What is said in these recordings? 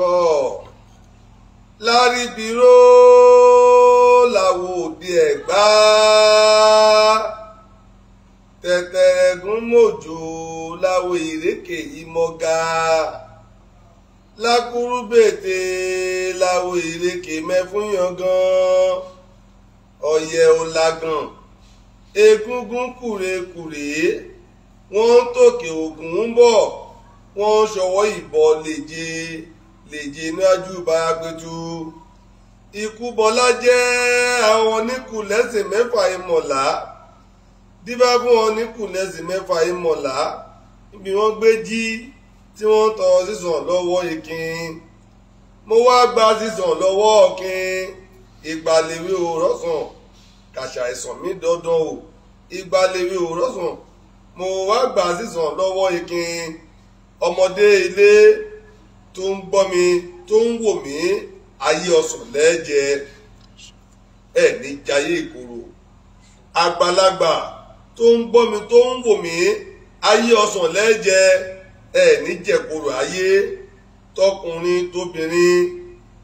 tọ́ lárìbíró làwọn òde ẹ̀gbá tẹ̀tẹ̀rẹ̀gún mòjò làwọn ìrékè yìí mọ́gà lákúrúbètè làwọn ìrékè mẹ́fún yangan ọ̀yẹ̀ ọ̀làgàn egúngún kùrèkùrè wọ́n ń tòkè ògùn ń bọ̀ wọ́n ń ṣọwọ́ ìbọn lèje lè jìnnà jù bá a péjú ikú bọlá jẹ́ àwọn oníkùlẹ́sìn mẹ́fà ìmọ̀lá díbá fún wọn oníkùlẹ́sìn mẹ́fà ìmọ̀lá níbi wọ́n gbé jí tí wọ́n tọ́ sísan lọ́wọ́ ìkin mo wá gba sísan lọ́wọ́ ọ̀kin ìgbàlèwé òòrọ̀ kàṣà ìsàn mi dandan o ìgbàlèwé òòrọ̀ mo wá gba sísan lọ́wọ́ ìkin ọmọdé ilé tó ń gbọ́ mi tó ń wò mí ayé ọsàn lẹ́jẹ̀ ẹ̀ ní jayé ìkorò àgbàlagbà tó ń gbọ́ mi tó ń wò mí ayé ọsàn lẹ́jẹ̀ ẹ̀ ní jẹ̀korò ayé tọkùnrin tóbìnrin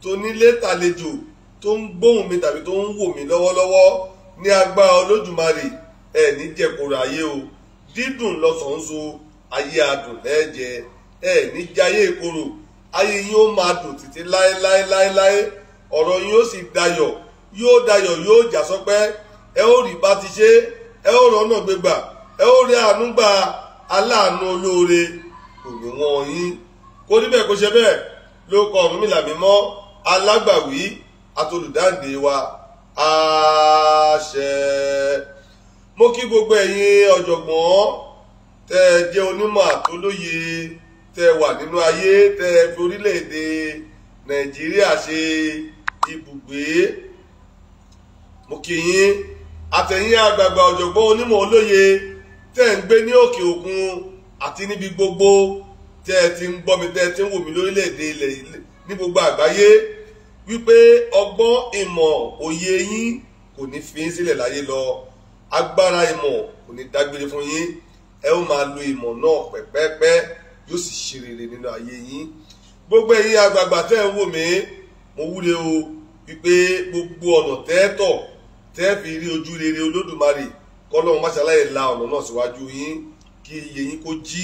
tónílé tàlejò tó ń gbóhùn mi tàbí tó ń wò mí lọ́wọ́lọ́wọ́ ní agbára olódùmarè ẹ̀ ní jẹ̀korò ayé o dídùn lọ́sàn-án so ayé adùn lẹ́jẹ̀ ẹ̀ ní jayé ìkorò ayé yín ó máa dùn títí láéláéláéláé ọ̀rọ̀ yín ó sì dayọ̀ yóò dayọ̀ yóò jà sọpẹ́ ẹ ó rí bá ti ṣe ẹ ó rọ́nà gbégbà ẹ ó rí àánú gba aláàánú olóore òní wọn yín kó níbẹ̀ kó ṣe bẹ́ẹ̀ ló kọ Ọ̀rúnmìlà mímọ́ alágbàwí atolùdáǹdè wa àṣẹ mo kí gbogbo ẹ̀yin ọ̀jọ̀gbọ́n tẹ́ ẹ jẹ́ onímọ̀ àtolóye tẹ́ wà nínú ayé tẹ́ fi orílẹ̀-èdè nàìjíríà ṣe ibùgbé mo kì yín àtẹ̀yìn àgbààgbà ọ̀jọ̀gbọ́n onímọ̀ olóye tẹ́ ń gbé ní òkè òkun àti níbi gbogbo tẹ́ ẹ ti ń gbọ́ mi tẹ́ ẹ ti ń wò mí lórílẹ̀‐èdè ilẹ̀ ní gbogbo àgbáyé wípé ọgbọ́n ìmọ̀ òye yín kò ní fi yín sílẹ̀ láyé lọ agbára ìmọ̀ kò ní dágbére fún yín ẹ ó máa lo ìmọ̀ náà pẹ́pẹ́pẹ́ yóò sì ṣe rere nínú ayé yín gbogbo ẹ̀yin àgbààgbà tẹ́ ń wò mí mo wúre o wípé gbogbo ọ̀nà tẹ́ẹ̀tọ̀ tẹ́ẹ̀ fi rí ojú rere olódùmarè kọ́lọ́run máṣáláyè la ọ̀nà náà síwájú yín kí iye yín kó jí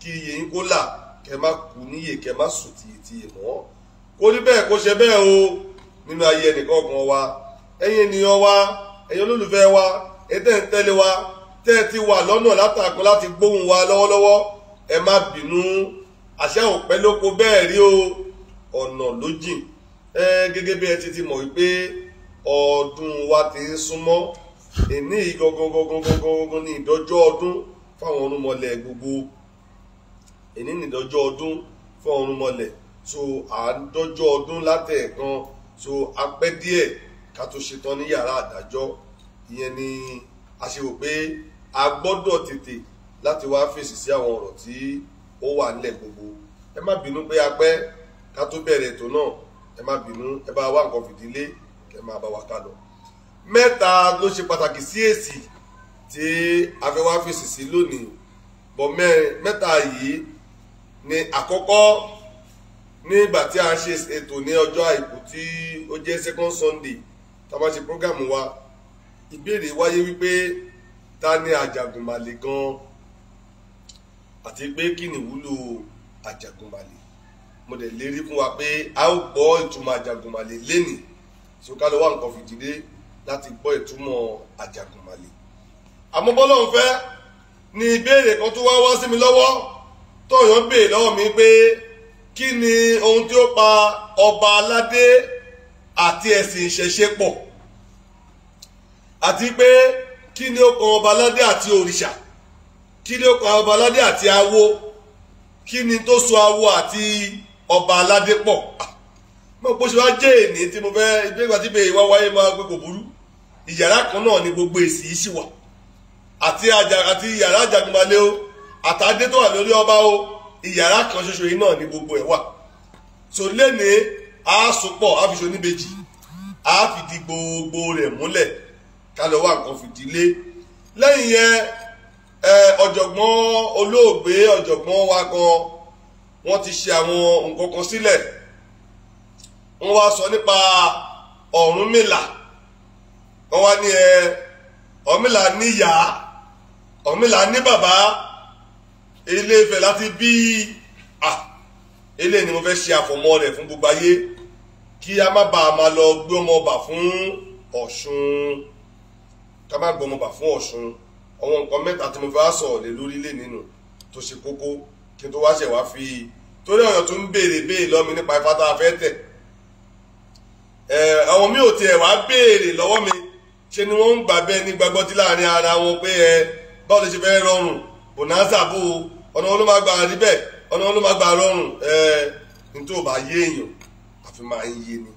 kí iye yín kó là kẹ má kú níyè kẹ má sùn tìyètìyè mọ́ kó rí bẹ́ẹ̀ kó ṣe bẹ́ẹ̀ o nínú ayé ẹnìkan kan wa ẹ̀yin ènìyàn wa ẹ̀yin olólùfẹ́ wa ẹ̀tẹ̀ wa tẹ́ẹ̀ ti wà lọ́nà látàkùn láti gbóhùn wa lọ́wọ́lọ́wọ́ ẹ má bínú àṣà òpẹ́ lóko bẹ́ẹ̀ rí o ọ̀nà ló jìn ẹ gẹ́gẹ́ bí ẹ ti ti mọ̀ wípé ọdún wa ti ń súnmọ́ èní gangan ní ìdọ́jọ́ ọdún fáwọn ọ̀rúnmọlẹ̀ gbogbo èní ní ìdọ́jọ́ ọdún fáwọn ọ̀rúnmọlẹ̀ so à ń dọ́jọ́ ọdún látẹ̀ẹ̀kan so apẹ́ díẹ̀ ká tó ṣetán ní yàrá àdájọ́ ìyẹn ni a ṣe wò pé a gbọ́dọ̀ tètè láti wá fèsì sí àwọn ọ̀rọ̀ tí ó wà nílẹ̀ gbogbo ẹ má bínú pé a pẹ́ ká tó bẹ̀rẹ̀ ètò náà ẹ má bínú ẹ bá wá nǹkan fìdílé kẹ máa bá wa ká lọ. mẹ́ta ló ṣe pàtàkì sí èsì tí a fẹ́ wá fèsì sí lónìí bọ̀ mẹ́ta yìí ni àkọ́kọ́ nígbà tí a ṣe ètò ní ọjọ́ àìkú tí ó jẹ́ second sunday tá a bá ṣe program wa ìbéèrè wáyé wípé ta ni àjàgùnmàlè gan-an àti pé kí ni ìwúlò àjàgùnmalè mo dẹ̀ lérí fún wa pé a ó gbọ́ ìtumọ̀ àjàgùnmalè lénìí tí ó ká lọ nǹkan fìdílé láti gbọ́ ìtumọ̀ àjàgùnmalè àmọ́ ń fẹ́ ni ìbéèrè kan tó wá wá sí mi lọ́wọ́ tó yàn béè lọ́wọ́ mi pé kí ni ohun tí ó pa ọba aládé àti ẹ̀sìn ìṣẹ̀ṣe pọ̀ àti pé kí ni ó kan ọba aládé àti òrìṣà kí ló pa ọba aládé àti awo kí ni tó so awo àti ọba aládé pọ̀ mo bó ṣe wá jẹ́ èní tí mo fẹ́ ìgbéga tí bèè wá wáyé máa gbé kò burú ìyàrá kan náà ni gbogbo èsì yìí sì wà àti ìyàrá àjàgùnmalé o àtàdé tó wà lórí ọba o ìyàrá kan ṣoṣo yìí náà ni gbogbo ẹ̀ wà so lénìí àásùpọ̀ àfiṣe oníbejì àáfìdí gbogbo rẹ̀ múlẹ̀ ká lọ nǹkan fìdílé lẹ́yìn yẹn ọ̀jọ̀gbọ́n olóògbé ọ̀jọ̀gbọ́n wa gan wọ́n ti ṣe àwọn nǹkan kan sílẹ̀ wọ́n wá sọ nípa Ọ̀rúnmìlà wọ́n wá ní ẹ Ọ̀rúnmìlà níyà Ọ̀rúnmìlà ní bàbá ilé Ifẹ̀ láti bí à ilé ni mo fẹ́ ṣe àfọ̀mọ́ rẹ̀ fún gbogbo ayé kí a má bàa máa lọ gbé ọmọ ọba fún Ọ̀ṣun ká má gbé ọmọ ọba fún Ọ̀ṣun àwọn nǹkan mẹ́ta tí mo fẹ́ sọ̀rọ̀ lé lórí lè nínú tó ṣe kókó kí n tó wá ṣẹ̀ wá fi torí ọ̀yàn tó ń béèrè béèrè lọ́mi nípa ifá tá a fẹ́ tẹ̀ àwọn mi ò tiẹ̀ wá béèrè lọ́wọ́ mi ṣe ni wọ́n ń gbà bẹ́ẹ̀ ní gbagbọ́tí láàrin ara wọn pé ẹ báwo lè ṣe fẹ́ rọrùn bonanza bò ó ọ̀nà wọn ló máa gbà rí bẹ́ẹ̀ ọ̀nà wọn ló máa gbà rọrùn ẹ n tó bá yé èèyàn àfi máa ń yé ni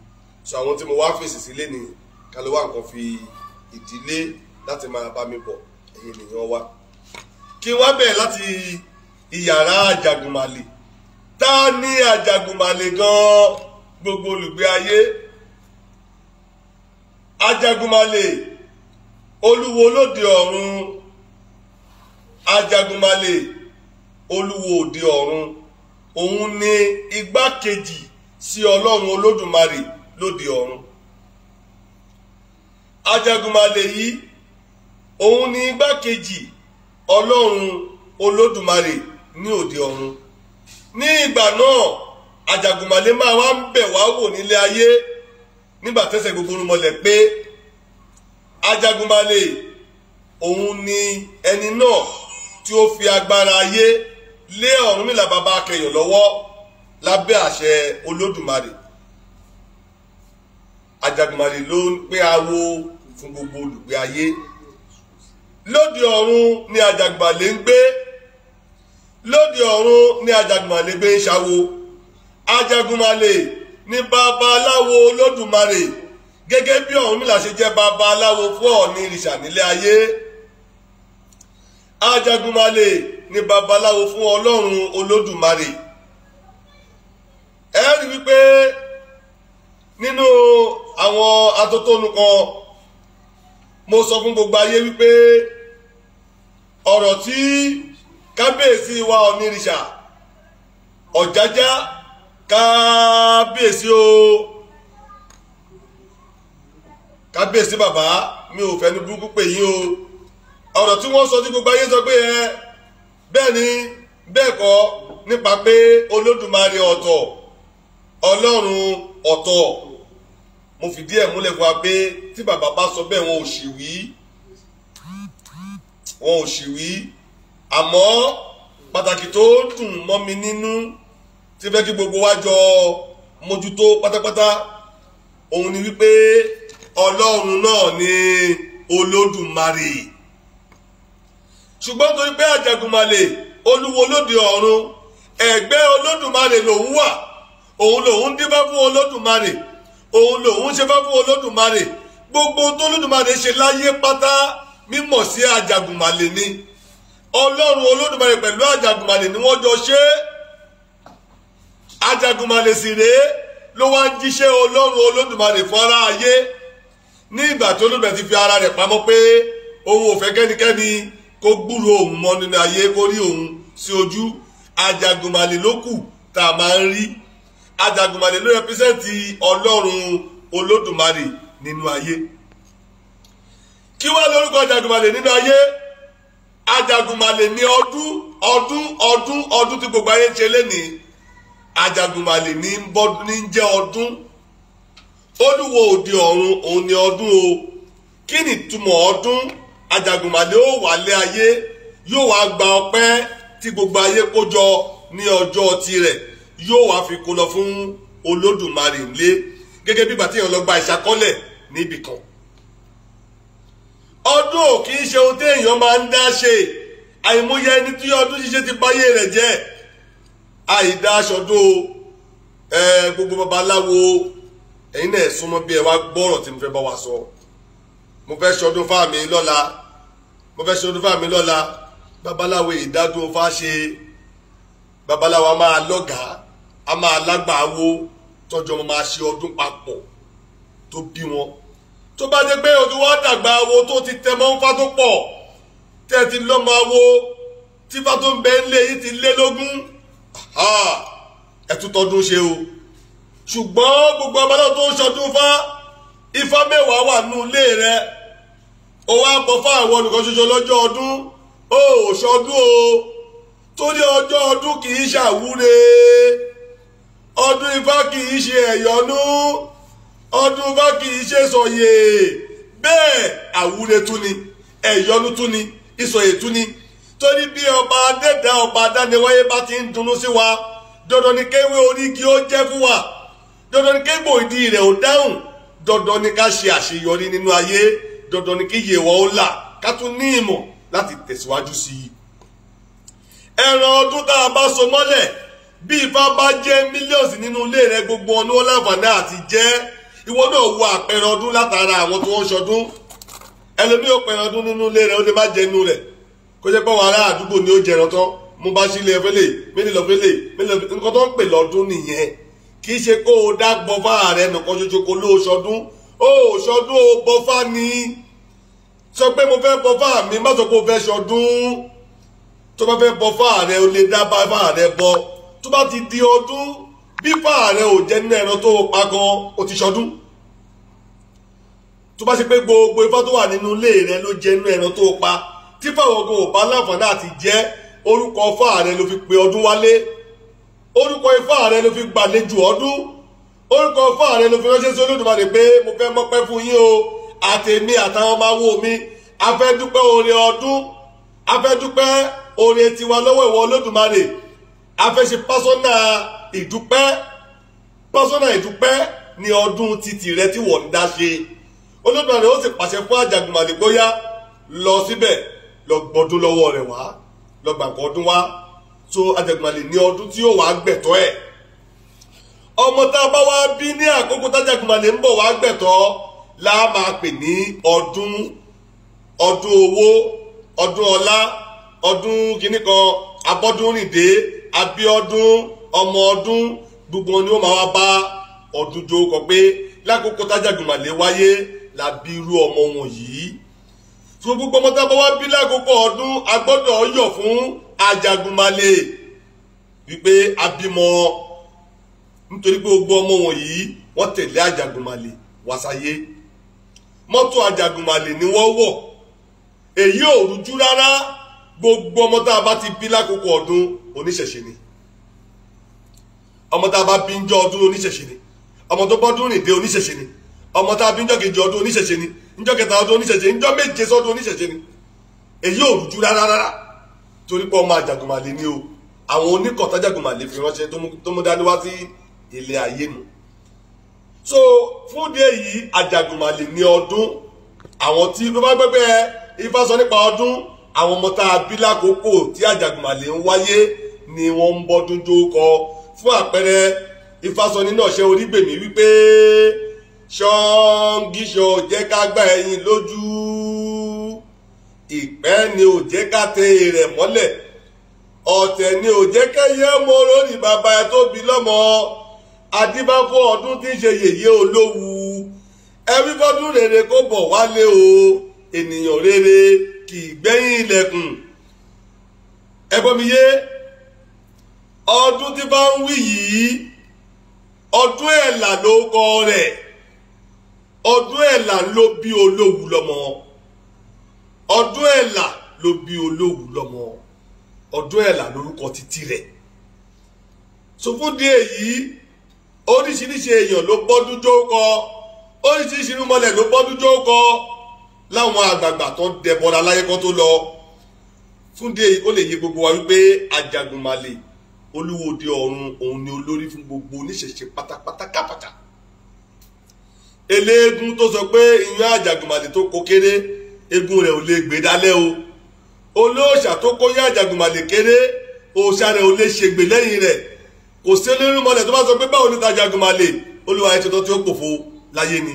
so àwọn tí mo wá fèsì sílé nìyẹn ká ló wá nǹkan fi ìdílé láti máa bá mi bọ̀ ènìyàn wa kí wá bẹ̀rẹ̀ láti ìyàrá àjàgùnmàlè tá a ní àjàgùnmàlè gan gbogbo olùgbé ayé àjàgùnmàlè olúwo lóde ọ̀run àjàgùnmàlè olúwo òde ọ̀run òun ni igbákejì sí ọlọ́run olódùmarè lóde ọ̀run àjàgùnmàlè yìí òun ni igbákejì ọlọ́run olódùmarè ní òde ọ̀run ní ìgbà náà àjàgùnmàlẹ̀ máa wá ń bẹ̀ wá wò nílé ayé nígbà tẹ́sẹ̀ gbogbo orun mọ́lẹ̀ pé àjàgùnmàlẹ̀ òun ni ẹni náà tí ó fi agbára ayé lé ọ̀rúnmìlà bàbá akẹyọ lọ́wọ́ lábẹ́ àṣẹ olódùmarè àjàgùnmàlẹ̀ ló ń pé awo fún gbogbo olùgbé ayé lóde ọ̀run ni àjàgbàlè ń gbé lóde ọ̀run ni àjàgbàlè gbé ń ṣawo àjàgùnmalè ni babaláwo olódùmarè gẹ́gẹ́ bí Ọ̀rúnmìlà ṣe jẹ́ babaláwo fún Ọ̀ọ̀ni ìrìṣà nílé ayé àjàgùnmalè ni babaláwo fún ọlọ́run olódùmarè ẹ rí wípé nínú àwọn atótónu kan mo sọ fún gbogbo ayé wípé ọ̀rọ̀ tí kábíyèsí wa onírìṣà ọ̀jájá kábíyèsí o kábíyèsí bàbá mi ò fẹ́ni burúkú pè yín o ọ̀rọ̀ tí wọ́n sọ tí gbogbo ayé sọ pé ẹ bẹ́ẹ̀ ni bẹ́ẹ̀ kọ́ nípa pé olódùmarè ọ̀tọ̀ ọlọ́run ọ̀tọ̀ mo fìdí ẹ̀ múlẹ̀ fún wa pé tí bàbá bá sọ bẹ́ẹ̀ wọn ò sì wí wọn ò sì wí àmọ́ pàtàkì tó dùn mọ́ mi nínú tí fẹ́ kí gbogbo wa jọ mójútó pátápátá òun ni wípé ọlọ́run náà ni olódùmarè ṣùgbọ́n torí pé àjàgùnmalè olúwo lóde ọ̀run ẹ̀gbẹ́ olódùmarè lòun wà òun lòun dífá fún olódùmarè òun lòun ṣe fá fún olódùmarè gbogbo tó olódùmarè ṣe láyé pátá mímọ̀ sí àjàgùnmàlè ni ọlọ́run olódùmarè pẹ̀lú àjàgùnmàlè ni wọ́n jọ ṣe é àjàgùnmàlè sì rèé ló wá ń jíṣẹ́ ọlọ́run olódùmarè fún ara ayé ní ìgbà tó lóbẹ̀ ti fi ara rẹ̀ pamọ́ pé òun ò fẹ́ kẹ́nikẹ́ni kó gbúròó òun mọ́ nínú ayé kó rí òun sí ojú àjàgùnmàlè ló kù tá a máa ń rí àjàgùnmàlè ló rẹpísẹ́ǹtì ọlọ́run olódùmarè nínú ayé kí wá lórúkọ àjàgùnmalè nínú ayé àjàgùnmalè ní ọdún ọdún ọdún ọdún tí gbogbo ayé ń ṣe lénìí àjàgùnmalè ní ń jẹ́ ọdún olúwo òde ọ̀run òun ni ọdún o kí ni ìtumọ̀ ọdún àjàgùnmalè ó wà lé ayé yóò wá gba ọpẹ́ tí gbogbo ayé kó jọ ní ọjọ́ tirẹ̀ yóò wá fi kó lọ fún olódùmarè ńlé gẹ́gẹ́ bí bàtí èèyàn lọ gba ìṣàkọ́lẹ̀ níbì ọdún ò kì í ṣe ohun téèyàn máa ń dá ṣe àìmọye ẹni tí ọdún ṣíṣe ti báyé rẹ̀ jẹ́ àìdáṣọdún gbogbo babaláwo ẹ̀yin náà súnmọ́ bí ẹ wá gbọ́rọ̀ tí mo fẹ́ bá wa sọ mo fẹ́ ṣọdún fáàmì lọ́la mo fẹ́ ṣọdún fáàmì lọ́la babaláwo ìdádúró fá ṣe babaláwo a máa lọ́gàá a máa lágbàáwo tọ́jú ọmọ máa ṣe ọdún papọ̀ tó bí wọn tó bá dé pé olúwa dàgbà awo tó ti tẹ mọ́ nfa tó pọ̀ tẹ́ ti lọ́mọ wo tífà tó ń bẹ ń lé yìí ti lé lógún ẹ̀tún tọdún ṣe o ṣùgbọ́n gbogbo ọmọdé tó ń ṣọdún fá ifá mẹ́wàá wà nù ilé rẹ o wá bọ̀ fún àwọn olùkọ́ ṣoṣo lọ́jọ́ ọdún o ò ṣọdún o torí ọjọ́ ọdún kì í ṣàwúre ọdún ifá kì í ṣe ẹ̀yọ́nú ọdún bá kì í ṣe sọyè bẹ́ẹ̀ àwúre tún ni ẹ̀yọnu tún ni ìsọyè tún ni torí bí ọba adẹ́dá ọba adániwáyé bá ti ń dunnú sí wa dandan ni kéwé orígi ó jẹ́ fún wa dandan ni kégbò ìdí rẹ̀ ó dáhùn dandan ni ká ṣe àṣeyọrí nínú ayé dandan ni kí yèwọ́ ó là ká tún ní ìmọ̀ láti tẹ̀síwájú sí i. ẹran ọdún tá a bá so mọ́lẹ̀ bí ifá bá jẹ́ mílíọ̀nù nínú ilé rẹ gbogbo ọ̀nà ọ̀làǹfààní àti jẹ́ ìwọ náà wo àpẹẹrẹ ọdún látara àwọn tí wọ́n ń ṣọdún ẹlòmíì ó pẹ̀rẹ̀ ọdún nínú ilé rẹ̀ ó lè má jẹnu rẹ̀ kó jẹ́ pé wàhálà àdúgbò ni ó jẹran tán mo bá sílé ẹfẹ́lẹ̀ mélòó lọ fẹ́lẹ̀ mélòó nǹkan tó ń pè lọ́dún nìyẹn kì í ṣe kó o dá gbọ́fà rẹ nìkan ṣoṣo kó ló ṣọdún ó ṣọdún ó bọ́fà ni sọ pé mo fẹ́ bọ́fà mi má sọ pé o fẹ́ ṣọdún tó bá fẹ́ bọ́fà rẹ o lè dá bàfà rẹ bọ tó bá ti di ọdún bífà rẹ ò jẹ́ nínú ẹran tó pa gan o ti ṣọdún tó bá ṣe pé gbogbo ifá tó wà nínú ilé rẹ ló jẹ́ nínú ẹran tó pa tí fáwọn gan ò bá láǹfààní àti jẹ́ orúkọ ifá rẹ ló fi pe ọdún wálé orúkọ ifá rẹ ló fi gbàlejò ọdún orúkọ ifá rẹ ló fi ránṣẹ́ sí olódùmarè pé mo fẹ́ mọ́pẹ́ fún yín o àtèmi àtàwọn ọmọ awo mi a fẹ́ dúpẹ́ oore ọdún a fẹ́ tiwa lọ́wọ́ ìwọ olódùmarè a fẹ́ ìdúpẹ́ pásọ́nà ìdúpẹ́ ní ọdún títì rẹ tí wọ́n ń dá ṣe olódò rẹ ó sì pàṣẹ fún àjàgùnmàlè bóyá lọ síbẹ̀ lọ gbọdún lọ́wọ́ rẹ̀ wá lọ gbàgbọ́ ọdún wá tó àjàgùnmàlè ní ọdún tí yóò wá gbẹ̀tọ́ ẹ̀ ọmọ tá a bá wá bí ní àkókò tájàgùnmàlè ń bọ̀ wá gbẹ̀tọ́ la máa pè ní ọdún ọdún owó ọdún ọlá ọdún kìnnìkan abọ́dúnrìndé abíọ́dún ọmọ ọdún gbogbo ni ó máa wá bá ọdún jó kọ pé lákòókò tájàgùnmàlè wáyé la bí irú ọmọ wọn yìí tó gbogbo ọmọ tá a bá wá bí lákòókò ọdún a gbọ́dọ̀ yọ̀ fún àjàgùnmàlè wípé a bímọ nítorí gbogbo ọmọ wọn yìí wọ́n tẹ̀lé àjàgùnmàlè wàsáyé mọ́tò àjàgùnmàlè ni wọ́n wọ̀ èyí ò rújú rárá gbogbo ọmọ tá ti bí lákòókò ọdún oníṣẹ̀ṣe ni ọmọ tá a bá bí ń jọ ọdún oníṣẹ̀ṣe ni ọmọ tó bọ́dún nìde oníṣẹ̀ṣe ni ọmọ tá a bí ń jọ kejì ọdún oníṣẹ̀ṣe ni ń jọ kẹta ọdún oníṣẹ̀ṣe ń jọ méje sọdún oníṣẹ̀ṣe ni èyí ò rújú rárá rárá torí pé ọmọ àjàgùnmàlè ni o àwọn oníkọ̀tà àjàgùnmàlè fi ránṣẹ́ tó mú dání wá sí ilé ayé nu so fún díẹ̀ yìí àjàgùnmàlè ní ọdún àwọn tí ló bá gbẹgbẹ ifá sọ nípa ọdún àwọn ọmọ tá a bí lákòókò tí àjàgùnmàlè ń wáyé ni wọ́n ń bọ́dún jókòó fún àpẹẹrẹ ìfàsọni náà ṣe orígbèmí wípé ṣọ́ngíṣọ́ ò jẹ́ ká gbá ẹyin lójú ìpẹ́ ni ò jẹ́ ká tẹ rẹ̀ mọ́lẹ̀ ọ̀tẹ̀ ni ò jẹ́ kẹ́yẹ mọ́ lórí bàbá ẹ tó bí lọ́mọ adíbáfọ́ ọdún tí ń ṣe yèyé olówù ẹbí fọdún rere kó bọ̀ wálé o ènìyàn rere kì í gbẹ́yìn ilẹ̀kùn ẹgbọ́n mi yé ọdún tí bá ń wí yìí ọdún ẹ̀là ló kọ rẹ̀ ọdún ẹ̀là ló bí olówu lọ́mọ ọdún ẹ̀là ló bí olówu lọ́mọ ọdún ẹ̀là lórúkọ títí rẹ̀ sọfúndì èyí oríṣiríṣi èèyàn ló bọ́dún jó kọ oríṣiríṣi irúmọlẹ̀ ló bọ́dún jó kọ láwọn àgbààgbà tó ń dẹbọra láyé kan tó lọ fúndì èyí ó lè yí gbogbo wa wípé Àjàgùnmàlè olúwo òde ọ̀run òun ni olórí fún gbogbo oníṣẹ̀ṣe pátápátá kápátá eléégún tó sọ pé ìyàn àjàgùnmàlè tó kó kéré egun rẹ̀ ò lè gbé dálẹ̀ o olóòṣà tó kó yá àjàgùnmàlè kéré òòṣà rẹ̀ ò lè ṣègbè lẹ́yìn rẹ̀ kò sí onírúnmọlẹ̀ tó bá sọ pé báwo ni tàjàgùnmàlè olúwa ẹ̀ṣẹ̀ tó kòfo láyé ni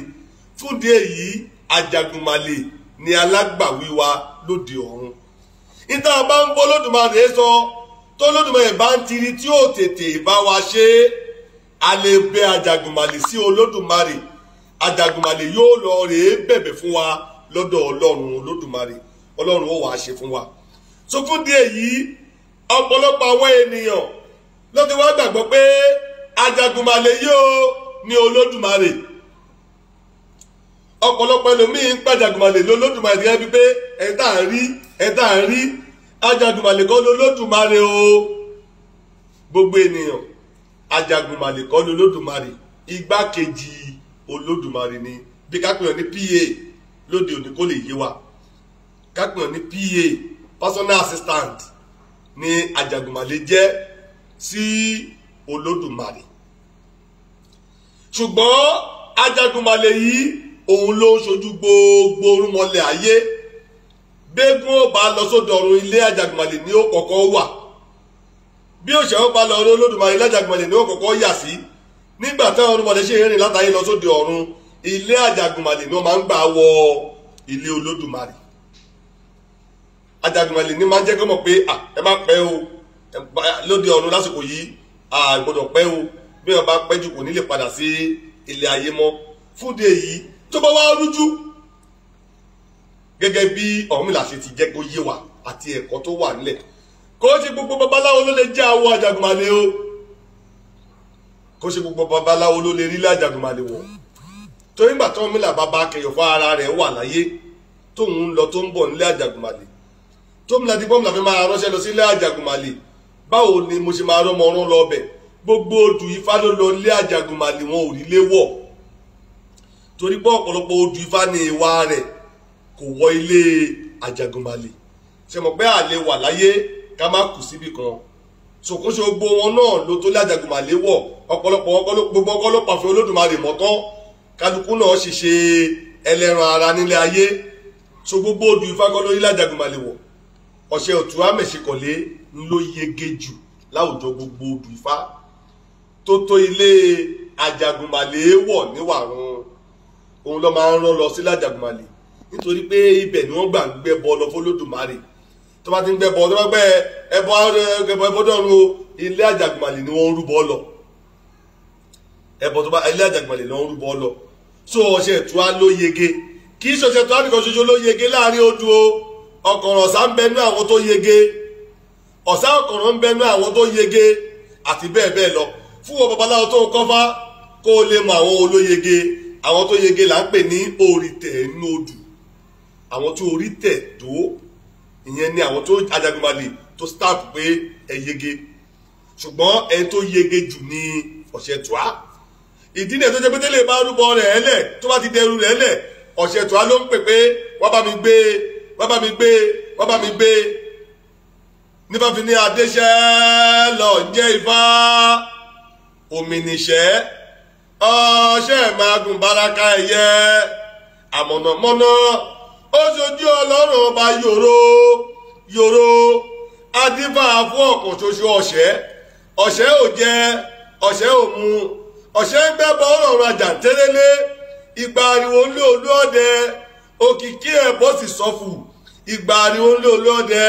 fúndì èyí àjàgùnmàlè ni alágbàwí lóde ọ̀run ìtàn bá ń bọ́ lódùmarè sọ tólódùmarè bá ń tiri tí ó tètè bá wa ṣe é a lè bẹ àjàgùnmàlè sí olódùmarè àjàgùnmàlè yóò lọ rèé bẹ̀bẹ̀ fún wa lọ́dọ̀ ọlọ́run olódùmarè ọlọ́run ó wàá ṣe fún wa. so fún díẹ̀ yìí ọ̀pọ̀lọpọ̀ àwọn ènìyàn ló ti wá gbàgbọ́ pé àjàgùnmàlè yóò ní olódùmarè ọ̀pọ̀lọpọ̀ ẹlòmíín pàjàgùnmàlè lólódùmarè gẹ́gẹ́ bí pé ẹ̀ tá à ń rí ẹ̀ tá à ń rí ajagùnmàlè kọ́ ló o gbogbo ènìyàn ajagùnmàlè kọ́ ló lódùmarè igbákejì olódùmarè ni bí kápẹ́yàn ní pa lóde òní kó lè yé wa kápẹ́yàn ní pa personal assistant ni ajagùnmàlè jẹ́ sí olódùmarè ṣùgbọ́n ajagùnmàlè yìí òun ló ń ṣojú gbogbo orúnmọlẹ̀ ayé gbégún ó bá lọ sódò ọ̀run ilé àjàgùnmalè ní ó kọ́kọ́ wà bí òṣèré ó bá lọ ọ̀run olódùmarè ilé àjàgùnmalè ní ó kọ́kọ́ yà sí nígbà táwọn olùmọ̀lẹ́ ṣe ìrìn látàyè lọ sódò ọ̀run ilé àjàgùnmalè ni wọ́n máa ń gbà wọ ilé olódùmarè àjàgùnmalè ni máa ń jẹ́ kó mọ̀ pé ẹ má pẹ́ o lóde ọ̀run lásìkò yìí àgbọ̀dọ̀ pẹ́ o bí wọ́n bá pẹ́ jù kò ní lè padà sí ilé ayé mọ́ fúnde yìí tó bá wá rújú gẹ́gẹ́ bí Ọ̀rúnmìlà ṣe ti jẹ́ kó yé wa àti ẹ̀kọ́ tó wà nílẹ̀ kó ṣe gbogbo babaláwo ló lè jẹ́ àwọ̀ àjàgùnmalè o kó ṣe gbogbo babaláwo ló lè rí lé àjàgùnmalè wọ̀ torí ìgbà tí Ọ̀rúnmìlà bàbá akẹyọ̀ fún ara rẹ̀ wà láyé tóun ń lọ tó ń bọ̀ nílé àjàgùnmalè tóun láti bọ́ọ̀mù láfi máa ránṣẹ́ lọ sílé àjàgùnmalè báwo ni mo ṣe máa rọ́mọ ọrún lọ ọbẹ̀ gbogbo odù ifá ló lọ lé àjàgùnmalè wọn ò rí lé wọ̀ torí bọ́ ọ̀pọ̀lọpọ̀ odù ifá ni ìwà rẹ̀ kò wọ ilé Àjàgùnmàlè ṣe mọ̀ pé àlè wà láyé ká má kù síbi kan ṣòkóṣe gbogbo wọn náà ló tó lé Àjàgùnmàlè wọ̀ ọ̀pọ̀lọpọ̀ gbogbo ọkọ ló pàfẹ́ Olódùmarè mọ́ tán kálukú náà ṣèṣe ẹlẹ́ran ara nílé ayé so gbogbo odù ìfakọ́ lórí l'Àjàgùnmàlè wọ̀ ọ̀sẹ̀ ọ̀túnwá mẹ̀sìkọ̀lé ló yege jù láwùjọ gbogbo odù Ifá tó ilé Àjàgùnmàlè wọ̀ níwàrún òun ló máa ń rán lọ sí l'Àjàgùnmàlè nítorí pé ibẹ̀ ni wọ́n gbà ń gbẹ bọ lọ fọlọ́dùmarè tó bá ti ń gbẹ bọ tó bá gbẹ ẹbọ ẹbọ ẹbọ dọ̀run o ilé àjàgbàlè ni wọ́n ń rúbọ lọ ẹbọ tó bá ilé àjàgbàlè ni wọ́n ń rúbọ lọ so ọṣẹ ìtura ló yege kì í ṣọṣẹ ìtura nìkan ṣoṣo ló yege láàrin odò o ọkọ̀rọ̀ ọ̀sá ń bẹnu àwọn tó yege ọ̀sá ọkọ̀rọ̀ ń bẹnu àwọn tó yege àti bẹ́ẹ̀ bẹ́ẹ̀ lọ fún wọn babaláwo tó ń kọ́fá kó o lè mọ àwọn olóyege àwọn tó yege là ń pè ní òrìtẹ̀ nínú odò àwọn tó orí tẹ̀ tó ìyẹn ni àwọn tó ajagunmalè tó stamp pé ẹ yege ṣùgbọ́n ẹni tó yege jù ní ọ̀sẹ̀ tùá ìdí náà tó jẹ́ pé tẹ́lẹ̀ máa rúbọ rẹ̀ ẹlẹ̀ tó bá ti dẹrù rẹ̀ ẹlẹ̀ ọ̀sẹ̀ tùá ló ń pè pé wá bá mi gbé wá bá mi gbé wá bá mi gbé nípa fi ní adéṣẹ́ lọ jẹ́ ifá òmìnìṣẹ́ ọṣẹ́ máa gùn báraka ẹ̀yẹ àmọ̀nàmọ́ná ó ṣojú ọlọ́run ọba yòró yòró adífà fún ọ̀pọ̀ ṣoṣo ọ̀ṣẹ́ ọ̀ṣẹ́ ò jẹ ọ̀ṣẹ́ ò mu ọ̀ṣẹ́ gbẹ́bọ̀ ọ̀rọ̀ rajà tẹ́lẹ́lẹ́ ìgbà ariwo ńlé olú ọdẹ òkìkí ẹ̀bọ́ sì sọ́fù ìgbà ariwo ńlé olú ọdẹ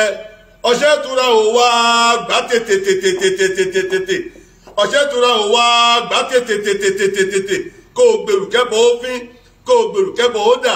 ọ̀ṣẹ́ tura ò wá gbá tètètètètètètètè ọ̀ṣẹ́ tura ò wá gbá tètètètètètètè kó o gbèrú kẹ́bọ̀ ó fín kó o gbèrú kẹ́bọ̀ ó dà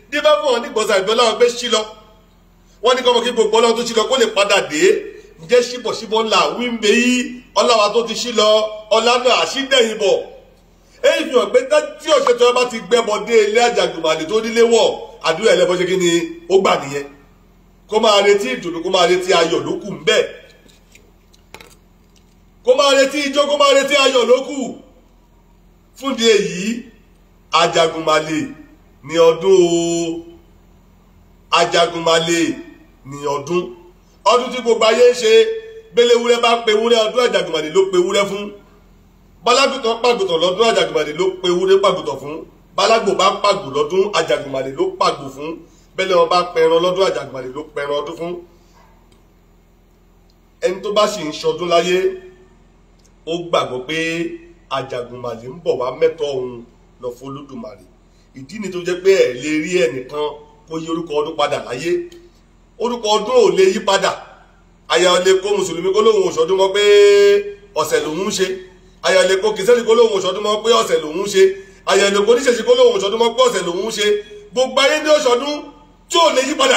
dífá fún wọn ní gbọ̀nsá ìbíọ́lá wọn gbé sí lọ wọ́n ní kọ́mọ kí gbogbo ọlọ́run tó sí lọ kó lè padà dé ǹjẹ́ síbọ̀síbọ̀ ńlá wíńbẹ́ yí ọláwa tó ti sí lọ ọlánà àṣídẹ̀yìn bọ̀ èyí fi hàn pé tí ọ̀sẹ̀ tí wọ́n bá ti gbẹ́bọ̀ dé ilé àjàgùnmàlè tó nílé wọ̀ àdúrà ẹlẹ́bọ̀ ṣe kí ni ó gbà nìyẹn kó máa retí ìdùnnú kó máa retí ayọ̀ lókù ń bẹ́ẹ̀ kó máa retí ijó kó máa retí ayọ̀ lókù fúndìí èyí àjàgùnmàlè ní ọdún Ajagunmalè ní ọdún ọdún tí gbogbo ayé ń ṣe gbéléwúrẹ́ bá pe wúrẹ́ ọdún Ajagunmalè ló pe wúrẹ́ fún bálágùtàn pàgùtàn lọ́dún Ajagunmalè ló pe wúrẹ́ pàgùtàn fún bálágbò bá pàgò lọ́dún Ajagunmalè ló pàgò fún bẹ́lẹ̀ wọn bá pẹran lọ́dún Ajagunmalè ló pẹran ọdún fún ẹni tó bá sì ń ṣọdún láyé ó gbàgbọ́ pé Ajagunmalè ń bọ̀ wá mẹ́tọ́ òun lọ fún Olódùmarè ìdí ni tó jẹ́ pé ẹ̀ lè rí ẹnìkan kó yí orúkọ ọdún padà láyé orúkọ ọdún ò lè yí padà àyà ọ̀lẹ́ kó mùsùlùmí kó lóun òṣọ́dún mọ́ pé ọ̀sẹ̀ lòun ń ṣe àyà ọ̀lẹ́ kó kìsẹ́lì kó lóun òṣọ́dún mọ́ pé ọ̀sẹ̀ lòun ń ṣe àyà ọ̀lẹ́ kó níṣẹ̀ṣe kó lóun òṣọ́dún mọ́ pé ọ̀sẹ̀ lòun ń ṣe gbogbo ayé ní òṣọ́dún tí ò lè yí padà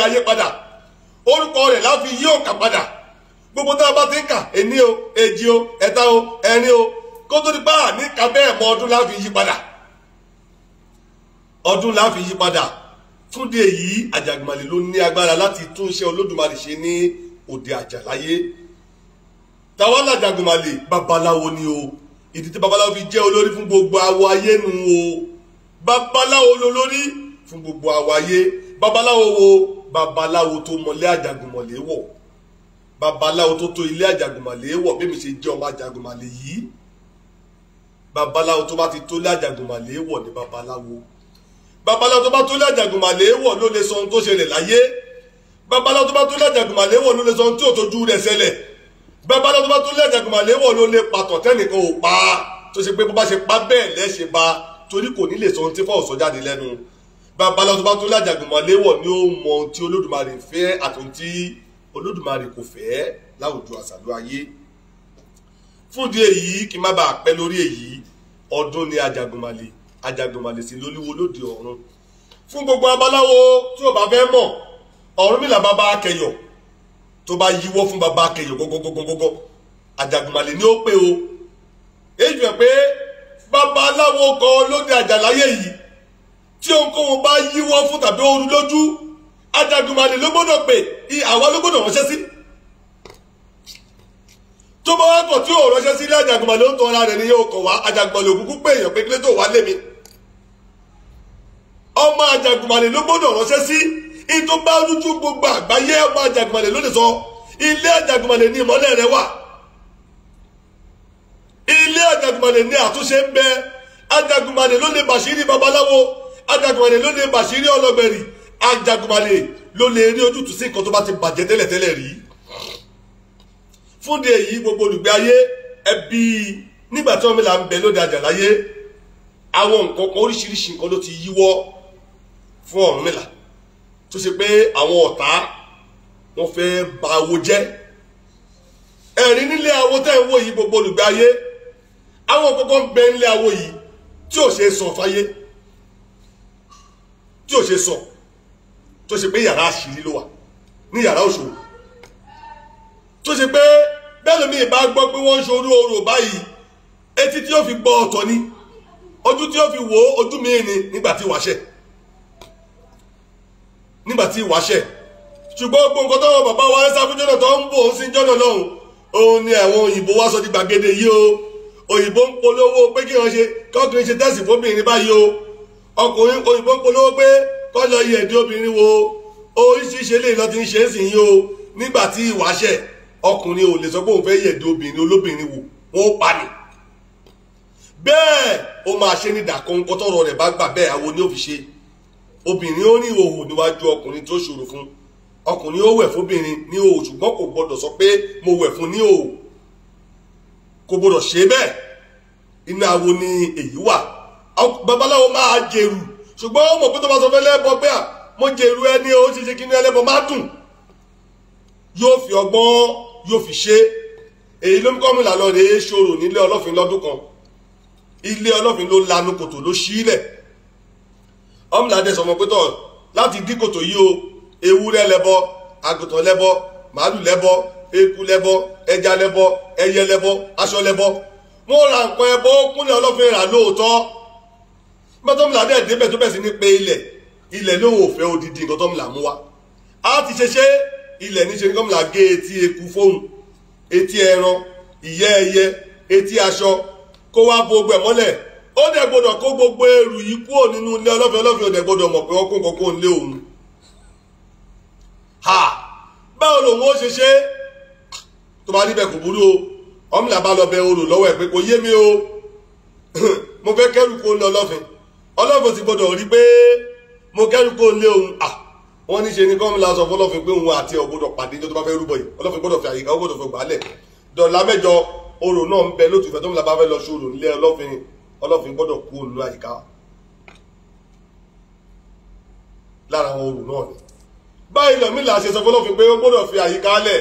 ẹnì orúkọ rẹ̀ láfi yí òkà padà gbogbo tá a bá ti ń kà ení o èjì o ẹ̀ta o ẹ̀rin o kó tó di bá a ní ka bẹ́ẹ̀ mọ ọdún láfi yí padà ọdún láfi yí padà túnde yìí àjàgbàlè ló ní agbára láti tún iṣẹ́ olódùmarè ṣe ní òde àjàláyé tàwa làjàgbàlè babaláwo ni o ìdí tí babaláwo fi jẹ́ olórí fún gbogbo awọ ayé nu o babaláwo lolórí fún gbogbo awọ ayé babaláwo wo babaláwo tó mọlé àjàgùnmọ̀lé wọ̀ babaláwo tó tó ilé àjàgùnmọ̀lé wọ̀ bí mi ṣe jẹ́ ọmọ àjàgùnmọ̀lé yìí babaláwo tó bá ti tó ilé àjàgùnmọ̀lé wọ̀ ni babaláwo babaláwo tó bá tó ilé àjàgùnmọ̀lé wọ̀ ló lè sọ ohun tó ṣẹlẹ̀ láyé babaláwo tó bá tó ilé àjàgùnmọ̀lé wọ̀ ló lè sọ ohun tí ò tójú rẹ̀ ṣẹlẹ̀ babaláwo tó bá tó ilé àjàgùnmọ̀lé wọ̀ ló lè pàtàn tẹ́nìkan ò pa pa bẹ́ẹ̀ lẹ́ṣẹ̀ babaláwo tó bá tún lájàgùnmọ̀lé wọ̀ ni ó mọ ohun tí olódùmarè fẹ́ àti ohun tí olódùmarè kò fẹ́ láwùjọ àṣàlù ayé fúndì èyí kí n má bàa pẹ́ lórí èyí ọdún ni àjàgùnmọ̀lé àjàgùnmọ̀lé sí lólúwo lóde ọ̀run fún gbogbo babaláwo tí ò bá fẹ́ mọ̀ ọ̀rúnmìlà bàbá akẹyọ̀ tó bá yíwọ́ fún bàbá akẹyọ̀ gọ́gọ́gọ́gọ́gọ́ àjàgùnmọ̀lé ni ó pé o èyí jù ẹ pé babaláwo kan lóde àjàláyé yìí tí ohunkóhun bá yíwọ́ fún tàbí ooru lójú Ajagunmalè ló gbọ́dọ̀ pè àwa ló gbọ́dọ̀ ránṣẹ́ sí tó bá wá kọ̀ tí ò ránṣẹ́ sí ilé Ajagunmalè ó ń tọ́ra rẹ̀ ní yóò kọ̀ wá Ajagunmalè òkúkú pé èèyàn pé kílé tó wá lé mi ọmọ Ajagunmalè ló gbọ́dọ̀ ránṣẹ́ sí ìtò bá dúdú gbogbo àgbáyé ọmọ Ajagunmalè ló lè sọ ilé Ajagunmalè ní ìmọ́lẹ̀ rẹ wà ilé Ajagunmalè ní àtúnṣe ń bẹ Ajagunmalè ló lè bàṣírí babaláwo ajagunbalẹ̀ ló lè bàṣírí ọlọ́gbẹ̀rì ajagunbalẹ̀ ló lè rí ojútùú sí nǹkan tó bá ti bàjẹ́ tẹ́lẹ̀tẹ́lẹ̀ rí fúnde èyí gbogbo olùgbé ayé ẹbí nígbà tí ọmọ ìlà ń bẹ lóde àjà láyé àwọn nǹkan kan oríṣiríṣi nǹkan ló ti yíwọ́ fún Ọ̀rúnmìlà tó ṣe pé àwọn ọ̀tá wọn fẹ́ ba awo jẹ́ ẹ̀rín nílé awo tẹ́ ń wò yìí gbogbo olùgbé ayé àwọn kọ̀ọ̀kan bẹ nílé awo yìí tí ò ṣe sọ fáyé tí ò ṣe sọ tó ṣe pé yàrá àṣírí ló wà ní yàrá òṣòro tó ṣe pé bẹ́ẹ̀ lómi ìbá gbọ́ pé wọ́n ń ṣorú orò báyìí etí tí ó fi gbọ́ ọ̀tọ̀ ni ojú tí ó fi wò ó ojú mi ni nígbà tí wàá ṣẹ̀ nígbà tí wàá ṣẹ̀ ṣùgbọ́n gbogbo nǹkan tó wọ bàbá wa ẹ sáfún jọ́nà tó ń bò ó sí jọ́nà lọ́hùn òun ni àwọn òyìnbó wá sọ di gbàgede yìí o òyìnbó ń polówó pé kí wọ́n ṣe kí ṣe tẹ́sì fóbìnrin báyìí o ọkùnrin òyìnbó polówó pé kọ́ lọ yẹ ẹ̀dí obìnrin wo oríṣiríṣi eléyìí lọ ti ń ṣe é sì yín o nígbà tí ìwà ṣẹ̀ ọkùnrin ò lè sọ pé òun fẹ́ yẹ ẹ̀dí obìnrin olóbìnrin wò wọ́n ó pa ni bẹ́ẹ̀ ó máa ṣe ní ìdàkọ́ńkọ́ tọ̀rọ̀ rẹ̀ bá gbà bẹ́ẹ̀ àwo ni ó fi ṣe obìnrin ó ní ìhòòhò níwájú ọkùnrin tó ṣòro fún ọkùnrin ó wẹ̀ fóbìnrin ní òhò ṣùgbọ́n kò gbọdọ̀ sọ pé mo wẹ̀ fún ní òhò kò gbọdọ̀ ṣe bẹ́ẹ̀ inú àwo ni èyí wà babaláwo máa jèrú ṣùgbọ́n ó mọ̀ pé tó bá sọ fẹ́ lẹ́bọ pé à mo jèrú ẹni ó ṣe ṣe kí ni ẹlẹ́bọ má dùn yóò fi ọgbọ́n yóò fi ṣe èyí ló ń kọ́ mi là lọ rèé ṣòro nílé ọlọ́fin lọ́dún kan ilé ọlọ́fin ló lanu kòtò ló ṣílẹ̀ ọmọlàdé sọmọ pé tọ̀ láti dí kòtò yìí o ewúrẹ́ lẹ́bọ àgùntàn lẹ́bọ màálù lẹ́bọ eku lẹ́bọ ẹja lẹ́bọ ẹyẹ lẹ́bọ aṣọ lẹ́bọ mo ra nǹkan ẹbọ ó kúnlẹ̀ ọlọ́fin rà lóòótọ́ bẹ́tọ́mìlà dẹ̀ débẹ̀ tó bẹ̀ sí ní pé ilẹ̀ ilẹ̀ ló wò fẹ́ odidi nǹkan tọ́mìlà mú wa a ti ṣe ṣe ilẹ̀ níṣe ní tọ́mìlà gé etí eku fóònù etí ẹran ìyẹ́ ẹyẹ etí aṣọ kó wá bo gbẹ̀ mọ́lẹ̀ ó dẹ̀ gbọ́dọ̀ kó gbogbo ẹrù yìí kúrò nínú ilé ọlọ́fẹ́ ọlọ́fẹ́ ó dẹ̀ gbọ́dọ̀ mọ̀ pé wọ́n kún kọ́kọ́ nílé òun ha báwo lòun ó ṣe ṣe tó bá níbẹ̀ kò burú o ọmọlà bá lọ bẹ orò lọ́wọ́ ẹ̀ pé kò yé mi o mo fẹ́ kẹ́rù kó lọ lọ́fẹ̀ẹ́ ọlọ́fin ti gbọdọ̀ rí pé mo kẹ́rù kó lé òun à ah, wọ́n ní ṣe ní kọ́mílà sọ fọlọ́fin pé òun àti ọ̀gbọ́dọ̀ pàdé tó bá fẹ́ rúbọ yìí ọlọ́fin gbọdọ̀ fi àyíká ọgbọ́dọ̀ fi gbàálẹ̀ dọ̀là mẹ́jọ orò náà ń bẹ lótú ìfẹ́ tó ń la bá fẹ́ lọ ṣòro nílé ọlọ́fin ọlọ́fin gbọdọ̀ kú òun àyíká lára àwọn orò náà ni báyìí lọ́mí là ṣe sọ fọlọ́fin pé ó gbọdọ̀ fi àyíká lẹ̀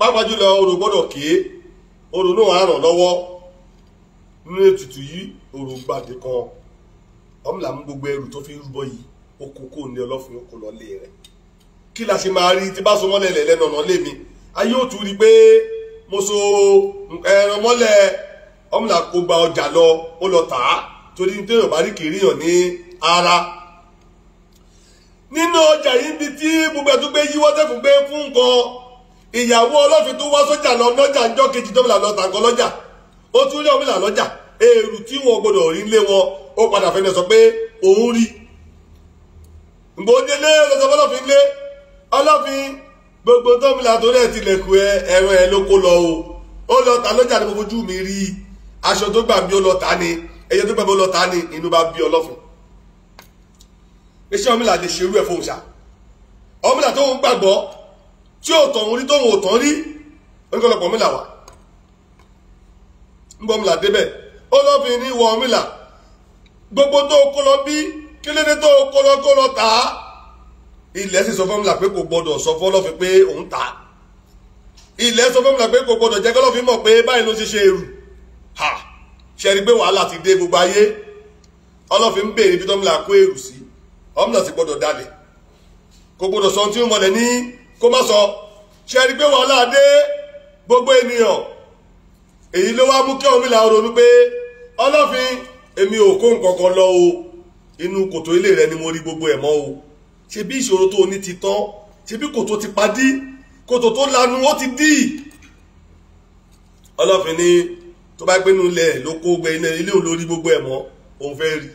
pápá jùlọ orò gbọdọ̀ kéé orò náà á ràn lọ́wọ́ nínú ètùtù yìí orò gbàdé kan ọmọlà mú gbogbo ẹrù tó fi ń rúbọ yìí ó kó kó ní ọlọ́fun ó kó lọ lé rẹ̀ kí la ṣe máa rí tí bá so mọ́lẹ̀ lẹ̀ lẹ́nu ọ̀nà lé mi ayé ò tún rí pé mo so ẹran mọ́lẹ̀ ọmọlà kó gba ọjà lọ ó lọ tà á torí ní tẹ́yọ̀ bá rí kiri ní ara nínú ọjà yìí ni tí gbogbo ẹ̀tún gbé yíwọ́ tẹ́kùn gbé fún nǹkan ìyàwó ọlọ́fin tó wá sójà lọ lọ́jà ńjọ́ kejì tó ń lọ́ta nǹkan lọ́jà ó tún rí ọmọlà lọ́jà èrù tí wọn gbọ́dọ̀ rí lé wọn ó padà fẹ́ni sọ pé òun rí gbòdélé lọ́sọ̀ bọ́lọ́fin lé ọlọ́fin gbogbo tọ́mìlà tó rẹ̀ tilẹ̀kùn ẹ ẹ̀rọ ẹ ló kó lọ o ó lọ ta lọ́jà ní gbogbo ojú mi rí aṣọ tó gbà bí ó lọ ta ni ẹyẹ tó gbà bí ó lọ ta ni inú bá bí ọlọ́fin iṣẹ́ ọmọlà lè ṣerú ẹ̀ fún òòṣà ọmọlà tó ń gbàgbọ́ tí ò tọ̀hún rí tóun ò tán rí oníkọlọpọ̀ ọmọlà wà ń gbọ́ ọmọlà débẹ̀ olóbìnrin wọ̀ọ́mìlà gbogbo tó kó lọ bí kílódé tó kó lọ kó lọ tà á ilẹ̀ sì sọ fún pé kò gbọdọ̀ sọ fún pé òun tà á ilẹ̀ sọ fún pé kò gbọdọ̀ jẹ́ kọ́lọ́fin mọ̀ pé báyìí ló ti ṣe èrù ha pé wàhálà ti dé gbogbo ayé ọlọ́fin ń ibi tó ń là kó sí gbọdọ̀ dalẹ̀ kò gbọdọ̀ sọ ohun tí èyí ló wá mú kí ọ̀hún mi là ronú pé ọlọ́fin èmi ò kó nǹkan kan lọ o inú kòtò ilé rẹ ni mo rí gbogbo ẹ̀ mọ́ o ṣe bí ìṣòro tó o ní ti tán ṣe bí kòtò ti padì kòtò tó lanu ó ti dì ọlọ́fin ni tó bá gbénu ilẹ̀ ló kó gbẹ ilé ilé òun lórí gbogbo ẹ̀ mọ́ òun fẹ́ rí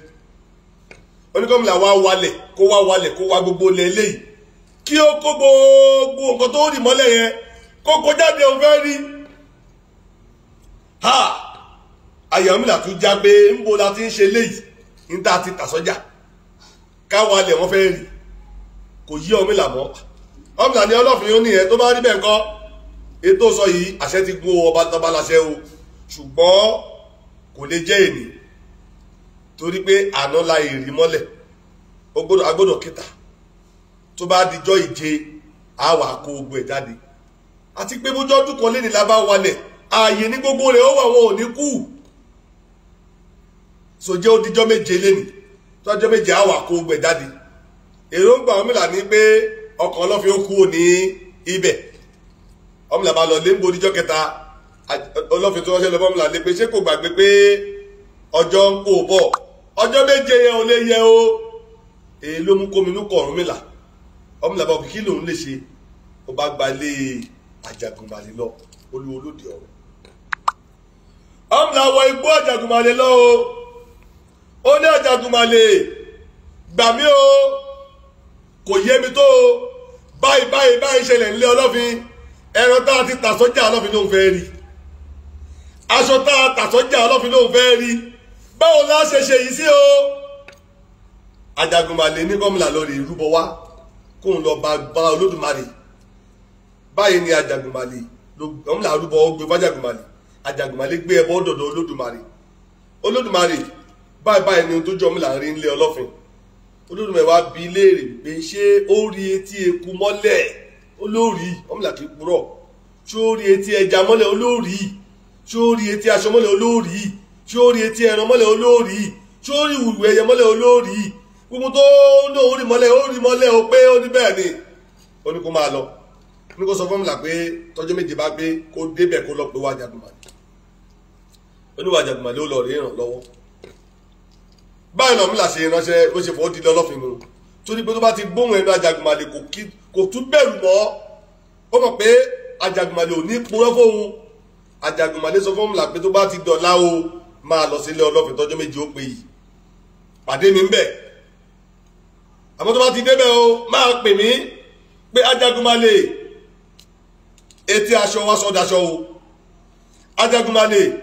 oníkọ́mìlà wá walẹ̀ kó wá walẹ̀ kó wá gbogbo ilẹ̀ eléyìí kí ó kó gbogbo nǹkan tó rì mọ́lẹ̀ yẹn kó kó jáde òun fẹ́ rí ha ayọ̀mílà tún já pé ń la ti ń ṣe léyìí ní tá a ti tà sọ́jà káwa lẹ̀ wọ́n fẹ́ rì kò yí ọmílà mọ́ ọmílà ni ọlọ́fin yóò nìyẹn tó bá rí bẹ́ẹ̀ kọ́ ètò sọ yìí àṣẹ ti gún ọba tọba láṣẹ o ṣùgbọ́n kò lè jẹ́ ènì torí pé àná la èrì mọ́lẹ̀ agbọ́dọ̀ kíta tó bá dijọ́ ìje àwa kó gbogbo ẹ̀ jáde àti pé bójú ọdún kan lé ní lábá walẹ̀ ààyè ní gbogbo rẹ̀ ó wà wọn ò ní kú sòjẹ́ odijọ́ méje lẹ́nu tọ́jọ́ méje àwà kó gbẹ̀ jáde èròǹgbà ọmọlà ní pé ọkàn ọlọ́fin ó kú ní ibẹ̀ ọmọlà bá lọ lé ń bo odijọ́ kẹta ọlọ́fin tó ránṣẹ́ lọ bọ́mọlà lé pé ṣé kò gbàgbé pé ọjọ́ ń kó bọ̀ ọjọ́ méje yẹn ò lè yẹ o èyí ló mú kóminú kọ̀ọ̀rún mìlà ọmọlàbà òkìkí lòún lè ṣe ó bá gbalé lọ olúwo lóde ọ̀rọ̀ amúlá wọ igbó àjàgùnmalè lọ o ó ní àjàgùnmalè gbà mí o kò yé mi tó o báyìí báyìí báyìí ṣẹlẹ̀ ńlẹ̀ ọlọ́fin ẹran tá a ti tà sọ́jà ọlọ́fin ló ń fẹ́ rí aṣọ tá a tà sọ́jà ọlọ́fin ló ń fẹ́ rí báwo la ṣe ṣe yìí sí o àjàgùnmalè ní kọ́mùlà lórí ìrúbọ wá kó ń lọ bá olódùmarè báyìí ni àjàgùnmalè ló rúbọ ó gbé fájàgùnmalè àjàgùnmálẹ̀ gbé ẹbọ dọ̀dọ̀ olódùmarè olódùmarè báyìí báyìí ni ohun tó jọ mí là ń rí nílé ọlọ́fin olódùmarè wá bi léèrè pé ṣé ó rí etí eku mọ́lẹ̀ olórí ọmọlà kì í purọ́ ṣé ó rí etí ẹja mọ́lẹ̀ olórí ṣé ó rí etí aṣọ mọ́lẹ̀ olórí ṣé ó rí etí ẹran mọ́lẹ̀ olórí ṣé ó rí ìwùwẹ̀ ẹyẹ mọ́lẹ̀ olórí gbogbo tó ní òun rí mọ́lẹ̀ ó rí mọ́lẹ̀ ó pé ó ní bẹ́ẹ̀ ni ó ní kó máa lọ ní kó sọ fọ́mùlà pé tọ́jú méje bá gbé kó débẹ̀ kó lọ pé wá jagunmọ̀ oníwà jàgùnmàlè ó lọ rèé ràn lọ́wọ́ báyìí náà mi là ṣe ránṣẹ́ ló ṣe fọwọ́ dídé ọlọ́fin mu torí pé tó bá ti gbóhùn ẹnu àjàgùnmàlè kò tún bẹ̀rù mọ́ ó mọ̀ pé àjàgùnmàlè ò ní purọ́ fóun àjàgùnmàlè sọ fún mi là pé tó bá ti dọ̀la o máa lọ sílé ọlọ́fin tọ́jọ́ méje ó pé yìí pàdé mi ń bẹ̀ àmọ́ tó bá ti débẹ̀ o máa pè mí pé àjàgùnmàlè etí aṣọ wa sọdaṣọ o àjàgùnmàlè.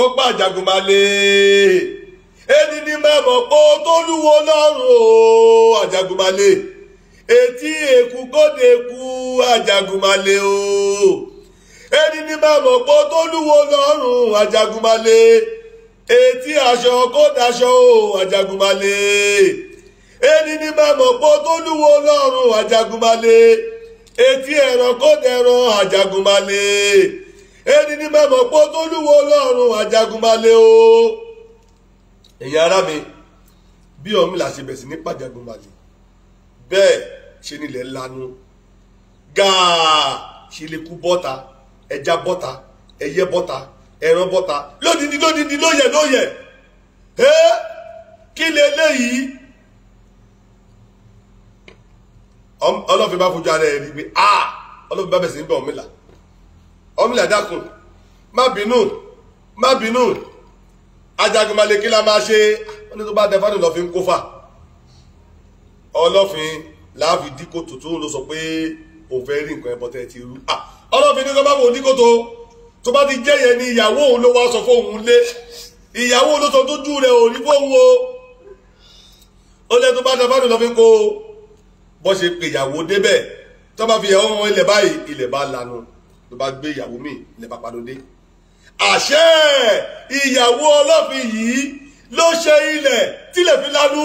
ó pa àjàgùnmalè ẹni ní mẹ́mọ̀ pé ó tó lúwo lọ́rùn o àjàgùnmalè etí èkú kóde ku àjàgùnmalè o ẹni ní mẹ́mọ̀ pé ó tó lúwo lọ́rùn àjàgùnmalè etí aṣọ kódaṣọ o àjàgùnmalè ẹni ní mẹ́mọ̀ pé ó tó lúwo lọ́rùn àjàgùnmalè etí ẹran kódẹran àjàgùnmalè ẹni ní mẹ́mọ̀ pé tólúwo ọlọ́run àjagunmalẹ̀ o ẹ̀yin ará mi bí Ọ̀rúnmìlà ṣe bẹ̀ sí ní pàjagunmalẹ̀ bẹ́ẹ̀ ṣe nílẹ̀ lanu gàá ṣe lè kú bọ́ta ẹja bọ́ta ẹyẹ bọ́ta ẹran bọ́ta lódìdí lódìdí lóyẹ lóyẹ ẹ kí lè léyìí ọlọ́fin bá fojú ara ẹ̀ rí i pé a ọlọ́fin bá bẹ̀ sí ní bẹ̀ Ọ̀rúnmìlà ọmọlẹ̀ dákun má bínú má bínú ajagunmalè kí la máa ṣe wọ́n ní tó bá dẹfánù lọ́fin kó fà ọlọ́fin láàfin díkò tuntun ló sọ pé òun fẹ́ rí nǹkan ẹbọ tẹ́ ti rú ọlọ́fin ní tó bá wò díkò tó tó bá ti jẹ́ ni ìyàwó òun ló wá sọ fóun lé ìyàwó òun ló sọ tó jù rẹ̀ ò rí fóun o ó lẹ́ tó bá dẹfánù lọ́fin kó bọ́ ṣe pè ìyàwó débẹ̀ tó bá fi ìyàwó wọn ilẹ̀ báyìí ilẹ̀ bá lanu ló bá gbé ìyàwó mi lè bá padòdé àṣẹ ìyàwó ọlọ́fin yìí ló ṣe ilẹ̀ tílẹ̀ fi lánú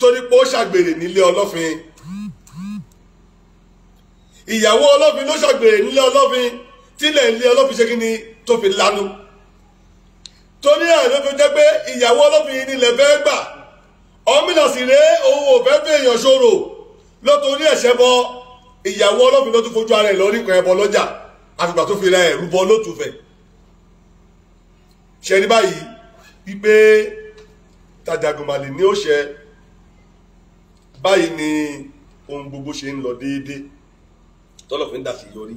torí pé ó ṣàgbèrè nílé ọlọ́fin ìyàwó ọlọ́fin ló ṣàgbèrè nílé ọlọ́fin tílẹ̀ nílé ọlọ́fin ṣe kí ni tó fi lánú torí ẹ̀ ló fi jẹ́ pé ìyàwó ọlọ́fin nílẹ̀ fẹ́ gbà ọmọnìyàn sì rèé òun ò fẹ́ fẹ́ èèyàn ṣòro lọ́tọ̀ orí ẹ̀ṣẹ̀ bọ́ ìyàwó ọlọ́bìn ló tún fojú ara ẹ̀ lọ nípa ẹbọ lọ́jà àfìgbà tó fi ra ẹ̀rú bọ lótùfẹ̀ ṣe ní báyìí wípé tajagunmalè ní òṣẹ báyìí ni ohun gbogbo ṣe ń lọ déédéé tọ́lọ̀ fi ń dàsí yọrí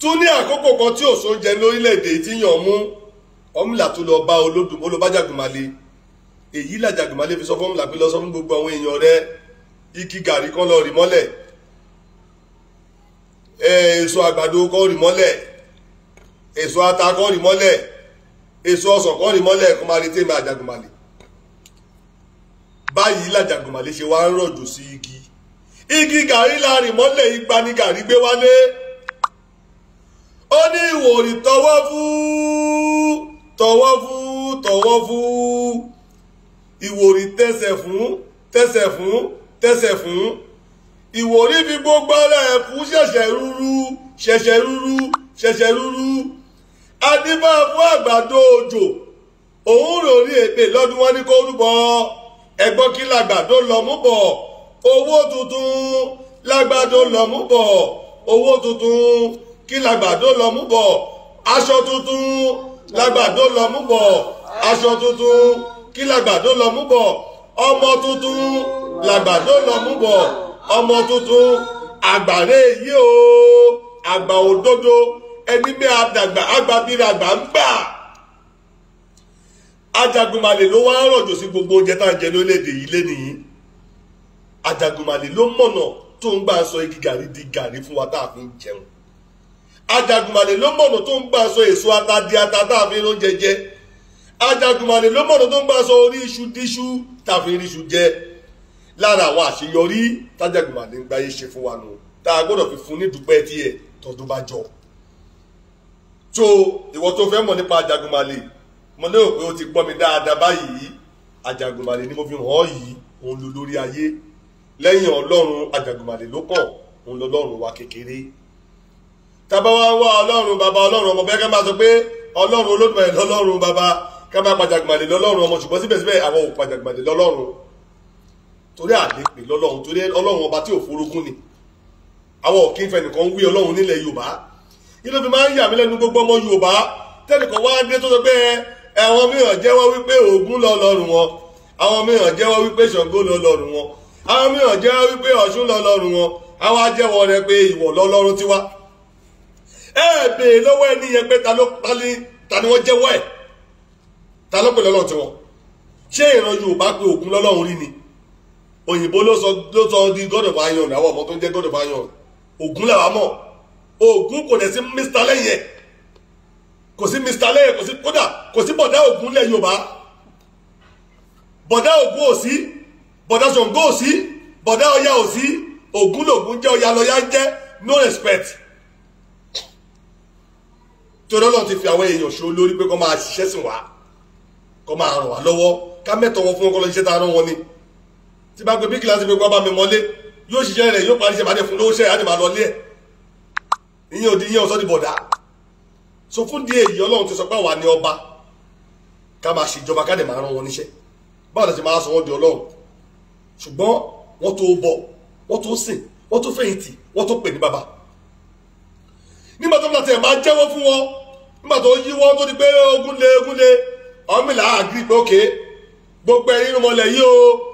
tún ní àkókò kan tí òṣò ń jẹ lórílẹ̀‐èdè tí yàn mú ọmúlà tó lọ bá olódùn olóbájàgùnmalè èyí làjàgùnmalè fi sọ fọ́mùlà pé lọ sọ fún gbogbo àwọn èèyàn rẹ̀ igi gàrí kan lọ rì mọ́lẹ̀ èso àgbàdo kọ́ rì mọ́lẹ̀ èso ata kọ́ rì mọ́lẹ̀ èso ọsàn kọ́ rì mọ́lẹ̀ kó máa retí ẹ̀mí àjàgùnmalè báyìí làjàgùnmalè ṣe wá ń rọ̀jò sí igi igi gàrí la rì mọ́lẹ̀ igba ni gàrí gbé wálé ó ní ìwòrì tọwọ́ fún tọwọ́ fún tọwọ́ fún ìwòrì tẹsẹ̀ fún tẹsẹ̀ fún tẹsẹ̀ fún ìwòrí fi gbogbo ara ẹ̀ fún ṣẹ̀ṣẹ̀ rúrú ṣẹ̀ṣẹ̀ rúrú ṣẹ̀ṣẹ̀ rúrú adíbá fún àgbàdo òjò òun rò rí èpè lọ́dún wọn ní kó rúbọ ẹ̀gbọ́n kí làgbàdo lọ bọ̀ owó tuntun làgbàdo lọ bọ̀ owó tuntun kí làgbàdo lọ bọ̀ aṣọ tuntun làgbàdo lọ bọ̀ aṣọ tuntun kí làgbàdo lọ bọ̀ ọmọ tuntun làgbàdo lọ bọ̀ ọmọ tuntun àgbàrá èyí o àgbà òdodo ẹni bí àdàgbà àgbàbíra àgbà ń gbà ajagunmalè ló wá rọ̀jò sí gbogbo oúnjẹ tá à ń jẹ lórílẹ̀‐èdè yìí lénìí ajagunmalè ló mọ̀nà tó ń gbà sọ igi gàrí di gàrí fún wa tá a fi ń jẹun ajagunmalè ló mọ̀nà tó ń gbà sọ èso ata di ata tá a fi ń ló jẹjẹ ajagunmalè ló mọ̀nà tó ń gbà sọ orí iṣu díṣu tá a fi ń ríṣu jẹ lára àwọn àṣeyọrí tájàgùnmàdé ń gbáyé ṣe fún wa nù tá a gbọ́dọ̀ fi fún ní dúpẹ́ tiẹ̀ tọdún bá jọ. tó ìwọ tó fẹ́ mọ̀ nípa àjàgùnmàlè mo lérò pé o ti gbọ́ mi dáadáa báyìí àjàgùnmàlè ni mo fi hàn ọ́ yìí òun ló lórí ayé lẹ́yìn ọlọ́run àjàgùnmàlè ló kàn òun lọ́lọ́run wa kékeré tábà wá wá ọlọ́run bàbá ọlọ́run ọmọ bẹ́ẹ̀ ká máa sọ pé ọlọ́run olódùmarè lọ́lọ́run bàbá ká máa pàjàgùnmàlè lọ́lọ́run ọmọ ṣùgbọ́n síbẹ̀síbẹ̀ àwọn ò pàjàgùnmàlè lọ́lọ́run torí àlepè lọ́lọ́run torí ọlọ́run ọba tí ò forogún ni àwọn òkè ìfẹnìkan wí ọlọ́run nílẹ̀ yorùbá ilé fi máa ń yà mí lẹ́nu gbogbo ọmọ yorùbá tẹ́nìkan wá dé tó sọ pé àwọn mìíràn jẹ́wọ́ wípé ògún lọ lọ́rùn wọn àwọn mìíràn jẹ́wọ́ wípé ṣàngó lọ lọ́rùn wọn àwọn mìíràn jẹ́wọ́ wípé ọ̀ṣun lọ lọ́rùn wọn àwa jẹ́wọ́ rẹ pé ìwọ lọ́lọ́run tiwa ẹ bèè lọ́wọ́ ẹni yẹn pé ta ló ta ni wọ́n jẹ́wọ́ ẹ̀ ta ló pè lọ́lọ́run tiwọn ṣé ìran yorùbá pé ògún lọ́lọ́run rí ni òyìnbó ló sọ ló sọ di god of iron àwọn ọmọ tó ń jẹ god of iron ògún làwa mọ ògún kò dẹ̀ sí mr lẹ́yìn ẹ̀ kò sí mr lẹ́yìn kò sí kódà kò sí bọ̀dá ògún lẹ̀ yorùbá bọ̀dá ògún ò sí bọ̀dá ṣàngó ò sí bọ̀dá ọya ò sí ògún lògún jẹ́ ọya lọ́ya ń jẹ́ no respect torí ọlọ́run ti fi àwọn èèyàn ṣó lórí pé kó máa ṣiṣẹ́ sìn wá kó máa ràn wá lọ́wọ́ ká mẹ́tọ̀ wọn fún wọn kọ́ lọ ṣiṣẹ́ tá a rán wọn ni tí bá gbé bí kíláàsì gbogbo ọba mi mọ́lé yóò ṣiṣẹ́ rẹ̀ yóò parí iṣẹ́ ìbàdí fún lówó ṣẹ́ àti màá lọ lé ẹ̀ ìyẹn òdi ìyẹn ọ̀sọ́ di bọ̀dá so fún díẹ̀ yìí ọlọ́run ti sọ pé àwa ni ọba ká máa ṣèjọba ká dẹ̀ máa rán wọn níṣẹ́ báwo la ṣe máa sọ wọ́n di ọlọ́run ṣùgbọ́n wọ́n tó bọ̀ wọ́n tó sìn wọ́n tó fẹ̀yìntì wọ́n tó pè ní bàbá nígbà tó ń tẹ̀ máa jẹ́wọ́ fún wọn nígbà tó yí wọ́n tó di pé ogun le ogun le ọmọ mi là á gírí pé ókè gbogbo ẹ̀yin mọ̀lẹ́ yìí o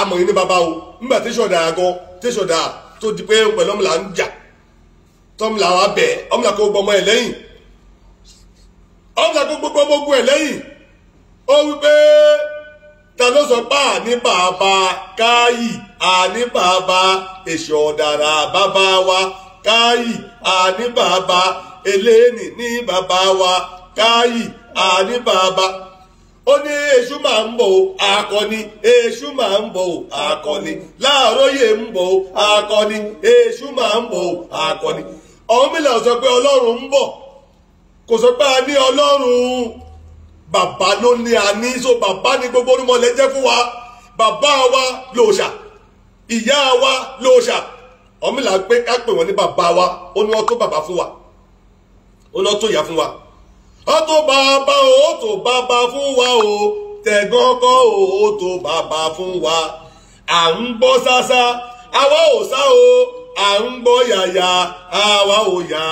amọ̀ yìí ní bàbá o nígbà tẹ́sọ̀dà àgọ́ tẹ́sọ̀dà tó di pé pẹ̀lú ọmọlà ń jà tọ́mọlà wa bẹ̀ ọmọlà kó gbọmọ ẹ̀ lẹ́yìn ọmọlà kó gbogbo ọmọgùn ẹ̀ lẹ́yìn ó wí pé ta ló sọ pé àní bàbá káyì àní bàbá èsì ọ̀dàrà bàbá wa káyì àní bàbá eléyìí ní bàbá wa káyì àní bàbá ó ní èṣù máa ń bọ̀ o akọni èṣù máa ń bọ̀ o akọni láàróyè ń bọ̀ o akọni èṣù máa ń bọ̀ o akọni ọ̀hún mi là sọ pé ọlọ́run ń bọ̀ kò sọ pé a ní ọlọ́run bàbá ló ní a ní so bàbá ni gbogbo onímọ̀lẹ́ jẹ́ fún wa bàbá wa lòòṣà ìyá wa lòòṣà ọ̀hún mi là pé ká pè wọ́n ní bàbá wa ó ní wọ́n tó bàbá fún wa ó ní wọ́n tó ìyá fún wa ọ̀tọ̀ bàbá o tó bàbá fún wa o tẹ̀gànkọ́ o tó bàbá fún wa à ń gbọ́ sásá àwa ò sá o à ń gbọ́ yàyà àwa ò yà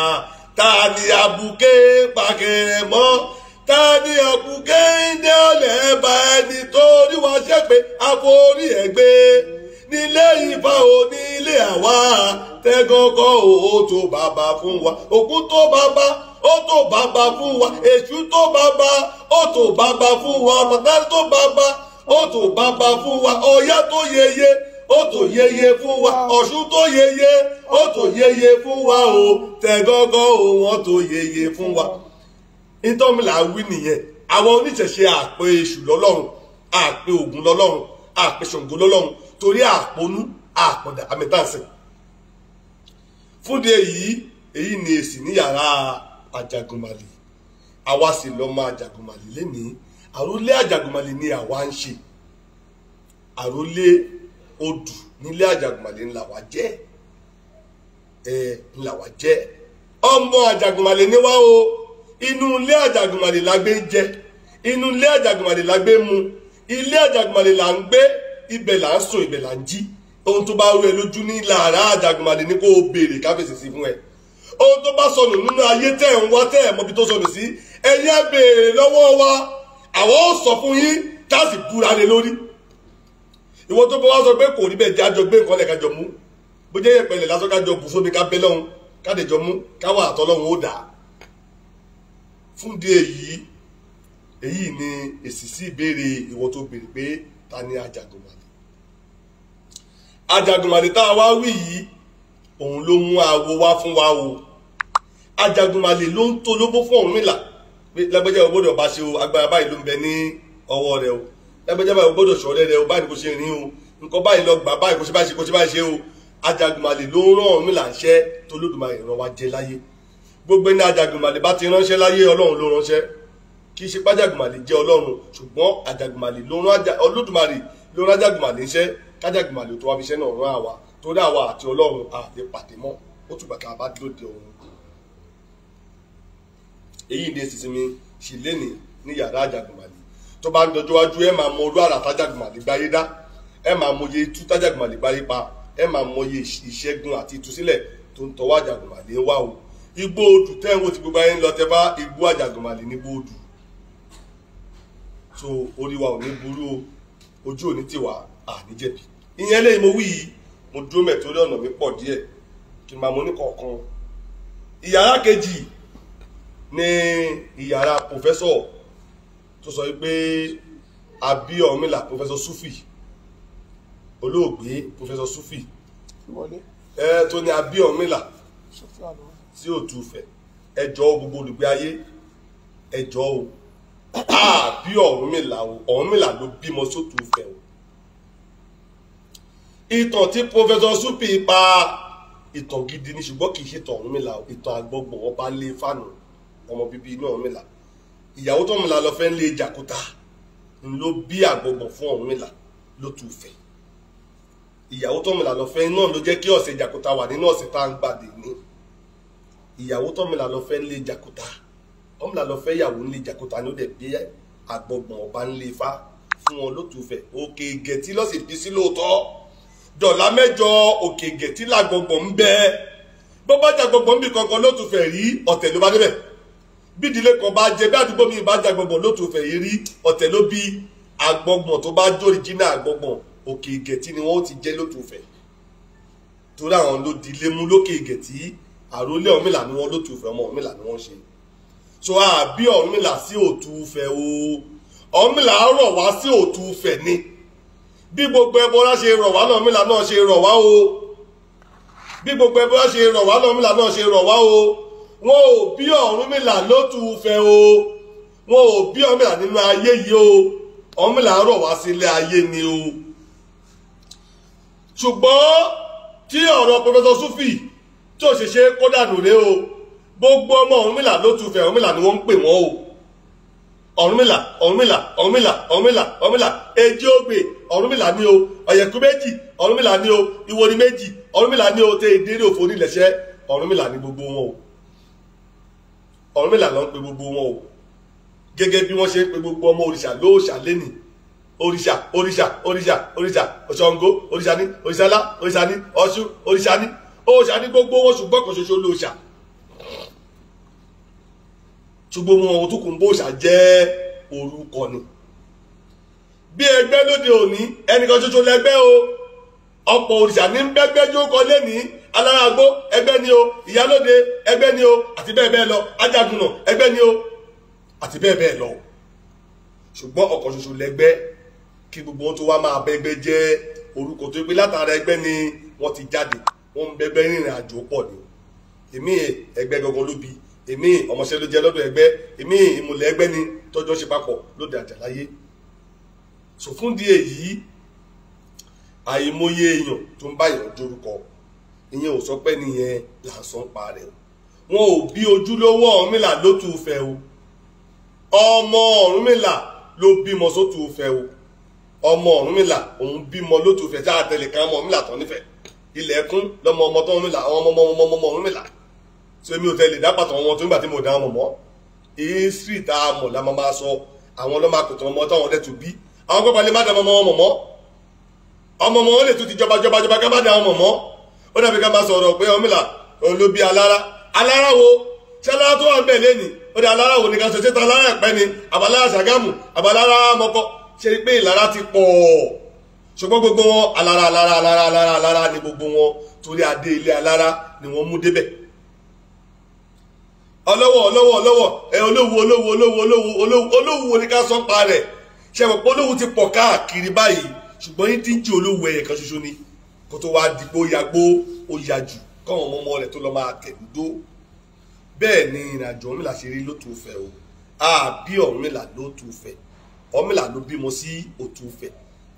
ta ni àbùké pàkẹrẹ mọ́ ta ni àbùké ndé ọ̀lẹ́ bá ẹni tó rí wa ṣẹ́pẹ́ àforí ẹ̀ gbé nílé ìfà ò nílé àwa tẹ̀gànkọ́ o tó bàbá fún wa òkú tó bàbá ó tó bàbá fún wa èṣù tó bàbá ó tó bàbá fún wa màkà tó bàbá ó tó bàbá fún wa ọ̀yá tó yeye ó tó yeye fún wa ọ̀ṣun tó yeye ó tó yeye fún wa o tẹ̀gọ́gọ́ o wọ́n tó yeye fún wa. ìtọ́mìlà wí nìyẹn àwọn oníṣẹ̀ṣe àpè èṣù lọ́lọ́run àpè ògún lọ́lọ́run àpè ṣàngó lọ́lọ́run torí àponú àpọ̀dà àmì tàǹsẹ̀ fúndé èyí èyí ni èsì ní yàrá Àjàgùnmàlè àwa sì lọ́mọ Àjàgùnmàlè lénìí àrólé Àjàgùnmàlè ni àwa ń ṣe àrólé odù nílé Àjàgùnmàlè ńlá wa jẹ́ ẹ ńlá wa jẹ́ ọmọ Àjàgùnmàlè ni wá o inú ilé Àjàgùnmàlè la gbé jẹ inú ilé Àjàgùnmàlè la gbé mu ilé Àjàgùnmàlè la ń gbé ibẹ̀ là ń sùn ibẹ̀ là ń jí ohun tó bá rú ẹ lójú ní làárá Àjàgùnmàlè ni kò béèrè káfíńsì sí fún ẹ ohun tó bá sọnù nínú ayé tẹ̀ ń wá tẹ̀ mọ́bi tó sọnù sí ẹ̀yin á béèrè lọ́wọ́ wa àwọn ò sọ fún yín tá a sì búra lé lórí ìwọ tó bá wá sọ pé kò rí bẹ́ẹ̀ jẹ́ àjọ gbé nǹkan lẹ̀ kájọ mú bó jẹ́ yẹpẹlẹ̀ lásán kájọ bù sómi ká bẹ́ lọ́hùn kádẹjọ mú káwà àtọ́lọ́hùn ó dà fún di èyí èyí ni èsì sí ìbéèrè ìwọ tó béèrè pé ta ni Àjàgùnmàlè Àjàgùnmàlè tá a wá wí yìí òun ló mú aago wá fún wa o Ajagunmalè ló ń tolóbó fún Ọ̀rúnmìlà pé lágbájá ò gbọ́dọ̀ bá ṣe o agbára báyìí ló ń bẹ ní ọwọ́ rẹ o lágbájá báyìí ò gbọ́dọ̀ ṣọ̀rẹ́ rẹ o báyìí kò ṣe rìn o nǹkan báyìí lọ gbà báyìí kò ṣe báyìí kò ṣe báyìí ṣe o Ajagunmalè ló ń rán Ọ̀rúnmìlà ńṣẹ́ tolódùmarè rán wa jẹ láyé gbogbo ní Ajagunmalè bá ti ránṣẹ́ láyé Ọlọ́run ló ránṣẹ́ kì í ṣe pájàgùnmalè jẹ́ Ọlọ́run ṣùgbọ́n Ajagunmalè ló rán Olódùmarè èyí dé sísinmi sì léni ní yàrá àjàgùnmàlè tó bá dọjọ́ wájú ẹ máa mọ olú àrà tájàgùnmàlè gbáyé dá ẹ máa mọye tú tájàgùnmàlè gbáyé pa ẹ máa mọye ìṣẹ́gun àti ìtúsílẹ̀ tó ń tọwọ́ àjàgùnmàlè wá o igbó odù tẹ́wọ̀n ti gbogbo ayé ń lọ tẹ́ bá igbó àjàgùnmàlè nígbó odù so orí wa ò ní burú o ojú òní tiwa àníjẹ̀bi ìyẹn lẹ́yìn mo wí yìí mo dúró mẹ́tòrí ọ̀nà mi pọ̀ díẹ̀ kí ní ìyàrá pòfẹ́sọ̀ tó sọ pé Abíọ́mìlà pòfẹ́sọ̀ Sufi olóògbé pòfẹ́sọ̀ Sufi ẹ tó ní Abíọ́mìlà tí ò tu fẹ̀ ẹjọ́ gbogbo olùgbé ayé ẹjọ́ o Abíọ́mìlà o Ọ̀rúnmìlà ló bímọ sótú fẹ̀ o ìtàn tí pòfẹ́sọ̀ Sufi pa ìtàn gidi ni ṣùgbọ́n kì í ṣe tàn Ọ̀rúnmìlà o ìtàn àgbọ̀gbọ̀ ọba lé fáànù ọmọ bíbí inú Ọ̀rúnmìlà ìyàwó tó Ọ̀rúnmìlà lọ fẹ́ ń lé jàkúta ló bí àgbọ̀gbọ̀ fún Ọ̀rúnmìlà ló tù fẹ́ ìyàwó tó Ọ̀rúnmìlà lọ fẹ́ náà ló jẹ́ kí ọ̀sẹ̀ jàkúta wà nínú ọ̀sẹ̀ tá à ń gbàdé ní ìyàwó tó Ọ̀rúnmìlà lọ fẹ́ ń lé jàkúta Ọ̀rúnmìlà lọ fẹ́ ìyàwó ń lé jàkúta ló dẹ̀ bí àgbọ̀gbọ̀n ọba ń lé fa fún wọn ló tù fẹ́ òkè gẹ̀tì lọ́sì bí sí lóòótọ́ dọ̀là mẹ́jọ òkè gẹ̀tì làgbọ̀gbọ̀n ń bẹ bọ́bá jàgbọ̀gbọ̀n bí kankan ló tù fẹ́ rí ọ̀tẹ̀ ló bá débẹ̀ bí ìdílé kan bá jẹ bí àdúgbò mi bá jẹ àgbọ̀gbọ̀n ló tó fẹ̀yìn rí ọ̀tẹ̀ ló bí àgbọ̀gbọ̀n tó bá jó original àgbọ̀gbọ̀n òkè ìgẹ̀tì ni wọ́n ti jẹ́ ló tó fẹ̀ torí àwọn ló di ilé mú lókè ìgẹ̀tì àròlé ọ̀mìlà ni wọ́n ló tó fẹ̀ ọmọ ọ̀mìlà ni wọ́n ṣe so àbí ọ̀mìlà sí òtú fẹ̀ o ọ̀mìlà rọ̀ wá sí òtú fẹ̀ ni bí gbogbo ẹbọra ṣe rọ̀ wá lọ́mìlà náà ṣe rọ̀ wá o bí gbogbo ẹbọra ṣe rọ̀ wá lọ́mìlà náà ṣe rọ̀ wá o wọn ò bí Ọ̀rúnmìlà lótú fẹ́ o wọn ò bí Ọ̀rúnmìlà nínú ayé yìí o Ọ̀rúnmìlà rọ̀ wá sílé ayé ni o. ṣùgbọ́n tí ọ̀rọ̀ pọfẹsọ Sufi tí ò ṣe ṣe kó dànù rẹ o gbogbo ọmọ Ọ̀rúnmìlà lótú fẹ́ Ọ̀rúnmìlà ni wọ́n ń pè wọ́n o Ọ̀rúnmìlà Ọ̀rúnmìlà Ọ̀rúnmìlà Ọ̀rúnmìlà Ọ̀rúnmìlà èjì ògbè Ọ̀rúnmìlà ni o ọ̀yẹ̀kú méjì Ọ̀rúnmìlà ni o ìwòrì méjì Ọ̀rúnmìlà ni o tẹ ìdérè òfò nílẹ̀ṣẹ́ Ọ̀rúnmìlà ni gbogbo wọn o ọ̀rọ̀ mélòó ló ń pe gbogbo wọn o gẹ́gẹ́ bí wọ́n ṣe ń pe gbogbo ọmọ òrìṣà lóòṣà lẹ́nìí òrìṣà òrìṣà òrìṣà òrìṣà Ṣàngó òrìṣà ní òrìṣà ńlá òrìṣà ní Ọ̀ṣun òrìṣà ní òrìṣà ní gbogbo wọn ṣùgbọ́n kan ṣoṣo lóòṣà ṣùgbọ́n wọn ò tún kún bóòṣà jẹ́ orúkọ ni bí ẹgbẹ́ lóde òní ẹnìkan ṣoṣo lẹgbẹ́ o ọ̀pọ̀ òrìṣà ní bẹ́gbẹ́jú kọ lẹ́ni alárágbó ẹgbẹ́ ni o ìyálóde ẹgbẹ́ ni o àti bẹ́ẹ̀ bẹ́ẹ̀ lọ ajagunà ẹgbẹ́ ni o àti bẹ́ẹ̀ bẹ́ẹ̀ lọ ṣùgbọ́n ọ̀kan ṣoṣo lẹ́gbẹ́ kí gbogbo wọn tó wá máa bẹ́gbẹ́ jẹ́ orúkọ tó gbé látara ẹgbẹ́ ni wọ́n ti jáde wọ́n ń bẹ́gbẹ́ rìnrìn àjò pọ̀ ni èmi ẹgbẹ́ gangan ló bi èmi ọmọọṣẹ́ ló jẹ́ lọ́dọ̀ ẹgbẹ́ èmi ìmùlẹ̀ ẹgbẹ́ ni tọ́jọ́ ṣe papọ̀ lóde àjàláyé sọ fún di èyí àìmọye èèyàn tó ń báyọ̀ dorúkọ ìyẹn ò sọ pé nìyẹn là ń san pa rẹ̀ wọn ò bí ojúlówó ọ̀rúnmìlà ló tù ú fẹ́ o ọmọ ọ̀rúnmìlà ló bímọ sótù ú fẹ́ o ọmọ ọ̀rúnmìlà òun bímọ ló tù ú fẹ́ tá a tẹ̀lé kan ọmọ ọ̀rúnmìlà tán nífẹ̀ẹ́ ilẹ̀kùn lọmọ ọmọ tó ọ̀rúnmìlà ọmọ ọmọ ọmọ ọmọ ọ̀rúnmìlà so èmi ò tẹ̀lé dápàtàn wọn tó nígbà tí mo dá ọmọ mọ́ èyí sì tá a mọ̀ la máa sọ àwọn ọlọ́mọ àkùtàn ọmọ táwọn ọdẹ tù bí àwọn gbọ́dọ̀ lè má dá ọmọ ọmọ mọ́ ọmọ ọmọ wọn lè tún ti jọba jọba jọba ká má da ọmọ mọ́ ó dàbí ká má sọ̀rọ̀ pé ọmọlà olóbi alára alára wo ṣé alára tó wà ń bẹ̀ lẹ́nìí ó dà alára wo nìkan ṣoṣẹ́ ta alára ẹ̀pẹ́ ni àbálára ṣàgámù àbálára mọ́kọ́ ṣe pé ìlara ti pọ̀ ṣùgbọ́n gbogbo wọn alára alára alára alára alára ni gbogbo wọn torí adé ilé alára ni wọ́n mú débẹ̀ ọlọ́wọ́ ọlọ́wọ́ ọlọ́wọ́ ẹ olówó olówó olówó olówó olówó olówó ni ká sọ́n pa rẹ̀ ṣe mọ̀ pé olówó ti pọ̀ káàkiri báyìí ṣùgbọ́n yín díjí olówó ẹ̀yẹ kan ṣoṣo ni kó tó wáá dìgbò yagbó ó ya jù káwọn ọmọ ọmọ rẹ̀ tó lọ máa tẹ̀dúdó bẹ́ẹ̀ ni ìrìnàjò ọ̀rìnlá ṣe rí lótùúfẹ́ o àbí ọ̀rìnlá lótùúfẹ́ ọ̀rìnlá ló bímọ sí òtùúfẹ́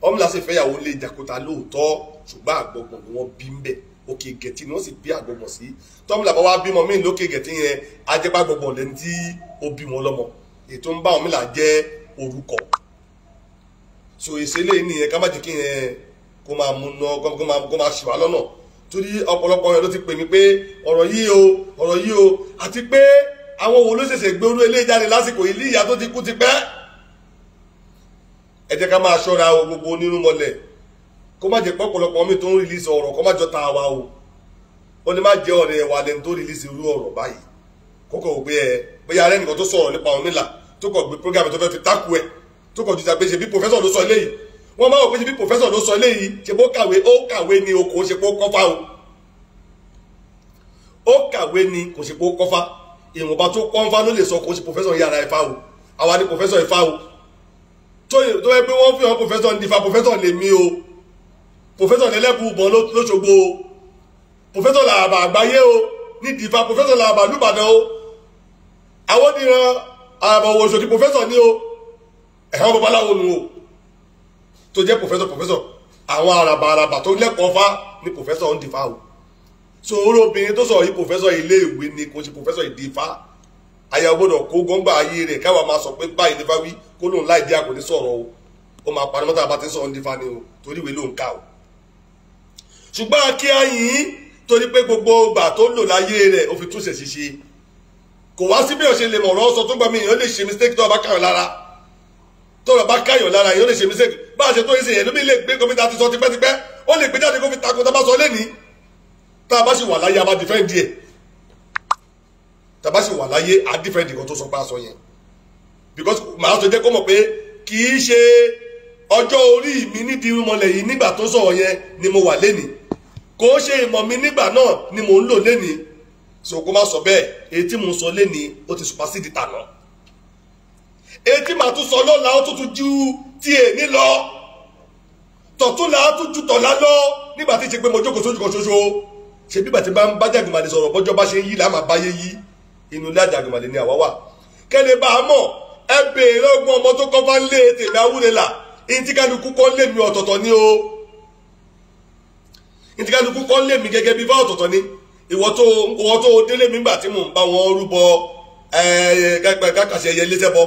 ọ̀rìnlá sì fẹ́yàwó lé jàkúta lóòótọ́ ṣùgbọ́n àgbọ̀gbọ̀n ni wọ́n bí ń bẹ̀ òkè gẹ̀tì ni wọ́n sì bí àgbọ̀gbọ̀n sí tọ́mìlà bá wá bímọ míì lókè gẹ̀tì yẹn ajẹ́pá gbọ̀gbọ̀n lẹ́ni tí ó bímọ lọ́mọ ètò ń bá ọ̀rìnlá jẹ́ orúkọ so ìṣẹ̀lẹ̀ yìí nìyẹn ká má jẹ́ kí yẹn kó máa múná kó máa ṣìwà lọ́nà torí ọ̀pọ̀lọpọ̀ yẹn ló ti pè mí pé ọ̀rọ̀ yìí o ọ̀rọ̀ yìí o àti pé àwọn wo ló ṣẹ̀ṣẹ̀ gbé orú eléyìí jáde lásìkò yìí líyà tó ti kú ti pẹ́ ẹ jẹ́ ká máa ṣọ́ra o gbogbo onírú mọ́lẹ̀ kó má jẹ́ pé ọ̀pọ̀lọpọ̀ mi tó ń rìlísì ọ̀rọ̀ kó má jọ ta wa o ó ní má jẹ́ ọ̀rẹ́ wa lẹ́nu tó rìlísì irú ọ̀rọ̀ báyìí kókò gbé ẹ bóyá arẹ́nìkan tó sọ̀rọ̀ nípa òmìnira tó kọ̀ gbé prógámù tó fẹ́ fi tákù ẹ̀ tó kọ̀ ju ta pé ṣe bí pòfẹ́sọ̀ ló sọ eléyìí wọ́n máa wò pé ṣe bí pòfẹ́sọ̀ ló sọ eléyìí ṣe bó kàwé ó kàwé ni o kò ṣe pó kọ́fà o ó kàwé ni kò ṣe pó kọ́fà ìwọ̀nba tó kọ́ńfà ló lè sọ kò ṣe pòfẹ́sọ̀ yàrá ẹ̀fà o àwa ni pòfẹ́sọ̀ ẹ̀fà o tó yẹ pé wọ́n fi hàn pòfẹ́sọ̀ ní ìfà pòfẹ́sọ̀ lè mí o pòfẹ́sọ̀ lẹ́lẹ́bù bọ̀ lóṣogbo o pòfẹ́sọ̀ làbà àgbáyé o ní ìfà pòfẹ́sọ̀ làbà lùbàdàn o àwọn oníran àbọ̀wò òṣòdì pòfẹ́sọ̀ ni o àwọn babaláwo nu o tó jẹ́ pòfẹ́sọ̀ pòfẹ́sọ̀ àwọn araba araba tó lẹ́kọ̀ọ́ fá ni professor ń dìfá o so oró obìnrin tó sọ̀rọ̀ yìí pòfẹ́sọ̀ ilé ni kò ṣe pòfẹ́sọ̀ ìdìfá àyà gbọ́dọ̀ kó gọ́ngbà ayé rẹ̀ káwa máa sọ pé báyìí nípa wí kó lóun láì dí àkò ní sọ̀rọ̀ o ó máa parí mọ́tà bá ti ń sọ̀rọ̀ nípa ni o torí ìwé ló ń kà o ṣùgbọ́n akí ayin torí pé gbogbo ọgbà tó lò láyé rẹ̀ ó fi túnṣe ṣiṣẹ́ kò wá sí bí ó ṣe lè mọ̀rọ̀ sọ tó gbà mí èèyàn lè ṣe mistake tó ọba kàwé lára tọrọ bá káyọ̀ lára yìí ó lè ṣe mistake bá a ṣe tó yín sí yẹn lómi lè gbé kọ́mítà ti sọ tipẹ́tipẹ́ ó lè gbé jáde kó fi takò tábà sọ lẹ́ni tá a bá sì wà láyé a bá defend yẹ tá a bá sì wà láyé a defend kan tó sọ pé a sọ yẹn because màá tó jẹ́ kó mọ̀ pé kì í ṣe ọjọ́ orí mi nídìí mọ̀lẹ̀ yìí nígbà tó sọ̀rọ̀ yẹn ni mo wà lẹ́ni kò ṣe ìmọ̀ mi nígbà náà ni mo ń lò lẹ́ni so kó má sọ bẹ́ẹ̀ èyí tí mo sọ lẹ́ni ó ti supersede tànà. No etí màá tún sọ lọ́la ó tún tún ju ti èní lọ tọ̀túnla á tún ju tọ̀la lọ nígbà tí ṣe pé mo jókòó sójú kan ṣoṣo ṣe bí bàtí bá ń bá Jàgùnmàlè sọ̀rọ̀ bọ́jọ́ bá ṣe yí là máa báyé yí inú ilé Jàgùnmàlè ni àwa wà kẹ́lẹ́ bá a mọ̀ ẹ béèrè ọgbọ́n ọmọ tó kọ́ bá ń lé tèmi Awúrelà ìtìkálukú kọ́ lé mi ọ̀tọ̀ọ̀tọ̀ ni o ìtìkálukú kọ́ lé mi gẹ́gẹ́ bí bá ọ̀tọ̀ọ̀tọ̀ ni ìwọ tó ìwọ tó délé mi gbà tí mò ń bá wọn rúbọ ẹ̀ẹ́dẹ́gbẹ̀ká kàṣẹ yẹ lẹ́sẹ̀ bọ́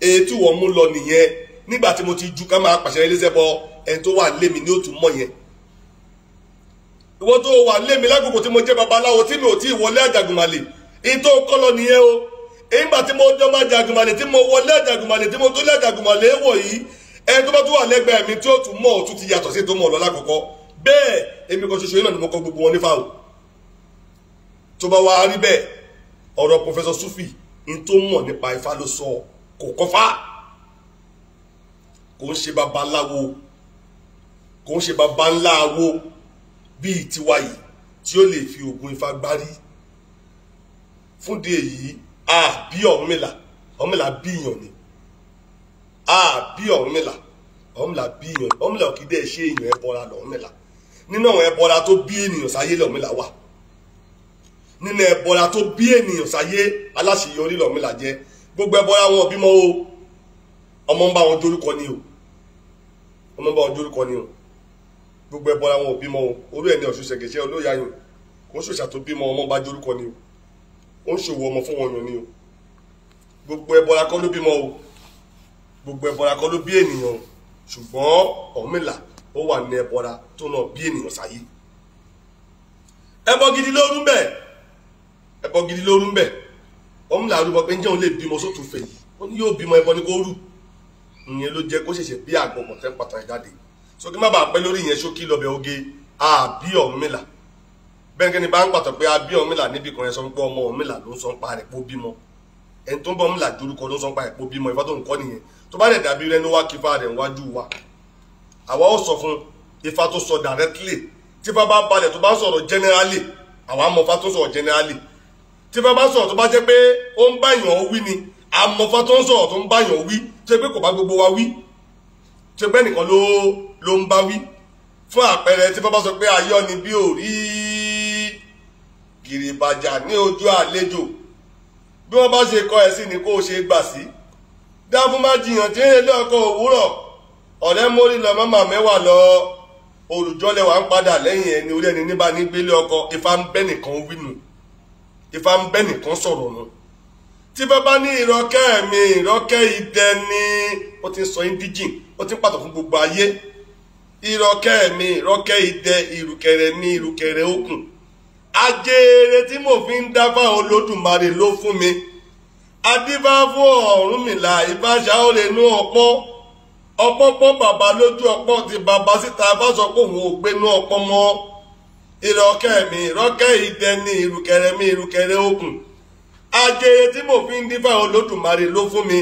etí wọ́n mú lọ nìyẹn nígbà tí mo ti ju ká máa pàṣẹ iléeṣẹ́ bọ ẹni tó wà lémi ní òtún mọ̀ yẹn ìwọ tó wà lémi lágbègbè tí mo jẹ́ babaláwo tí mi ò tí wọlé àjàgùnmalè ètò kọ́lọ nìyẹn o ìgbà tí mo jọ máa jàgùnmalè tí mo wọlé àjàgùnmalè tí mo tó lé àjàgùnmalè wọ̀ yìí ẹni tó bá tún wà lẹ́gbẹ̀ẹ́ mi tí ó tún mọ̀ ó tún ti yàtọ̀ sí tó mọ̀ lọ lákọ̀ọ́kọ́ bẹ́ẹ̀ èmi kan ṣoṣo náà ni mo kọ gbogbo wọn nífà o tó bá wá rí bẹ́ẹ̀ ọ̀rọ̀ pọfẹsọ Sufi ní tó mọ̀ nípa Ifá ló sọ ọ́ kò kọfá kò ń ṣe babaláwo kò ń ṣe babaláwo bíi tiwa yìí tí ó lè fi oògùn ifá gbárí fúndì èyí a bí Ọ̀rúnmìlà Ọ̀rúnmìlà bí ìyàn ni a bí Ọ̀rúnmìlà Ọ̀rúnmìlà bí ìyàn Ọ̀rúnmìlà kì í dẹ́ ṣe èèyàn ẹbọra lọ́rúnmìlà nínú àwọn ẹbọra tó bí ènìyàn sáyé lọ́rúnmìlà wà nínú ẹbọra tó bí ènìyàn sáyé aláṣeyọrí lọ́rúnmìlà jẹ́ gbogbo ẹbọra wọn bímọ o ọmọ ń bá wọn dorúkọ ni o ọmọ ń bá wọn dorúkọ ni o gbogbo ẹbọra wọn bímọ o orú ẹ ní ọ̀ṣun ṣẹ̀gẹ̀ṣẹ̀ olóyàyàn kò ń ṣòṣà tó bímọ ọmọ ń bá dorúkọ ni o ó ń ṣòwò ọmọ fún wọn yàn ni o gbogbo ẹbọra kọ́ ló bímọ o gbogbo ẹbọra kọ́ ló bí ènìyàn ṣùgbọ́n ọ̀mìnlá ó wà ní ẹbọra tó náà bí ènìyàn sáyé ẹbọ gidi ló ẹbọ gidi ló òun là rúbọ pé ǹjẹ́ òun lè bímọ sótù fè yìí ó ní yóò bímọ ẹbọ ní kó rù ìyẹn ló jẹ́ kó ṣẹ̀ṣẹ̀ bí àgbọn kọ̀tẹ́ pàtàkì jáde sókè má bàa pẹ́ lórí ìyẹn ṣókí lọ́bẹ̀ oge àbí Ọ̀rúnmìlà bẹ́ẹ̀ kẹ́ni bá ń pàtó pé àbí Ọ̀rúnmìlà níbi kan ẹ̀ sọ pé ọmọ Ọ̀rúnmìlà ló ń sọ pa rẹ̀ pó bímọ ẹni tó ń bọ̀ Ọ̀rúnmìlà jórúkọ ló ń sọ pa rẹ̀ pó bímọ ìfọ́ tó nìyẹn tó bá dẹ̀ dàbí rẹ̀ ló wá kí rẹ̀ wájú wa àwa ó sọ fún ifá tó sọ directly tí ifá bá balẹ̀ tó bá sọ̀rọ̀ generally àwa mọ̀ ifá tó sọ̀rọ̀ generally tí bá bá sọ̀rọ̀ tó bá jẹ́ pé ó ń báyàn wí ni àmọ́fá tó ń sọ̀rọ̀ tó ń báyàn wí tó pé kò bá gbogbo wa wí tó pé nìkan ló ló ń bá wí fún àpẹẹrẹ tí bá bá sọ pé ayọ́ ni bí ò rí gìrìbàjà ní ojú àlejò bí wọ́n bá ṣe kọ́ ẹ sí ni kó o ṣe gbà sí dáfún má jiyàn tí ilé ọkọ̀ òwúrọ̀ ọ̀rẹ́ mórí lọ mọ́mà mẹ́wàá lọ olùjọ́lẹ̀ wà ń padà lẹ́yìn ẹni orí ẹni níbà nígbélé ọkọ̀ ifá ń bẹ́ nìkan wínú Ifá ń bẹ́ nìkan sọ̀rọ̀ nù tí bàbá ní ìrọ̀kẹ́ mi ìrọ̀kẹ́ idẹ ni ó ti ń sọ indigene ó ti ń pàtó fún gbogbo ayé ìrọ̀kẹ́ mi ìrọ̀kẹ́ idẹ ìrùkẹ̀rẹ̀ mi ìrùkẹ̀rẹ̀ okùn ajere tí mo fi ń dáfà olódùmarè ló fún mi adífá fún Ọ̀rúnmìlà ìbáṣà ó lè nú ọpọ́n ọpọ́n pọ́n bàbá lójú ọpọ́n ti bàbá síta bá sọ pé òun ò gbénú ọpọ́n mọ́ ìrọ̀kẹ́ mi ìrọ̀kẹ́ ìdẹni ìrùkẹ̀rẹ̀ mi ìrùkẹ̀rẹ̀ ogun ajẹyẹ tí mo fi ń dífá olódùmarè ló fún mi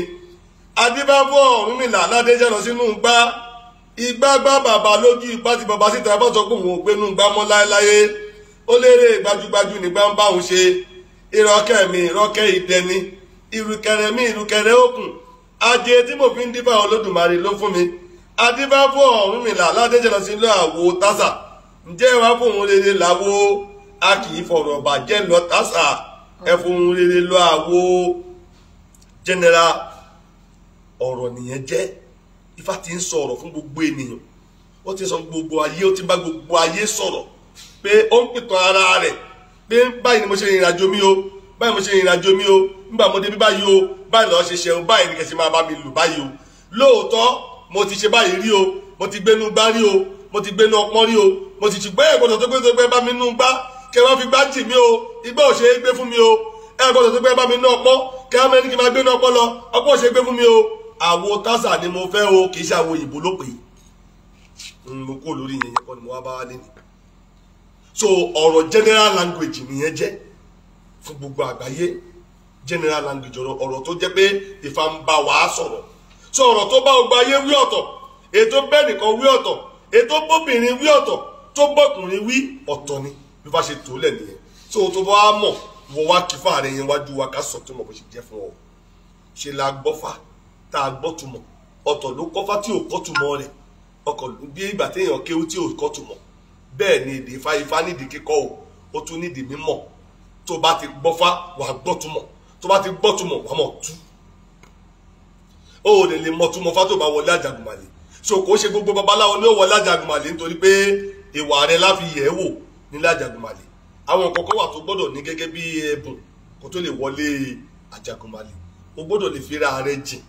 adébáfọ́ ọ̀run mi là ládéjẹ́ lọ sínú gbá igbá gbá bàbá lójú ipá tí bàbá síta bá sọ pé òun ò gbénú gbá mọ́ láéláyé ó léèrè gbajúgbajú nígbà ń bá òun ṣe ìrọ̀kẹ́ mi ìrọ̀kẹ́ ìdẹni ìrùkẹ̀rẹ̀ mi ìrùkẹ̀rẹ̀ ogun ajẹyẹ tí mo fi ń dífá olódùmarè ló fún mi adébáfọ́ ọ̀run mi là ládéjẹ́ lọ sínú àwo tásà ǹjẹ́ wàá fòun rere làwo a kì í fọ̀rọ̀ bàjẹ́ lọ tásà ẹ fòun rere lọ àwo general ọ̀rọ̀ nìyẹn jẹ́ ifá ti ń sọ̀rọ̀ fún gbogbo ènìyàn ó ti sọ gbogbo ayé ó ti bá gbogbo ayé sọ̀rọ̀ pé ó ń pìtàn ara rẹ̀ pé báyìí ni mo ṣe ìrìn àjò mi o báyìí mo ṣe ìrìn àjò mi o nígbà mo débi báyìí o báyìí lọ́ọ́ ṣe ṣeun báyìí ni kẹ̀sì máa bá mi lù báyìí o lóòótọ́ mo ti ṣe báyìí rí o mo ti gbénu gbá rí o mo ti gbénu ọpọ́n rí o mo sì ti gbé ẹ̀gbọ́dọ̀ tó gbé tó gbé bá mi nú gbá kẹ wọ́n fi gbá jì mí o igbá ò ṣe é gbé fún mi o ẹ̀gbọ́dọ̀ tó gbé bá mi ọpọ́ kẹ wọ́n mẹ́rin kí o àwo mo fẹ́ o kì í ṣe àwo ló pè ni mo wá so ọ̀rọ̀ general language nìyẹn jẹ́ fún gbogbo àgbáyé general language ọ̀rọ̀ tó jẹ́ pé so ọ̀rọ̀ tó bá wí ọ̀tọ̀ tó bọ́kùnrin wí ọ̀tọ̀ ni bí bá ṣe tó lẹ̀ nìyẹn tó o tó bá mọ̀ wọ wá kí fún ààrẹ yẹn wájú wa ká sọ tó mọ̀ bó ṣe jẹ́ fún ọ ṣe la gbọ́ fà tá a gbọ́ túmọ̀ ọ̀tọ̀ ló kọ́ fà tí ò kọ́ túmọ̀ rẹ̀ ọkọ̀ bí ìgbà téèyàn kéwú tí ò kọ́ túmọ̀ bẹ́ẹ̀ ni èdè ifá ifá nídìí kíkọ́ o ó tún nídìí mímọ̀ tó bá ti gbọ́ fà wàá gbọ́ túmọ̀ tó bá ti gbọ́ túmọ̀ wàá mọ̀ tú ó lè lè mọ̀ túmọ̀ fà tó bá wọlé àjàgùnmàlè so kò ṣe gbogbo babaláwo ló wọlé àjàgùnmàlè nítorí pé ìwà rẹ láfi yẹ̀ ẹ́ wò nílẹ̀ àjàgùnmalè àwọn kọ̀ọ̀kan wà tó gbọ́dọ̀ ní gẹ́gẹ́ bí ẹ̀bùn kó tó lè wọlé àjàgùnmalè o gbọ́dọ̀ lè fira rẹ jìn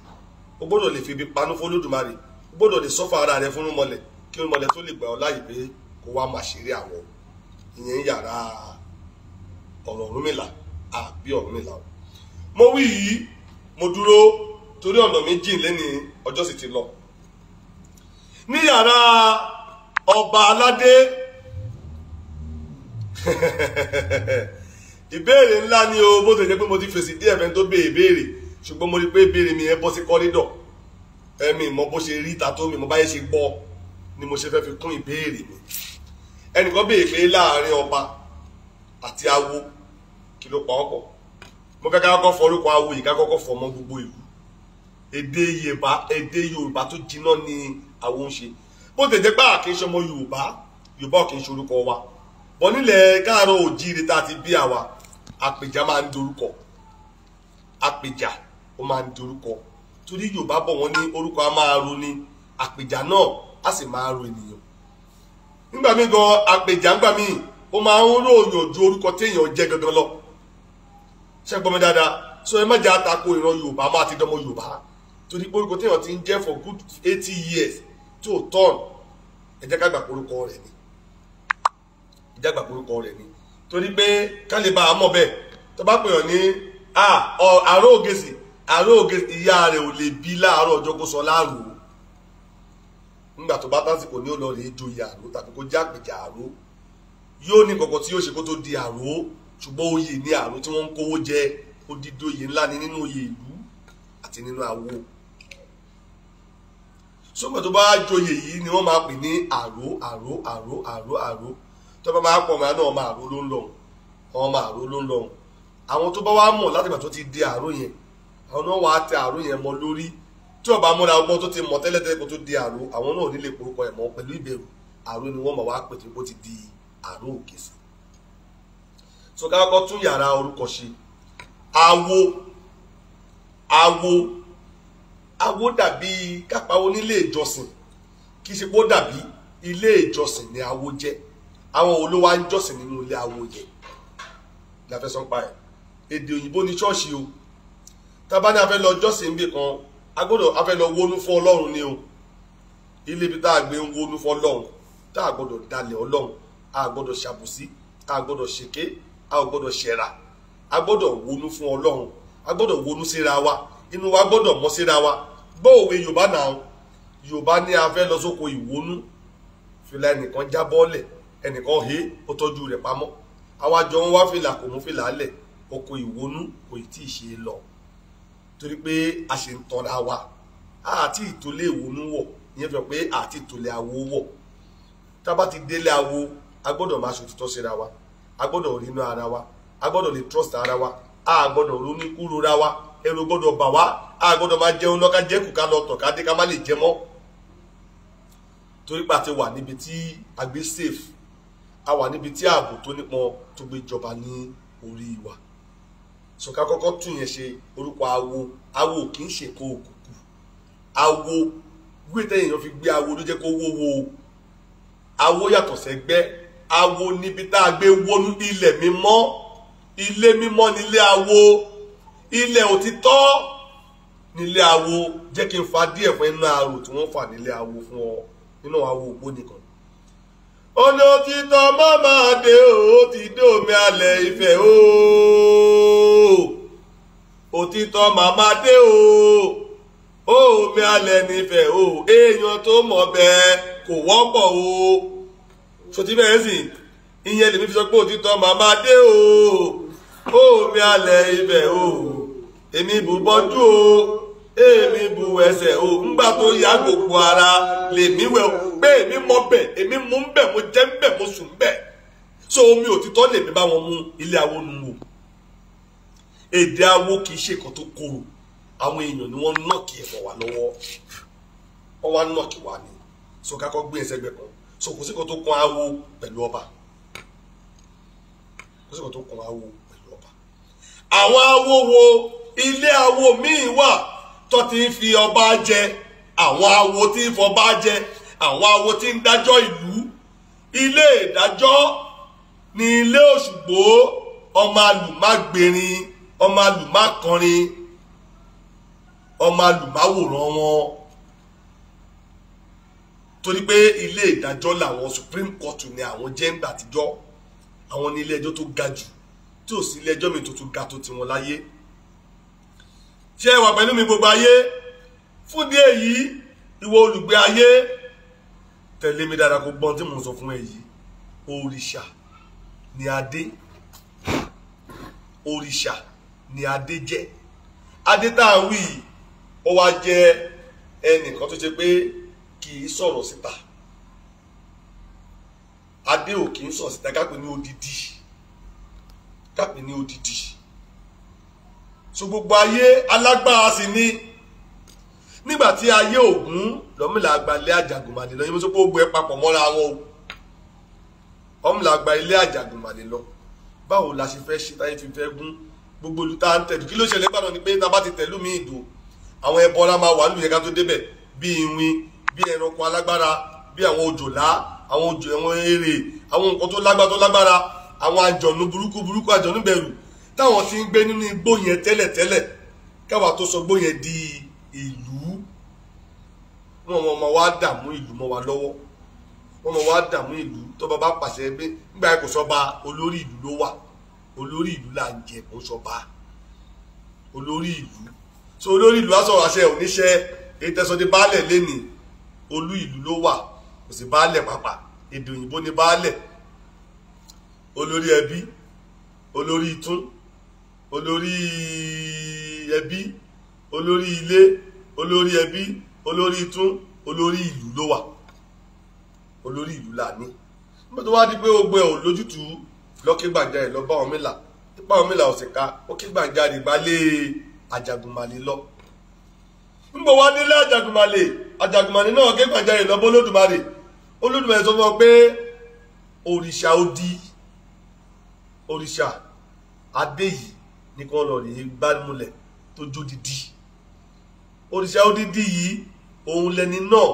o gbọ́dọ̀ lè fi ibi panú fólódùmarè o gbọ́dọ̀ lè sọ́fà ara rẹ fúnrún mọ́lẹ̀ kí irun mọ́lẹ̀ tó lè gbà ọ́ láyè pé kó wá máa ṣeré àwọn ìyẹn yàrá ọ̀rọ̀ Ọ̀rúnmìlà àbí Ọ̀rúnmìlà o. mo wí yìí mo dúró torí ọ̀nà mi jìn lẹ́ni ọjọ́ sì ti lọ. ní yàrá ọba aládé ìbéèrè ńlá ni o bó ti jẹ́ pé mo ti fèsì díẹ̀ fẹ́ tó béèrè béèrè ṣùgbọ́n mo rí pé béèrè mi yẹn bọ́ sí kọ́rídọ̀ ẹ̀mí mo bó ṣe rí ta tó mi mo báyé ṣe gbọ́ ni mo ṣe fẹ́ fi kún ìbéèrè mi ẹnìkan béèrè pé láàrin ọba àti awo kí ló pa ọkọ̀ mo fẹ́ ká kọ́kọ́ fọ orúkọ awo yìí ká kọ́kọ́ fọ ọmọ gbogbo ìlú èdè Yorùbá èdè Yorùbá tó jiná ni àwọn ń ṣe bó tètè pé àkè ṣe ọmọ yorùbá yorùbá kì í ṣe orúkọ wa bọ́ nílẹ̀ káàárọ̀ òjíire tá a ti bí àwa àpèjà máa ń dorúkọ torí yorùbá bọ̀ wọ́n ní orúkọ a máa ro ni àpèjà náà a sì máa ro ènìyàn nígbà míì gan àpèjà ńgbà míì ó máa ń ju orúkọ lọ mi dáadáa so ẹ àtakò ìran yorùbá máa ti dánmọ́ torí pé orúkọ téèyàn ti ń for good eighty years tí ò tọ́ọ̀nù ẹ jẹ́ ká gbà orúkọ rẹ̀ ni ẹ jẹ́ ká gbà orúkọ rẹ̀ ni torí pé ká lè bá a mọ̀ bẹ́ẹ̀ tó bá pè ọ́ ní àárọ̀ ògèsì àárọ̀ ògèsì ìyá rẹ̀ ò lè bí láàárọ̀ ọjọ́ kó sọ láàrú nígbà tó bá tásìkò ní ó lọ rèé joyè àró tàbí kó jẹ́ àpèjà àró yóò ní kọ̀kọ̀ tí yóò ṣe kó tó di àró ṣùgbọ́n oyè ní àró tí wọ́n ń kówó jẹ odidi oyè ńlá ni nínú oyè ìlú àti nínú awo sọgbà tó bá joyè yìí ni wọ́n máa pè ní àró àró àró àró àró tó bá máa pọ̀ máa náà máa àró ló ń lọ àwọn àró ló ń lọ àwọn tó bá wá mọ̀ láti ìgbà tó ti di àró yẹn àwọn náà wàá tẹ àró yẹn mọ lórí tí ọba múra ọgbọ́n tó ti mọ̀ tẹ́lẹ̀tẹ́lẹ̀ kó tó di àró àwọn náà ò ní lè porúkọ ẹ̀ àró ni wọ́n máa wá pè tí ti di àró òkè sí so ká tún yàrá orúkọ ṣe awo awo awo dàbí kápáwo nílé ìjọsìn kì í ṣe pé ó dàbí ilé ìjọsìn ni awo jẹ́ àwọn olówó ń jọsìn nínú ilé awo yẹn la fẹ́ pa ẹ̀ èdè òyìnbó ni ṣọ́ọ̀ṣì o tábà ní a fẹ́ lọ jọsìn bí kan a gbọ́dọ̀ a fẹ́ lọ wónú fún ọlọ́run ni o ilé ibi tá a gbé ń wónú fún ọlọ́run tá a gbọ́dọ̀ dalẹ̀ ọlọ́run a gbọ́dọ̀ ṣàbùsí a gbọ́dọ̀ ṣèké a gbọ́dọ̀ ṣẹ̀rà a gbọ́dọ̀ wónú fún ọlọ́run a gbọ́dọ̀ wónú síra wa inú wa gbọ́dọ̀ mọ́ síra wa gbọ́ òwe yorùbá náà yorùbá ní a fẹ́ lọ sóko ìwónú fìlà ẹnìkan já bọ́ọ̀lẹ̀ ẹnìkan he ó tọ́jú rẹ̀ pamọ́ àwa jọ ń wá fìlà kò mú fìlà lẹ̀ oko ìwónú kò tí ì ṣe lọ torí pé a ṣe ń tọ́ra wa àti ìtòlé ìwónú wọ̀ ìyẹn fẹ́ pé àti ìtòlé awo wọ̀ tá ti délé awo a gbọ́dọ̀ máa ṣòtítọ́ síra wa a gbọ́dọ̀ rínú ara wa a gbọ́dọ̀ lè trust ara wa a gbọ́dọ̀ ronú kúrora wa ẹ̀rù gbọ́dọ̀ bà wá a gbọ́dọ̀ máa jẹun lọ ká jẹ kù ká lọ tọ̀ ká dé ká má lè jẹ mọ́ torí pé ti wà níbi tí a gbé safe a wà níbi tí ààbò tó nípọn tó gbé jọba ní orí wa so ká kọ́kọ́ tún yẹn ṣe orúkọ awo awo kì í ṣe kó òkùnkùn awo gbé tẹ́yìn yẹn fi gbé awo ló jẹ́ kó wówó awo yàtọ̀ sẹ́gbẹ́ awo níbi tá a gbé wọnú ilẹ̀ mímọ́ ilé mímọ́ nílé awo ilẹ̀ òtítọ́ nílé awo jẹ́ kí n fa díẹ̀ fún iná arò tí wọ́n fà nílé awo fún ọ nínú awo ògbó nìkan. ọ̀nà òtítọ́ má dé o ti dé omi alẹ̀ ìfẹ́ o òtítọ́ màmá dé o ó omi alẹ̀ nífẹ̀ o èèyàn tó mọ̀ bẹ́ẹ̀ kò wọ́pọ̀ o sotí bẹ́ẹ̀ sì ìyẹn lèmi fi sọ pé òtítọ́ màmá dé o omi alẹ̀ ibẹ̀ o èmi bù bọ́jú o èmi bù ẹsẹ̀ o ńgbà tó yá gbogbo ara lèmi wẹ̀ o pé èmi mọ bẹ̀ èmi mú bẹ̀ mo jẹ́ bẹ̀ mo sùn bẹ̀ so omi òtítọ́ lèmi bá wọn mú ilé awo nu wò èdè awo kì í ṣe nǹkan tó korò àwọn èèyàn ni wọ́n nọ́ọ̀kì ẹ̀fọ́ wa lọ́wọ́ wọ́n wá nọ́ọ̀kì wa ni so kakọ́ gbé ẹsẹ̀ gbẹ kan so kò sí nǹkan tó kún awo pẹ̀lú ọba kò sí nǹkan tó kún awo àwọn awowo ilé awo míì wà tó ti ń fi ọba jẹ àwọn awo tí ń fọba jẹ àwọn awo tí ń dájọ́ ìlú ilé ìdájọ́ ní ilé Òṣùgbó ọmọ àlùmágbèrin ọmọ àlùmákọrin ọmọ àlùmáwòrán wọn torí pé ilé ìdájọ́ làwọn Supreme Court ni àwọn jẹ́ ń gbàtijọ́ àwọn ní ilé ẹjọ́ tó ga jù tí ò sí ilé mi tuntun ga tó tiwọn láyé ṣé ẹ wà pẹ̀lú mi gbogbo ayé fún di èyí ìwọ olùgbé ayé tẹ̀lé mi dára kó gbọ́n tí mo sọ fún ẹ yìí òrìṣà ni adé òrìṣà ni adé jẹ́ adé tá a wí ó wá jẹ́ ẹnìkan tó ṣe pé kì í sọ̀rọ̀ síta adé ò kì í sọ̀rọ̀ síta ká ní odidi dàbí ní odidi so gbogbo ayé alágbára sì ni nígbà tí ayé ògún lọ́mìnira àgbà ilé àjàgùnmàlè lọ yẹmí tó kó gbé papọ̀ mọ́ra wọn o ọmọlà àgbà ilé àjàgùnmàlè lọ báwo la ṣe fẹ́ ṣe táyé fi fẹ́ gún gbogbo olú tá à ń tẹ̀lú kí ló ṣẹlẹ̀ gbàdọ̀ ni pé tá a bá ti tẹ̀lú mi ìdùn àwọn ẹbọra máa wà nínú yẹn ká tó débẹ̀ bí iwin bí ẹranko alágbára bí àwọn òjòlá àwọn òjò ẹ̀wọ̀n eré àwọn nǹkan tó lágbára tó lágbára àwọn àjọ̀nù burúkú burúkú àjọ̀nù bẹ̀rù táwọn ti ń gbé nínú igbó yẹn tẹ́lẹ̀tẹ́lẹ̀ káwa tó sọ igbó di ìlú wọn wọn máa wá dààmú ìlú mọ́ wa lọ́wọ́ wọn máa wá dààmú ìlú tó bá bá pàṣẹ pé nígbà yẹn kò sọba olórí ìlú ló wà olórí ìlú là ń jẹ kó sọba olórí ìlú so olórí ìlú aṣọ àṣẹ oníṣẹ èyí tẹsán ní baálẹ̀ lẹni olú ìlú ló wà kò sí baálẹ̀ pàpà èdè òyìnbó ní baálẹ̀ olórí ẹbí olórí itún olórí ẹbí olórí ilé olórí ẹbí olórí itún olórí ìlú ló wà olórí ìlú là ní nígbà tó wá di pé gbogbo ẹ̀ ò lójútùú lọ́kẹ́gbàjà ẹ̀ lọ bá wọn mìlà ipa wọn mìlà ọ̀sẹ̀ ká ó kẹ́gbàjà rè bá lé Àjàgùnmàlè lọ nígbà wá délé Àjàgùnmàlè Àjàgùnmàlè náà kẹ́gbàjà rè lọ bó Olódùmarè Olódùmarè sọ fún ọ pé òrìṣà odi òrìṣà adé yìí ní kọ́ lọ rèé gbámúlẹ̀ tó jó didi òrìṣà odidi yìí òun lẹni náà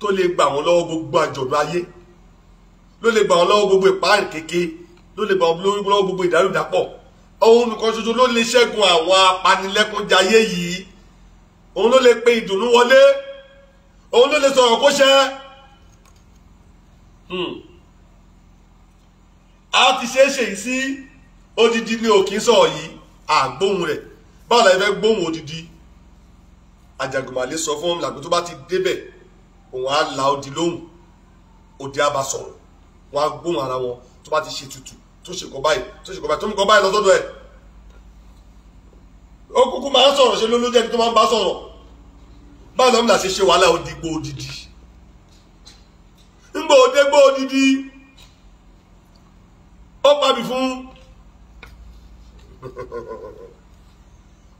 tó lè gbà wọ́n lọ́wọ́ gbogbo àjọ̀dún ayé ló lè gbà wọ́n lọ́wọ́ gbogbo ìpáàrùn kéke ló lè gbà wọ́n lọ́wọ́ gbogbo ìdàrúdàpọ̀ òun nìkan ṣoṣo ló lè ṣẹ́gun àwọn apanilẹ́kúnjayé yìí òun ló lè pe ìdùnnú wọlé òun ló lè sọ̀rọ̀ kó ṣẹ́. Hmm a ti ṣe é ṣe yìí sí odidi ní òkè sọ̀rọ̀ yìí àgbóhùn rẹ̀ báwo la fẹ́ gbóhùn odidi Àjàgùnmàlè sọ fún ọmọ ìlàgbé tó bá ti débẹ̀ òun á la odi lóhùn òde á bá sọ̀rọ̀ wọn á gbóhùn ara wọn tó bá ti ṣe tutù tó ṣe kọ báyìí tó ṣe kọ báyìí tó ń kọ báyìí lọ́sọ́dọ̀ ẹ̀ ó kúkú máa ń sọ̀rọ̀ ṣe lóló jẹ́ni tó máa ń bá sọ̀rọ̀ báwo lọ́mìnà ṣe ṣe wàhálà òdìgbò òdìdí ńgbò òdégbò òdìdí ó pàbí fún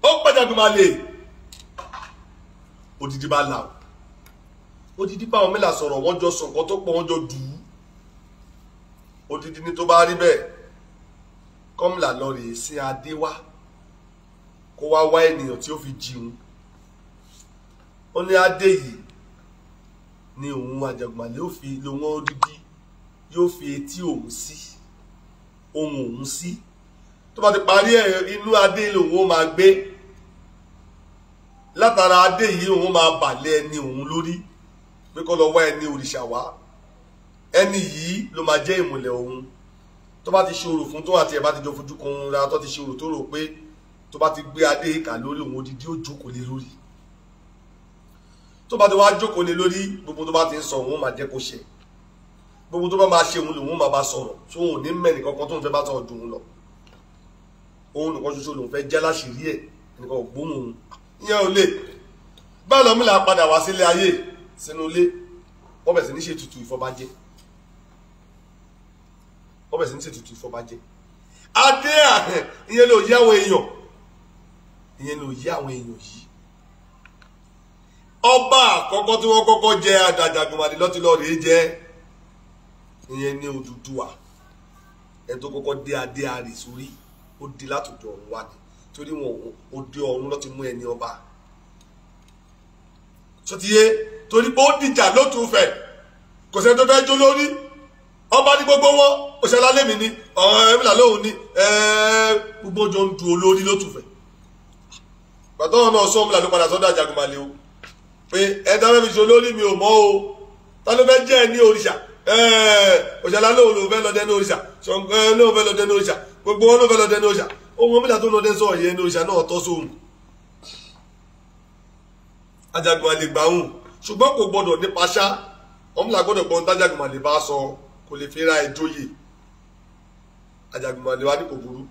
ó pàjáwìrì máa lè odidi bá là odidi bá àwọn mẹ́la sọ̀rọ̀ wọ́n jọ sọ̀kọ́ tó pọ̀ wọ́n jọ dù ú odidi ni tó bá rí bẹ́ẹ̀ kọ́mìlà lọ rèé sí adé wá kó wá wá ènìyàn tí ó fi jìun ó ní adé yìí ni òun àjàgbàlẹ̀ ó fi lòun odidi yóò fi etí òun sí. Si ohun òun sí tó bá ti parí ẹ̀ inú adé lòun ó máa gbé látara adé yìí òun máa bàlẹ̀ ẹni òun lórí pé kó lọ wá ẹni òrìṣà wá ẹni yìí ló máa jẹ́ ìmùlẹ̀ òun tó bá ti ṣòro fún tó àti ẹ̀ bá ti jọ fojú kan ra tó ti ṣòro tó rò pé tó bá ti gbé adé ìkà lórí òun odidi ó jókòó lé lórí tó bá ti wá jókòó lé lórí gbogbo tó bá ti ń sọ òun máa jẹ́ kó ṣe gbogbo tó bá máa ṣe òun lòun máa bá sọ̀rọ̀ tó òun ò ní mẹ́rin kankan tó ń fẹ́ bá sọ̀rọ̀ ju òun lọ òun nìkan ṣoṣo lòun fẹ́ jẹ́ láṣìírí ẹ̀ nìkan ògbóhùn òun ìyẹn ò lè bẹ́ẹ̀ lọ́mí là padà wá sílé ayé sínú ilé wọ́n bẹ̀ sí ní ṣètùtù ìfọbajẹ́ wọ́n bẹ̀ sí ní ṣètùtù ìfọbajẹ́ adé àhẹ ìyẹn ló yí àwọn èèyàn ìyẹn ló yí àwọn èèyàn yìí ọba àkọ́kọ́ tí wọ́n kọ́kọ́ jẹ àdàjàgùnmàdì lọ́tìlọ́ọ̀rẹ́ jẹ́ ìyẹn ní Odùduwà ẹni tó kọ́kọ́ dé adé àrè sórí ó di látòdò ọ̀run wá ni torí wọn òde ọ̀run ló ti mú ẹni ọba sotiye torí pé ó dìjà lótùúfẹ̀ kò sẹ́ni tó fẹ́ jó lórí ọba ní gbogbo wọn òṣèlá lèmi ni ẹ̀ẹ́mìlá lòun ni gbogbo jọ ń du olórí lótùúfẹ̀ gbàtọ́ wọn náà sọ ọmọlá ló padà sọ́dọ̀ Àjàgùnmàlẹ̀ o pé ẹ̀ẹ́dá mẹ́fì ṣe olórí mi ò mọ́ o ta ló fẹ́ jẹ́ ẹ ní òrìṣà Ee, eh, Oshala ló fẹ́ lọ dẹ́nu òrìṣà ṣọ̀ǹgán eh, lóun fẹ́ lọ dẹ́nu òrìṣà gbogbo wọn ló fẹ́ lọ dẹ́nu òrìṣà ohun mìíràn tó kò gbọdọ̀ nípa ṣá gbọdọ̀ gbọ́n àlè bá sọ kò lè fi ra ajagun àlè wa ní kò burú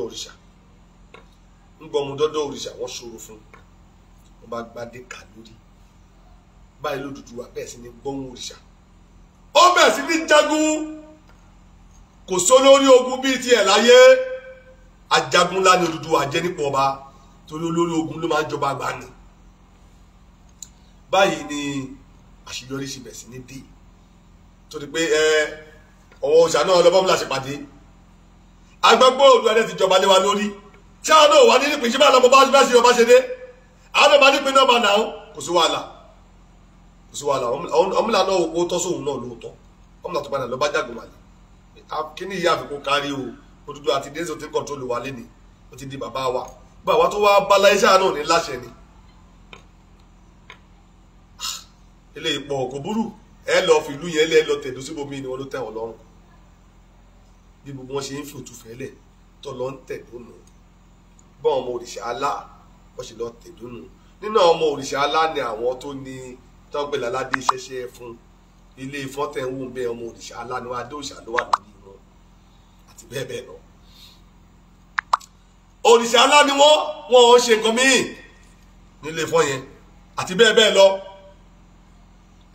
òun ń gbọmú dọ́dọ̀ òrìṣà wọ́n ṣòro fún wọn bá gbadé kà lórí báyìí lódùdú wa bẹ́ẹ̀ sì ni gbọ́hún òrìṣà ó bẹ̀ẹ̀ sí ní jagun kò sólórí ogun bíi tiẹ̀ láyé ajagun ńlá ni òdùdú wa jẹ́ nípò ọba torí olórí ogun ló máa ń jọba àgbà ni báyìí ni àṣeyọrí ṣe bẹ̀ẹ̀ sí ní dé torí pé ẹ ọ̀wọ́ òrìṣà náà lọ́bọ̀mùlà ṣèpàdé agbábọ́ òdùdú adé ti jọba lé wa lórí ṣé àwọn náà wà ní nípìn ṣé bá lọ bó bá ṣe ọba ṣe dé àwọn náà bá nípìn náà bá nà ó kò sí wàhálà kò sí wàhálà ọmọlá náà ó tọ́ sóhun náà lóòótọ́ ọmọlá tó bá nà lọ bá wà ní kíní ìyá àfikún kárí o òdodo àti dẹ́sẹ̀ tó kọ́ńtrólù wa lé ní ó ti di bàbá wa bá wa tó wá bala iṣẹ́ náà ní láṣẹ ni ilé ìpọ̀ kò burú ẹ lọ fìlú yẹn lẹ lọ tẹ̀dó síbòmí ni wọn ló tẹ̀ wọ́n bọ́n ọmọ òrìṣà alá wọ́n sì lọ tẹ̀dúnú nínú ọmọ òrìṣà alá ni àwọn tó ní tọ́gbẹ̀lá aládé ṣẹṣẹ́ fún ilé ìfọ́tẹ̀ ń wò ń bẹ ọmọ òrìṣà alá ni wọ́n adé òrìṣà ló wà lórí wọn àti bẹ́ẹ̀ bẹ́ẹ̀ lọ. òrìṣà alá ni wọ́n wọ́n ò ṣe nǹkan míì nílé ìfọ́ yẹn àti bẹ́ẹ̀ bẹ́ẹ̀ lọ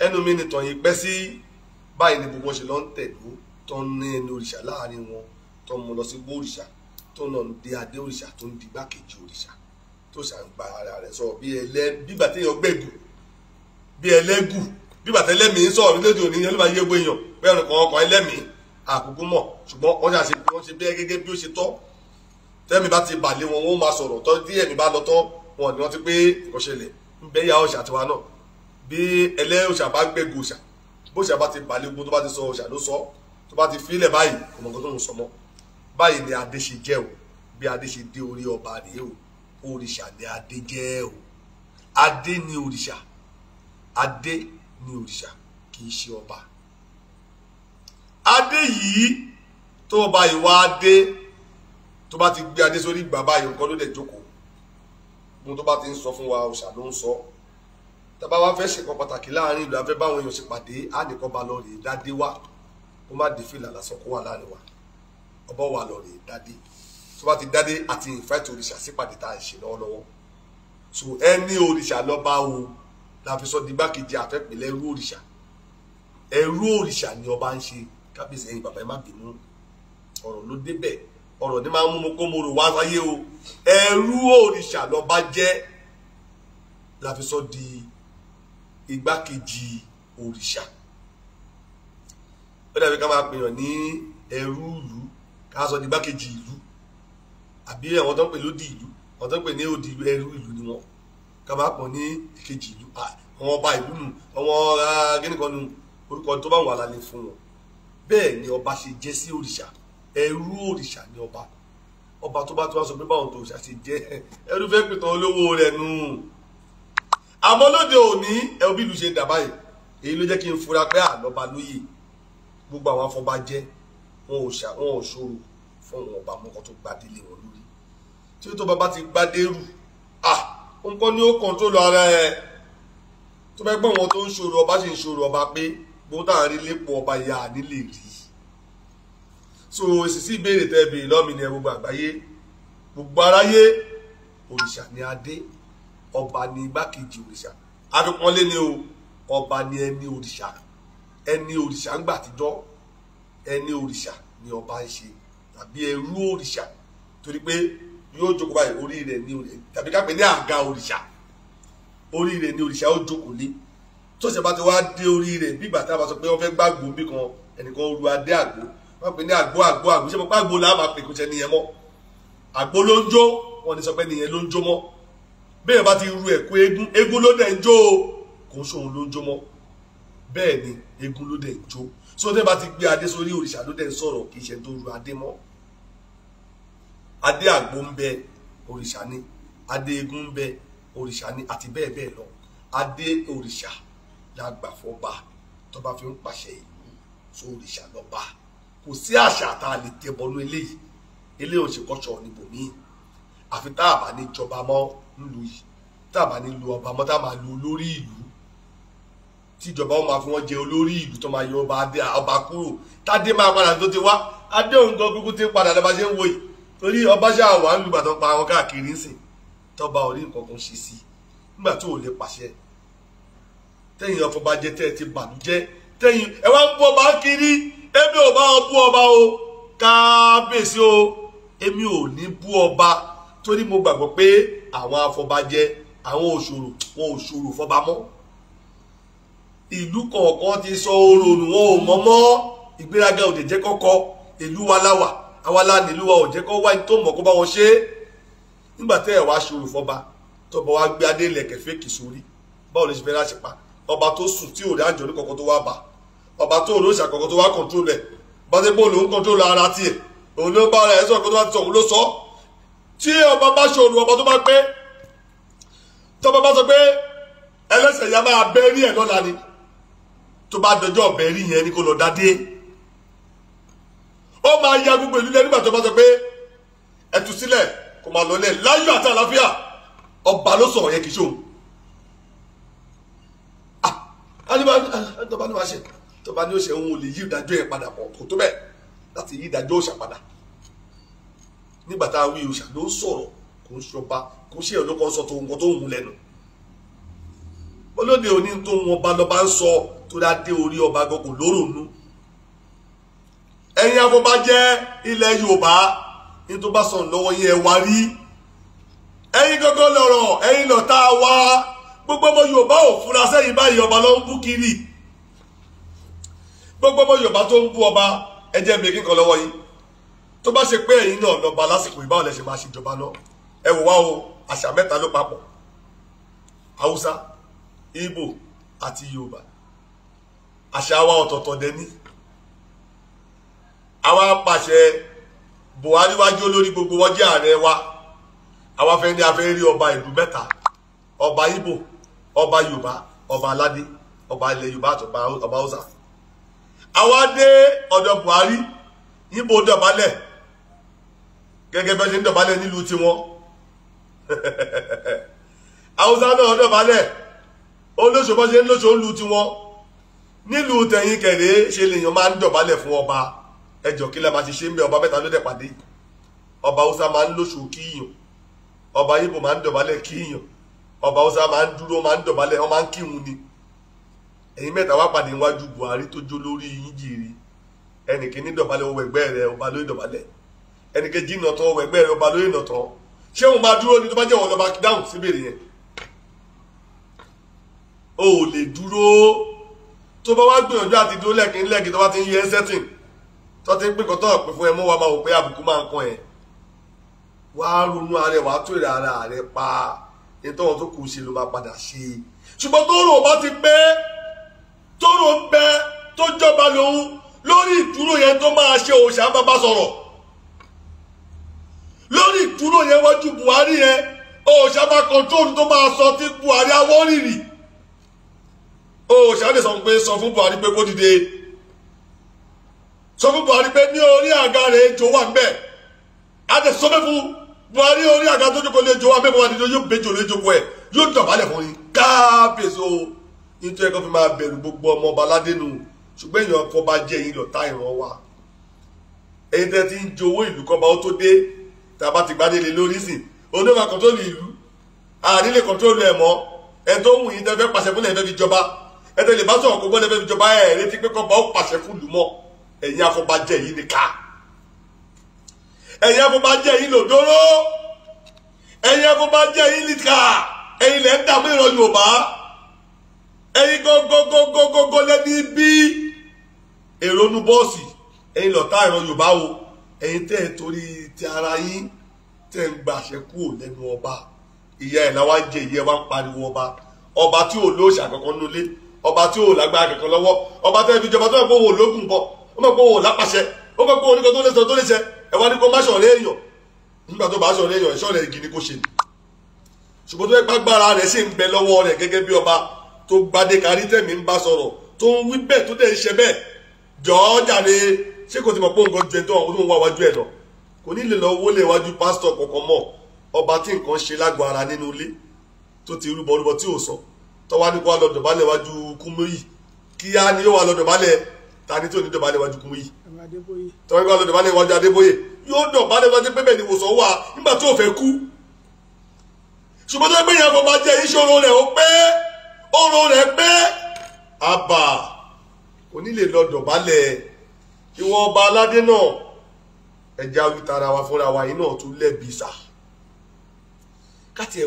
ẹnu mi ni tọ̀yìn pẹ́ sí báyìí ni gbogbo ṣe lọ ń tẹ̀dó tó ní ẹnu òrìṣà láàrin wọn tó ń lọ sí gbó òrìṣà tó lọ de adé òrìṣà tó ń di igbákejì òrìṣà tó ṣàǹpa ara rẹ̀ sọ bí ẹlẹ bígbà téèyàn gbẹ̀gùn bí ẹlẹ́gù bígbà tẹ́lẹ́mìí sọ̀rọ̀ nílé òní yẹn ló bá yé gbé yàn bẹ́ẹ̀ rìn kọ̀ọ̀kan ẹlẹ́mìí àkókò mọ̀ ṣùgbọ́n wọ́n ṣàṣe bí wọ́n ṣe bẹ́ẹ̀ gẹ́gẹ́ bí ó ṣe tọ́ tẹ́mi bá ti bàlẹ́ wọn wọ́n máa sọ̀rọ̀ tọ́ díẹ̀ mi bá lọ tọ́ wọn ni wọ́n ti pé ìkọ̀ṣẹlẹ̀ ń bẹ́ ya òòṣà tiwa náà bí ẹlẹ́ òòṣà bá gbẹ̀gù òòṣà bó òòṣà bá ti bàlẹ́ ogun tó bá ti sọ òòṣà ló sọ tó bá ti fílẹ̀ báyìí kò mọ̀ nǹkan sọ mọ́ báyìí ni adé ṣe jẹ́ o bí adé ṣe dé orí ọba rèé o òrìṣà ni adé jẹ́ o adé ni òrìṣà adé ni òrìṣà kì í ṣe ọba adé yìí tó ọba ìwà adé tó bá ti gbé adé sórí ìgbà báyìí nǹkan ló dẹ̀ jókòó mo tó bá ti ń sọ fún wa òòṣà ló ń sọ tábà wá fẹ́ ṣèkan pàtàkì láàrin ìlú afẹ́ báwọn èèyàn ṣèpàdé á nìkan ba lọ rèé dádé wá kó má dé fìlà lásán kó wà láàrin wa ọba wa lọ rè dádé tó bá ti dádé àti ìfẹ́tò òrìṣà sípàdé tá à ṣe lọ́wọ́lọ́wọ́ so ẹni òrìṣà lọ́ba o la fi sọ di gbákejì àfẹ́pẹ̀lẹ́ ẹrú òrìṣà ẹrú òrìṣà ni ọba ń ṣe kábíyèsí ẹ̀yin bàbá ẹ má bínú ọ̀rọ̀ ló débẹ̀ ọ̀rọ̀ ní máa ń mú kó mo rò wá sáyé o ẹrú òrìṣà lọ́ba jẹ́ la di igbákejì òrìṣà ó dàbí ká máa pèèyàn ní ẹrú ìlú ká sọ di igbákejì ìlú àbí àwọn tó ń pè lódì ìlú àwọn tó ń pè ní òdì ẹrú ìlú ni wọn ká máa pọ̀ ní ìkejì ìlú àwọn ọba ìlú nù àwọn gínìkan nù orúkọ tó bá wà lálẹ́ fún wọn bẹ́ẹ̀ ni ọba ṣe jẹ́ sí òrìṣà ẹrú òrìṣà ni ọba ọba tó bá tó wá sọ pé báwọn tó òrìṣà ṣe jẹ́ ẹrú fẹ́ pìtàn olówó rẹ̀ nù àmọ́ lóde òní ẹbí ìlú ṣe dà èyí ló jẹ́ kí n fura pé àlọ́ba lóye gbogbo àwọn afọbajẹ́ wọn ò ṣà wọn ò ṣòro fún wọn ọba mọ́kọ́ tó gbadélé wọn lórí tí tó bá bá ti gbadérù à nǹkan ni ó kọ̀ńtrólù ara ẹ̀ tó bá gbọ́ wọn tó ń ṣòro ọba sì ń ṣòro ọba pé gbóhùn rí lépo ọba ya nílé rí so èsì sí ìbéèrè tẹ́ béèrè lọ́mìnì ẹ̀ gbogbo àgbáyé gbogbo aráyé òrìṣà ni adé ọba ni igbákejì òrìṣà àfikún lé ní o ọba ni ẹni òrìṣà ẹni òrìṣà ń gbà àtijọ́ ẹni òrìṣà ni ọba ń ṣe tàbí ẹrú òrìṣà torí pé yóò jókòó báyìí orí rẹ̀ ní òrìṣà tàbí ká pè ní àga òrìṣà orí rẹ̀ ní òrìṣà ó jókòó lé tó ṣe bá ti wá dé orí rẹ̀ bí ìgbà tá a bá sọ pé wọ́n fẹ́ gbàgbó bí kan ẹnìkan olú adé àgbo wọ́n pè ní àgbo àgbo àgbo ṣé mo pa làá máa pè kó ṣe nìyẹn mọ́ àgbo ló ń jó wọ́n ní sọ pé nìyẹn ló ń jó mọ́ bẹ́ẹ̀ bá ti ru ẹ̀kú eégún eégún ló dẹ̀ ń jó kò ń ṣòun ló ń jó mọ́ bẹ́ẹ̀ ni eégún ló dẹ̀ ń jó so tẹ́ bá ti gbé adé sórí òrìṣà ló tẹ́ ń sọ̀rọ̀ kì í ṣe tó ru adé mọ́ adé àgbo ń bẹ òrìṣà ni adé eégún ń bẹ òrìṣà ni àti bẹ́ẹ̀ bẹ́ẹ̀ lọ adé òrìṣà la gbà fọba tó bá fi ń pàṣẹ ìlú so òrìṣà lọ́ba kò sí àṣà tá a lè tẹbọnú eléyìí eléyìí ò ṣe kọ́ṣọ́ níbòmíì àfi tá a bá ní jọba mọ́ nílùú yìí tá a bá ní lu ọba mọ́ tá a máa lu olórí ìlú tíjọba ó máa fi wọn jẹ olórí ìlú tó máa yọ ọba adé ọba kúrò tádé máa padà tó ti wá adé òǹgọ gbogbo ti padà lọba ṣe ń wo yìí torí ọba ṣáà wà ń lùgbà tó pa àwọn káàkiri ń sìn tọba ò rí nǹkan kan ṣe sí nígbà tó ò lè pàṣẹ tẹ̀yin ọfọbajẹ tẹ ti bàlújẹ́ tẹ̀yin ẹ wá ń bú ọba kiri èmi ò bá bú ọba o kábíyèsí o èmi ò ní bú ọba torí mo gbàgbọ́ pé àwọn afọbajẹ àwọn òṣòro wọn òṣòro fọba ìlú kọ̀ọ̀kan ti sọ oorun òrùn wọn ò mọ́ mọ́ ìgbéraga ò lè jẹ́ kọ́kọ́ ìlú wa láwà àwa la nílùú wa ò jẹ́ kó wá ní tó mọ̀ kó bá wọn ṣe é nígbà tẹ́ ẹ̀ wá ṣòro fọba tọba wa gbé adé ilẹ̀kẹ̀ fèkì sórí báwo lè ṣe fẹ́ láti pa ọba tó sùn tí ò rí àjọ ní kọ̀ọ̀kan tó wá bá ọba tó òun ló ṣàkọ̀kọ̀ tó wá kọ̀ǹtrol ẹ̀ bàtẹ́ pé òun kọ̀ǹtrol ara tiẹ̀ òun ló bá ara ẹ̀ sọ̀rọ̀ kó máa bẹ́ẹ̀ rí ẹ̀ lọ́la ni tó bá dọjọ́ ọ̀bẹ rí yẹn ni kò lọ dádé ó máa ya gbogbo ìlú lẹ́nu ìgbà tó bá sọ pé ẹ tú sílẹ̀ kò máa lọ lẹ̀ láyọ̀ àti àlàáfíà ọba ló sọ̀rọ̀ yẹn kì í ṣòun tọba ní wàá ṣe tọba ní ó ṣe òun ò lè yí ìdájọ́ yẹn padà bọ̀ kò tó bẹ́ẹ̀ láti yí ìdájọ́ òṣà padà nígbà tá a wí òṣà ló sọ̀rọ̀ kò ń ṣọba kò ń ṣe ìlú kan sọ tó nǹkan tó ń hun lẹ́nu olóde òní tó wọn ọba lọba ń sọ tó dá dé orí ọba gọkò lórònú ẹ̀yin afọbajẹ ilẹ̀ Yorùbá ní tó bá sọ̀rọ̀ lọ́wọ́ yẹn ẹ wá rí ẹ̀yin gọgọ lọ̀rọ̀ ẹ̀yin lọ̀tá wa gbogbo ọmọ Yorùbá ò fura sẹ́yìn báyìí ọba ló ń bú kiri gbogbo ọmọ Yorùbá tó ń bú ọba ẹ mi kíkan lọ́wọ́ yìí tó bá ṣe pé ẹ̀yin náà lọ́ba lásìkò ìbáwọlẹ̀ máa ṣèjọba lọ ẹ wò wá o àṣà mẹ́ta ló papọ̀ Haúsá Igbo àti Yorùbá àṣà wa ọ̀tọ̀ọ̀tọ̀ dẹ́ni àwa pàṣẹ Buhari wájú olórí gbogbo wọn jẹ́ ààrẹ wa àwa fẹ́ ní afẹ́ ọba ìlú mẹ́ta ọba Igbo ọba Yorùbá ọba aládé ọba ilẹ̀ Yorùbá àti ọba Hausa àwa dé ọ̀dọ̀ Buhari dọ̀bálẹ̀ gẹ́gẹ́ bẹ́ẹ̀ ṣe ń dọ̀bálẹ̀ nílùú tiwọn Hausa náà dọ̀bálẹ̀. olóṣò bọ́ ṣe ń lóṣò ń lu tiwọn nílùú tẹ̀yìn kẹ̀rẹ́ ṣe lèèyàn máa ń dọ̀bálẹ̀ fún ọba ẹjọ́ kí la máa ṣe ṣe ń bẹ ọba mẹ́ta ló dẹ̀ pàdé ọba Hausa máa ń lóṣò kíyàn ọba Ìgbò máa ń dọ̀bálẹ̀ kíyàn ọba Hausa máa ń dúró máa ń dọ̀bálẹ̀ ọ máa ń kírun ni ẹ̀yin mẹ́ta wá pàdé níwájú Buhari tó jó lórí yín jìrì ẹnì kìíní dọ̀bálẹ̀ ọwọ́ ẹgbẹ́ rẹ̀ ọba lórí dọ̀bálẹ̀ ẹnì kejì ìnàtàn ọwọ́ ẹgbẹ́ rẹ̀ ọba lórí ìnàtàn ṣé òun máa dúró ni tó bá jẹ́ òun lọ́ba dáhùn síbèrè yẹn o ò lè dúró tó bá wá gbìyànjú àti dúró lẹ́ẹ̀kín lẹ́ẹ̀kín tó bá ti ń yẹ ẹ́ sẹ́tìn tó ti ń pè kọ́tọ́ pè fún ẹ mọ́ wa máa wò pé àbùkù máa ń kan ẹ̀ wá ronú ara ẹ̀ wá tó ìrẹ̀ ara rẹ̀ pa ìtọ́wọ́n tó kù ṣe ló máa padà ṣe ṣùgbọ́n tó rò bá ti pẹ́ tó rò ń pẹ́ tó jọba lòun lórí ìdúró yẹn tó máa ṣe òòṣà bàbá sọ̀rọ̀ lórí ìdúró yẹn wájú Buhari yẹn òòṣà bá kọ́ńtróòlù tó máa sọ tí Buhari awọ́rìrì o oh, ṣáde sọ pé sọ fún Buhari pé kó dìde sọ fún Buhari pé ní orí àga rẹ̀ ejò wà ńbẹ̀ àti sọfẹ́ fún Buhari orí àga tó jókòó lé ejò wà mẹ́fọ́ wà nínú yóò bẹjọ lé ejò ẹ̀ yóò dọ̀bálẹ̀ fún yín káàbèsè nítorí ẹ̀kọ́ fi máa bẹ̀rù gbogbo ọmọ ọba aládénu ṣùgbọ́n èèyàn kọ́ bá jẹ́ yín lọ́ta ìran wa ẹ̀yin tẹ́ ti ń jowó ìlú kọ́ba ó tó dé tàbá ti gbadé lé lórí sìn onímọ̀ kọ́ńtólù ìlú àdílé kọ́ńtólù ẹ̀ ẹ̀ tó wù yín tẹ́ fẹ́ pàṣẹ fún ẹ̀ fẹ́ fi jọba ẹ̀tẹ̀ lè bá sọ̀rọ̀ kó gbọ́dọ̀ fẹ́ fi jọba ẹ̀ retí pé kọ́ba ó pàṣẹ fún lù mọ́ ẹ̀yin afọbajẹ yìí ni ká ẹ̀yin afọbajẹ yìí lòdóró ẹ̀yin afọbajẹ yìí ni ká ẹ̀yin lẹ́ ń dààmú ìran Yorùbá ẹ̀yin gógógógógó lẹ́ni bí èrò nu bọ́ọ̀sì ẹ̀yin lọ́tà ìran Yorùbá o ẹ̀yin tẹ́ ẹ torí ti ara yín tẹ́ ń gbàṣẹ kúrò lẹ́nu ọba ìyá ẹ̀ làwọn jẹ ìyá ẹ̀ wá pariwo ọba ọba tí ò lóòṣà kankan nulẹ̀ ọba tí ò lágbára kankan lọ́wọ́ ọba tẹ́ fi jọba tó mọ̀ pé òun lókun bọ̀ ó mọ̀ pé òun lápàṣẹ ó mọ̀ pé òun nìkan tó lè sọ tó lè ṣe ẹ̀wá ní kó má ṣọ̀rẹ́ èèyàn nígbà tó bá ṣọ̀rẹ́ èèyàn ìṣọ̀rẹ́ igi ni kò ṣe ni ṣùgbọ́n tó ipá gbára rẹ̀ sì ń bẹ lọ́wọ́ rẹ̀ gẹ́gẹ́ bí ọba tó gbadé kárí tẹ̀mí ń bá sọ̀rọ̀ tó ń wí bẹ́ẹ̀ tó dẹ̀ ń ṣe bẹ́ẹ̀ jọ̀ọ́ jàre ṣé kò ti mọ̀ pé nǹkan ju ẹ̀tọ́ ọ̀hún tó ń wá wájú ẹ̀ lọ kò ní lè lọ wọlé wájú pásítọ̀ kọ̀ọ̀kan mọ́ ọba tí nǹkan ṣe lágbo ara nínú ilé tó ti rúbọ rúbọ tí ò sọ tọ́wá ní kó wá lọ dọ̀bálẹ̀ wájú Kúmúyì kíá ni yóò wá lọ dọ̀bálẹ̀ ta ni tí ò ní dọ̀bálẹ̀ wájú Kúmúyì tọ́wá ní kó wá lọ dọ̀bálẹ̀ wájú Adébóyè yóò dọ̀bálẹ̀ wájú pẹ́pẹ́ ni wòsàn wà nígbà tó fẹ́ kú ṣùgbọ́n tó gbé yẹn fọ́ bá jẹ́ iṣẹ́ oró rẹ̀ ó pé oró rẹ̀ pé àbà onílé lọ dọ̀bálẹ̀ ìwọ ọba aládé náà ẹ̀já wí tara wa fúnra wa yìí náà tún lẹ́bi sà káti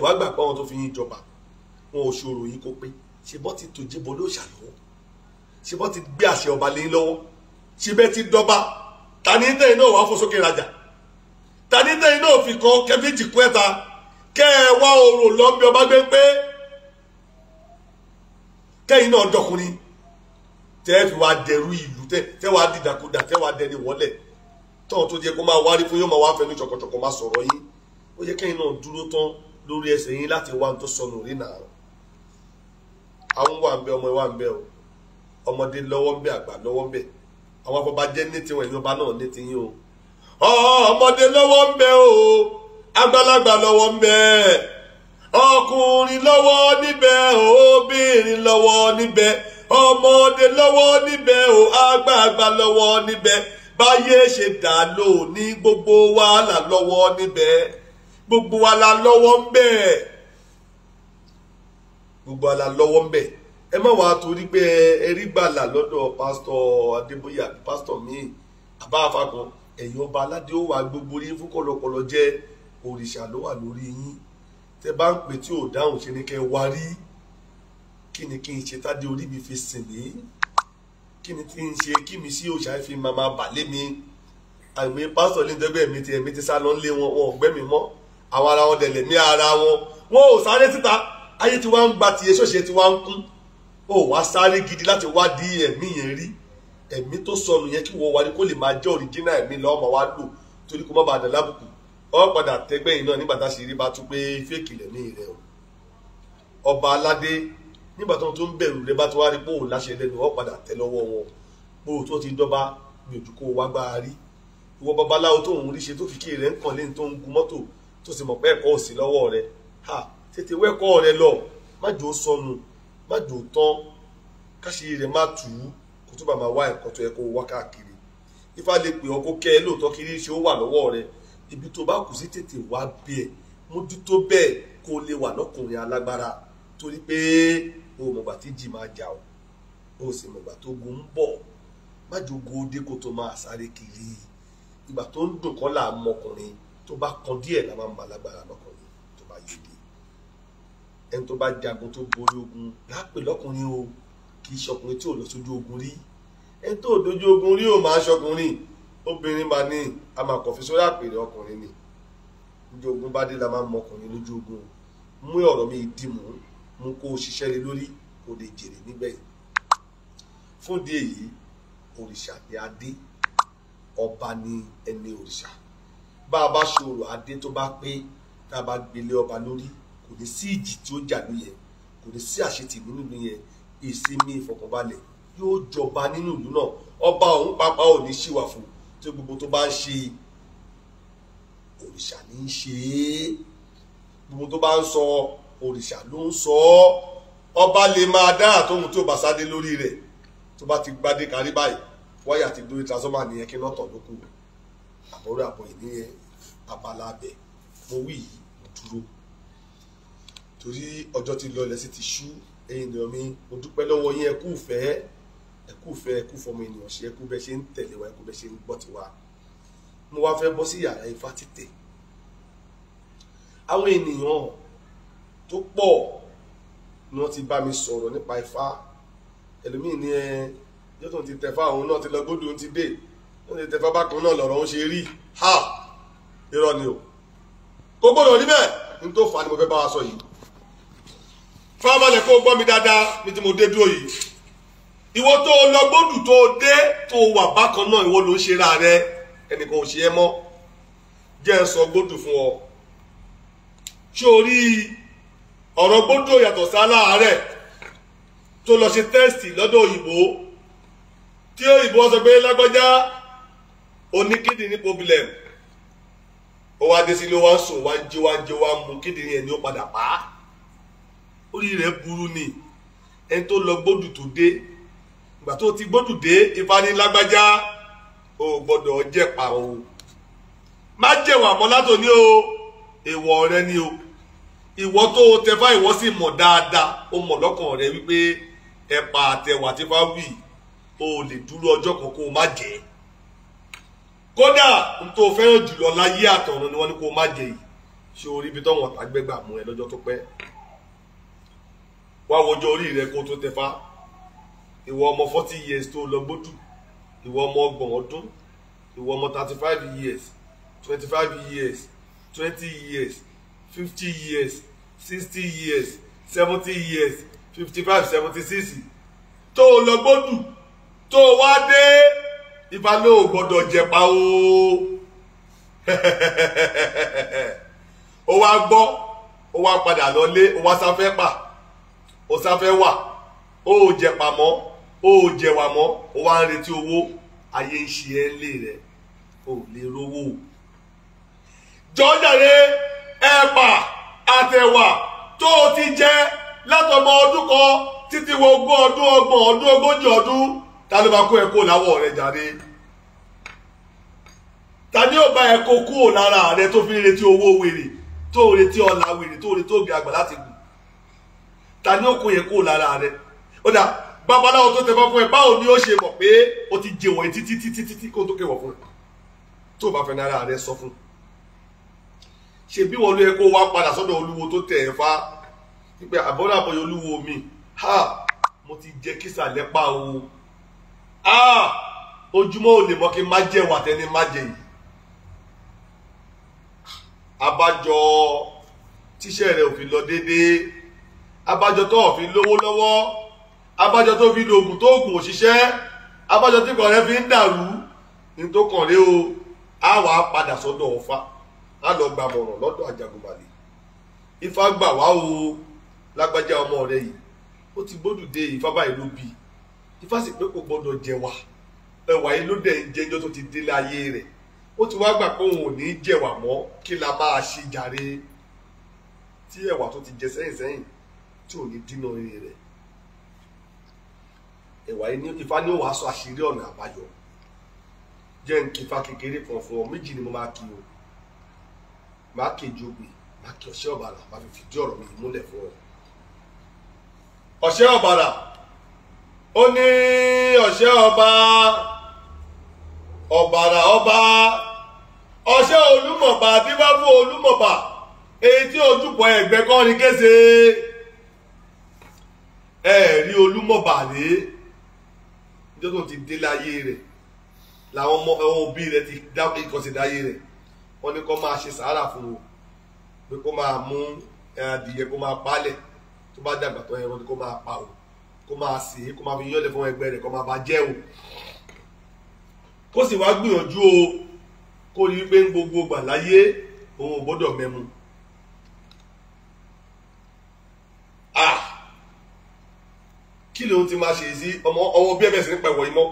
kún òṣòro yìí kó pé ṣe bọ́ ti tòjé bọ́ lóòṣà lọ́wọ́ ṣe bọ́ ti gbé àṣẹ ọba lé lọ́wọ́ ṣe bẹ́ẹ̀ ti dọ́ba tani tẹ́yìn náà wàá fò sókè rajà tani tẹ́yìn náà fi kan kẹ́fíjì kú ẹ̀ta kẹ́ ẹ wá oòrùn lọ́bí ọba gbé pé kẹ́yìn náà dọkùnrin tẹ́ fi wá dẹrú ìlú tẹ́ wá dìdàkudà tẹ́ wá dẹni wọlé tọ́ tó jẹ́ kó máa wárí fún yóò máa wá fẹnu ṣọ̀kọ̀ṣọ̀kọ̀ máa sọ̀rọ̀ yín ó yẹ kẹ́yìn náà dúró tán lórí ẹsẹ̀ yín láti wá tó sọnù rí nàá àwọn wà ń bẹ ọmọ wa ń bẹ o ọmọdé lọ́wọ́ ń bẹ àgbà lọ́wọ́ ń bẹ àwọn afọbajẹ ní tiwọn ẹ̀yin ọba náà ní tiyín o ọmọdé lọ́wọ́ ń bẹ o àgbàlagbà lọ́wọ́ ń bẹ ọkùnrin lọ́wọ́ níbẹ̀ obìnrin lọ́wọ́ níbẹ̀ ọmọdé lọ́wọ́ níbẹ̀ o àgbààgbà lọ́wọ́ níbẹ̀ báyé ṣe dà lónìí gbogbo wa là lọ́wọ́ gbogbo wa là ń bẹ gbogbo ala lọ́wọ́ ń bẹ ẹ má wàá torí pé ẹ rí gbàlà lọ́dọ̀ pásítọ̀ adébóyè àti pásítọ̀ míì àbá àfàgàn ẹ̀yin ọba aládé ó wà gbogbo yín fún kọlọkọlọ jẹ òrìṣà ló wà lórí yín tẹ bá ń pè tí ò dáhùn ṣe ni kẹ wá rí kí ni kí n ṣe tádé orí mi fi sìn mí kí ni tí n ṣe kí mi sí òòṣà fi màmá bàlé mi àmì pásítọ̀ ní ìdẹ́gbẹ́ mi ti ẹ̀mí ti sá lọ ń lé wọn wọn ò gbẹ́mí mọ́ àwọn ara wọn dẹ̀lẹ̀ ní ara wọn wọn ò sáré síta ayé tí wàá ń gba tiẹ̀ ṣọ́ọ̀ṣì tí wàá ń kún ó wàá sáré gidi láti wá di ẹ̀mí yẹn rí ẹ̀mí tó sọnù yẹn kí wọ́n wá ní kó lè máa jẹ́ òrìjínà ẹ̀mí lọ́mọ wa lò torí kó má bàa dàn lábùkù ọ padà tẹgbẹ́yìn náà nígbà tá a sì rí bá tún pé fèkì lẹ̀mí rẹ o ọba aládé nígbà tó ń bẹ̀rù rẹ bá tó wá rí pé òun láṣẹ lẹ́nu ọ padà tẹ lọ́wọ́ wọn pé o tó ti dọ́ba gbìyànjú kó o wá gbá a rí ìwọ babaláwo tó ń rí tó fi kí rẹ ń kàn lé ní tó ń gun mọ́tò tó sì mọ̀ pé òsì lọ́wọ́ rẹ ha tètè wẹ́kọ̀ rẹ lọ má jò sọnù má jò tán káṣírí rẹ má tù ú kó tó bá máa wá ẹ̀kọ́ tó yẹ kó wá káàkiri ifá lè pè ọ́ kó kẹ́ ẹ lóòótọ́ kiri ṣe ó wà lọ́wọ́ rẹ ibi tó bá kù sí tètè wá bẹ́ẹ̀ mójútó bẹ́ẹ̀ kó lè wà lọ́kùnrin alágbára torí pé o mọ̀gbà tí jì máa jà o o sì mọ̀gbà tó gun ń bọ̀ má jogo dé kó tó máa sáré kiri ìgbà tó ń dùn kọ́ là á mọkùnrin tó bá kan díẹ̀ la máa ń ba ẹni tó bá jagun tó borí ogun lápè lọ́kùnrin o kì í ṣọkùnrin tí ò lọ sójú ogun rí ẹni tó dojú ogun rí ò máa ṣọkùnrin obìnrin bá ní a sórí àpèrè ọkùnrin ni ojú ogun bá dé la máa mọ ọkùnrin lójú ogun mú ọ̀rọ̀ mi dìmú mú kó o ṣiṣẹ́ lé lórí kó o lè jèrè níbẹ̀ fún di èyí òrìṣà ni adé ọba ni ẹni òrìṣà bá a bá ṣòro adé tó bá pé tá a bá gbélé ọba lórí kò ní sí ìjì tí ó jà lóye kò ní sí àṣetì nínú ìlú yẹn ìsinmi ìfọkànbalẹ̀ yóò jọba nínú ìlú náà ọba òun pápá ò ní ṣìwà fún tí gbogbo tó bá ń ṣe òrìṣà ní í ṣe é gbogbo tó bá ń sọ òrìṣà ló ń sọ ọ ọba lè máa dá àtòhun tí ò bá sáde lórí rẹ̀ tó bá ti gbadé kárí báyìí wáyà ti dórí transformer nìyẹn kí lọ́tọ̀ ló kù àbọ̀rọ̀ àbọ̀ ìníyẹn abala abẹ mo wí dúró torí ọjọ́ ti lọ ilẹ̀ sí ti ṣú ẹ̀yin ènìyàn mi mo dúpẹ́ lọ́wọ́ yín ẹkú ìfẹ́ ẹkú ìfẹ́ ẹkú fọmọ ènìyàn ṣe ẹkú bẹ́ẹ̀ ṣe ń tẹ̀lé wa ẹkú bẹ́ẹ̀ ṣe ń gbọ́ tiwa mo wá fẹ́ bọ́ sí yàrá ifá títè àwọn ènìyàn tó pọ̀ ni wọ́n ti bá mi sọ̀rọ̀ nípa ifá ẹlòmíì ni ẹ yóò tó ti tẹ̀fá òun náà ti lọ gbódò ti dé wọ́n ti tẹ̀fá bákan náà lọ̀rọ̀ òun ṣe rí ha irọ́ ni o kò gbọ́dọ̀ níbẹ̀ ní tó fà á ni mo fẹ́ bá wa sọ yìí fáwọn kó gbọ́ mi dáadáa ní tí mo dé dúró yìí ìwọ tó lọ gbódù tó dé tó wà bákan náà ìwọ ló ń ṣe ra rẹ ẹnìkan ò ṣe é mọ́ jẹ́ ẹ sọ gbódù fún ọ sórí ọ̀rọ̀ gbódù yàtọ̀ sá láàárẹ̀ tó lọ ṣe tẹ́sítì lọ́dọ̀ òyìnbó tí òyìnbó sọ pé lágbájá oní kíndìnrín problem ó wá dé sí ló wá ń sùn wá ń jí wá ń jí wá ń mu kíndìnrín ẹ̀ ní ó padà pa á orí rẹ̀ burú ni ẹni tó lọ gbódù tó dé ìgbà tó ti gbódù dé ìfanilágbájá o gbọ́dọ̀ pa o má jẹ̀wà mọ́ látòní o èèwọ̀ rẹ ni o ìwọ tó tẹfá ìwọ sì mọ̀ dáadáa o mọ̀ lọ́kàn rẹ wípé ẹ̀pà àtẹ̀wà tí bá wì o lè dúró ọjọ́ kan kó o má jẹ kódà n tó fẹ́ràn jùlọ láyé àtọ̀run ni wọ́n ní kó o má jẹ yìí ṣé orí ibi tó wọn tàgbẹ́gbà mú ẹ lọ́jọ́ tó pẹ́ wá wọjọ orí rẹ kó tó tẹfá ìwọ ọmọ forty years tó lọ gbódù ìwọ ọmọ ọgbọ̀n ọdún ìwọ ọmọ thirty five years twenty five years twenty years fifty years sixty years seventy years fifty five seventy six tó lọ gbódù tó wá dé ìbálò gbọ́dọ̀ jẹpa o ó wá gbọ́ ó wá padà lọlé ó wá sáfẹ́ pa o sáfẹ́ wà o ò jẹ̀pà mọ́ o ò jẹ̀wà mọ́ o wá ń retí owó ayé ń ṣe ẹ́ lé rẹ̀ o ò lè rówó. jọ́jàre ẹ̀pà àtẹ̀wà tó o ti jẹ látọmọ ọdún kan títí wo ogún ọdún ọgbọ̀n ọdún ogójì ọdún ta ló bá kó ẹ kó láwọ̀ rẹ jàre ta ni ó bá ẹ kó kúrò lára rẹ tó fi ń retí owó wèrè tó retí ọlà wèrè tó retí òbí àgbà láti ta ni ó kó yẹn kó lára rẹ ó dà babaláwo tó tẹfọ́ fún ẹ báwo ni ó ṣe mọ̀ pé ó ti jẹ̀wọ̀ ẹ títí títí títí kó tó kéwọ̀ fún ẹ tó bá fẹ́ ní ara rẹ sọ fún ṣe bí wọn ló yẹ kó wá padà sọ́dọ̀ olúwo tó tẹ̀ ẹ́ fa pípẹ́ àbọ̀dà àbọ̀yọ olúwo mi ha mo ti jẹ kísà lẹ́pà o ha ojúmọ́ ò lè mọ́ kí n má jẹ wà tẹ́ni má jẹ yìí abájọ tíṣẹ́ rẹ̀ ò fi lọ déédéé abájọ tó ò fi lówó lọ́wọ́ abájọ tó fi lògùn tó ògùn òṣìṣẹ́ abájọ tí kàn rẹ fi ń dàrú ní tó kàn lé o á wà á padà sọ́dọ̀ ọ̀fà á lọ gba mọ̀ràn lọ́dọ̀ Àjàgùnmàlè Ifá gbà wá o lágbájá ọmọ rẹ yìí ó ti gbódùde Ifá báyìí ló bí Ifá sì pé kò gbọdọ̀ jẹ wà ẹwà yìí ló dẹ̀ ń jẹjọ́ tó ti délé ayé rẹ̀ ó ti wá gbà pé òun ò ní jẹ̀wà mọ́ kí la máa ṣe jàre tí ẹ̀wà tó ti jẹ sẹ́yìn sẹ́yìn tí ò ní dínà orí rẹ̀ ẹ̀wà yìí Ifá ní òwà sọ àṣírí ọ̀nà àbáyọ jẹ́ n kí kékeré kan méjì ni mo máa kí o máa kí ìjọgbe máa kí ọ̀ṣẹ́ ọ̀bàrà máa fi fìdí ọ̀rọ̀ mi múlẹ̀ fún ọ. ọ̀ṣẹ́ ọ̀bàrà ó ní ọ̀ṣẹ́ ọba ọ̀bàrà ọba ọ̀ṣẹ́ olúmọ̀bà tí fún olúmọ̀bà èyí tí ojúbọ ẹ̀gbẹ́ kọ́ni kése ẹ rí olúmọ̀bàlé níjọ́ tó ti dé láyé rẹ̀ làwọn ọmọ ẹ̀wọ̀n òbí rẹ̀ ti dá ìkọ̀sẹ̀ dáyé rẹ̀ wọ́n ní kó máa ṣe sàárà fún o pé kó máa mú adìyẹ kó máa palẹ̀ tó bá dàgbà tó ẹran kó máa pa o kó máa sè é kó máa fi yọ̀lẹ̀ fún ẹgbẹ́ rẹ̀ kó máa bá jẹ́ o kó sì wá gbìyànjú o kó rí pé ń gbogbo gbà láyé òun ò gbọ́dọ̀ mẹ́mu. ah kí ló ti máa ṣe sí ọmọ ọwọ́ bí ẹ bẹ̀rẹ̀ sí ní pẹ̀wọ̀ yìí mọ́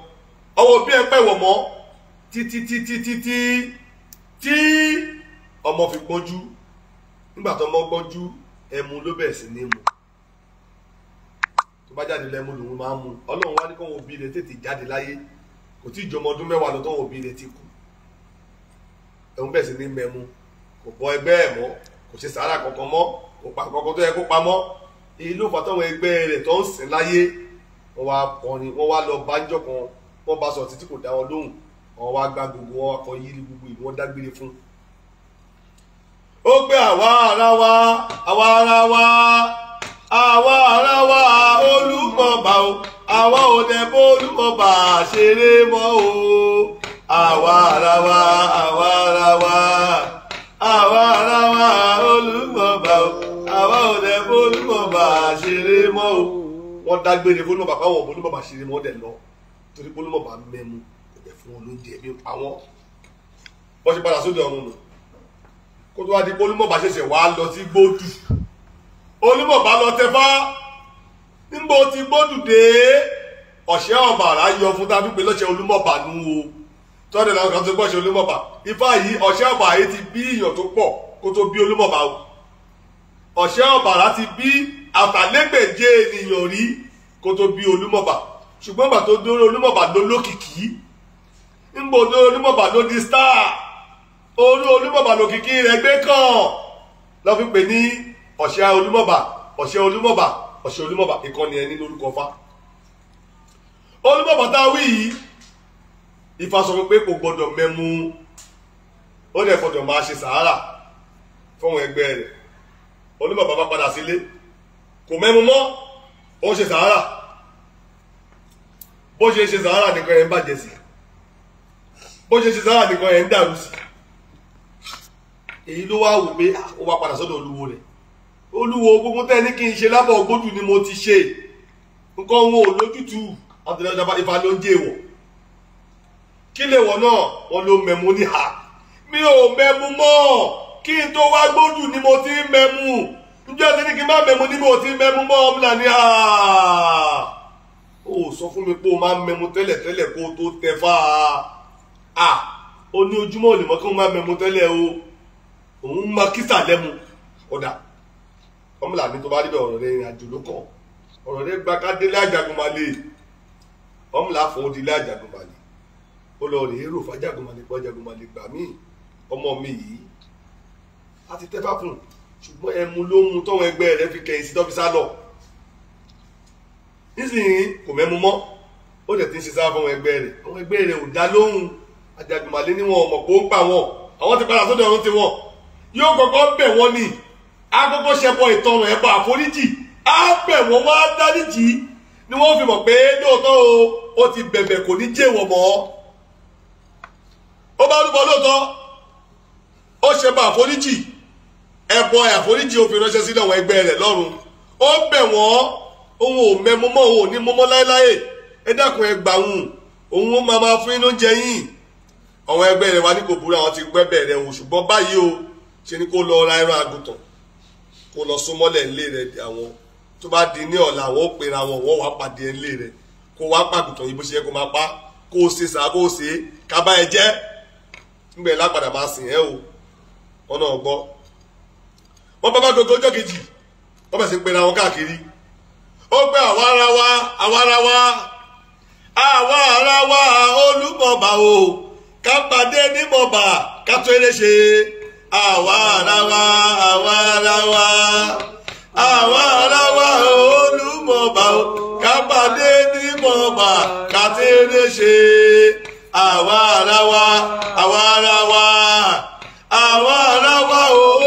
ọwọ́ bí ẹ pẹ̀wọ̀ mọ́ títí títí títí tí ọmọ fi gbọ́njú nígbà tó ọmọ gbọ́njú ẹmu ló bẹ̀rẹ̀ sí ní mu tó bá jáde lẹ́mu lòun máa ń mu ọlọ́run wá ní kó wọn òbí rẹ̀ tètè jáde láyé kò tí ì jọmọ ọdún mẹ́wàá lọ tó wọn òbí rẹ̀ ti kú ẹ̀hún bẹ̀rẹ̀ sí ní mẹ́mu kò bọ ẹgbẹ́ ẹ̀ mọ́ kò ṣe sàárà kankan mọ́ kò pa kankan tó yẹ kó pamọ́ èyí ló fà táwọn ẹgbẹ́ rẹ̀ tó ń sìn láyé wọ́n wá kọrin wọ́n wá lọ bájọ́ kan wọ́n bá sọ títí kò dá wọn lóhùn wọ́n wá gba gbogbo wọn akọ yìí gbogbo ìlú wọn dágbére fún. ó gbé àwa ara wa àwa ara wa àwa ara wa olùmọ̀ọ́bà o àwa ò dẹ̀ bó olùmọ̀ọ́bà ṣeré mọ́ o àwa ara wa àwa ara wa àwa ara wa olùmọ̀ọ́bà o ò lẹ bólúmọ̀mà ṣeré mọ́ o wọ́n dágbére bólúmọ̀mà báwọn bólúmọ̀mà ṣeré mọ́ dẹ̀ lọ torí bólúmọ̀mà mẹ́mu kò fún olóúnjẹ mi pa wọ́n wọ́n ṣe padà sóde ọ̀run nù kó tó wá di bólúmọ̀mà ṣẹ̀ṣẹ̀ wá lọ sí gbódù olúmọ̀mà lọ tẹfá níbo ti gbódù dé ọ̀ṣẹ́ ọ̀bàrà yọ fún tàbí pé lọ́ṣẹ́ olúmọ̀bà nù o tọ́jú làwọn kan tó gbọ́ṣẹ́ olúmọ̀bà ifá yìí ọ̀ṣẹ́ ọ̀bàrà yìí ti bí ìyàn tó pọ̀ kó tó bí olúmọ̀bà o ọ̀ṣẹ́ ọ̀bàrà ti bí àtàlégbèje ènìyàn rí kó tó bí olúmọ̀bà ṣùgbọ́n bàtó dóró olúmọ̀bà ló lókìkí ńgbò dóró olúmọ̀bà ló di star orú olúmọ̀bà lókìkí rẹ̀ gbé kàn lọ́ fi pè ní ọ̀ṣẹ́ olúmọ̀bà ọ̀ṣẹ́ olúmọ̀bà ọ̀ṣẹ́ olúmọ̀bà ìkànnì ẹni lórúkọ fa olúmọ̀bà tá a wí yìí ifá sọ pé kò gbọdọ̀ mẹ́mu ó dẹ̀ gbọdọ̀ máa ṣe sàárà fún ẹgbẹ́ rẹ̀ oníbàbà bá padà sílé kò mẹ́mu mọ́ ó ń ṣe sàárà bó ṣe ń ṣe sàárà nìkan yẹn ń bàjẹ́ sí bó ṣe ń ṣe sàárà nìkan yẹn ń dàrú sí èyí ló wá wò pé ó wá padà sọ́dọ̀ olúwo rẹ̀ olúwo gbogbo tẹ́ ní kí n ṣe lábọ̀ gbójú ni mo ti ṣe nǹkan wọn ò lójútùú àtẹnudàbà ìfà ló ń jẹ́ èèwọ̀ kí lè wọ̀ náà wọn ló mẹ́mu ní ha mi ò mẹ́mu mọ́ kí n tó wá gbójú ni mo ti ń mẹ́mu njẹ́ ti ní kí n má mẹ́mu ni mo ti ń mẹ́mu mọ́ ọ́n lànà ó sọ fún mi pé o máa ń mẹ́mu tẹ́lẹ̀tẹ́lẹ̀ kó o tó tẹ fà á ó ní ojúmọ́ ò lè mọ́ kí n má mẹ́mu tẹ́lẹ̀ o òun máa kísà lẹ́mu ọ̀dà ọmọlàní tó bá rí ọ̀rọ̀ rẹ ìrìn àjò ló kọ ọ̀rọ̀ rẹ gba kádélé àjàgùnmalè ọmọlà fòdílé àjàgùnmalè ó lọ rèé rò fàjàgùnmalè pọ àjàgùnmalè gbà míì ọmọ mi yìí àti tẹ́bàkùn ṣùgbọ́n ẹmu ló mu tọ́wọ́n ẹgbẹ́ rẹ fi kẹ̀yìn sí dọ́físà lọ nísìnyí kò mẹ́mu mọ́ ó dẹ̀ ti ń ṣe sáà fún àwọn ẹgbẹ́ rẹ̀ àwọn ẹgbẹ́ rẹ̀ ò dá lóhùn àjàgbìmọ̀lé ni wọn ọmọ kó ń pa wọn àwọn ti padà sọ́dọ̀ ọ̀run ti wọn yóò kọ́kọ́ bẹ̀ wọ́n ni àkọ́kọ́ ṣẹbọ ìtọrùn ẹbọ àforíjì á bẹ̀ wọ́n wá dáríjì ni wọ́n fi mọ̀ pé lóòótọ́ o ó ti bẹ̀bẹ̀ kò ní jẹ́wọ̀ mọ́ ó bá rúbọ lóòótọ́ ó ṣẹbọ àforíjì ẹbọ àforíjì òfin ránṣẹ́ sílẹ̀ àwọn ẹgbẹ́ rẹ̀ lọ́run ó bẹ òun ò ní mọ́mọ́ láéláé ẹ dákun òun ó máa jẹ yín ẹgbẹ́ rẹ̀ wà ní burú o báyìí o ṣe ni kó lọ ra ẹran àgùntàn kó lọ di àwọn di ní àwọn ó pera wọn wọ́n wá pàdé ńlé rẹ̀ kó wá pàgùntàn yìí bó ṣe yẹ kó máa pa kó o ṣe sàá kó o ṣe kábàá ẹ wọ́n bá bá dodo ọjọ́ kejì wọ́n bá sì pera wọn káàkiri ó gbé àwa ara wa àwa ara wa àwa ara wa olúmọ̀ọ́bà o ká pàdé nímọ̀ọ́bà ká tó eré ṣe àwa o ká pàdé nímọ̀ọ́bà ká tó eré àwọn aráwá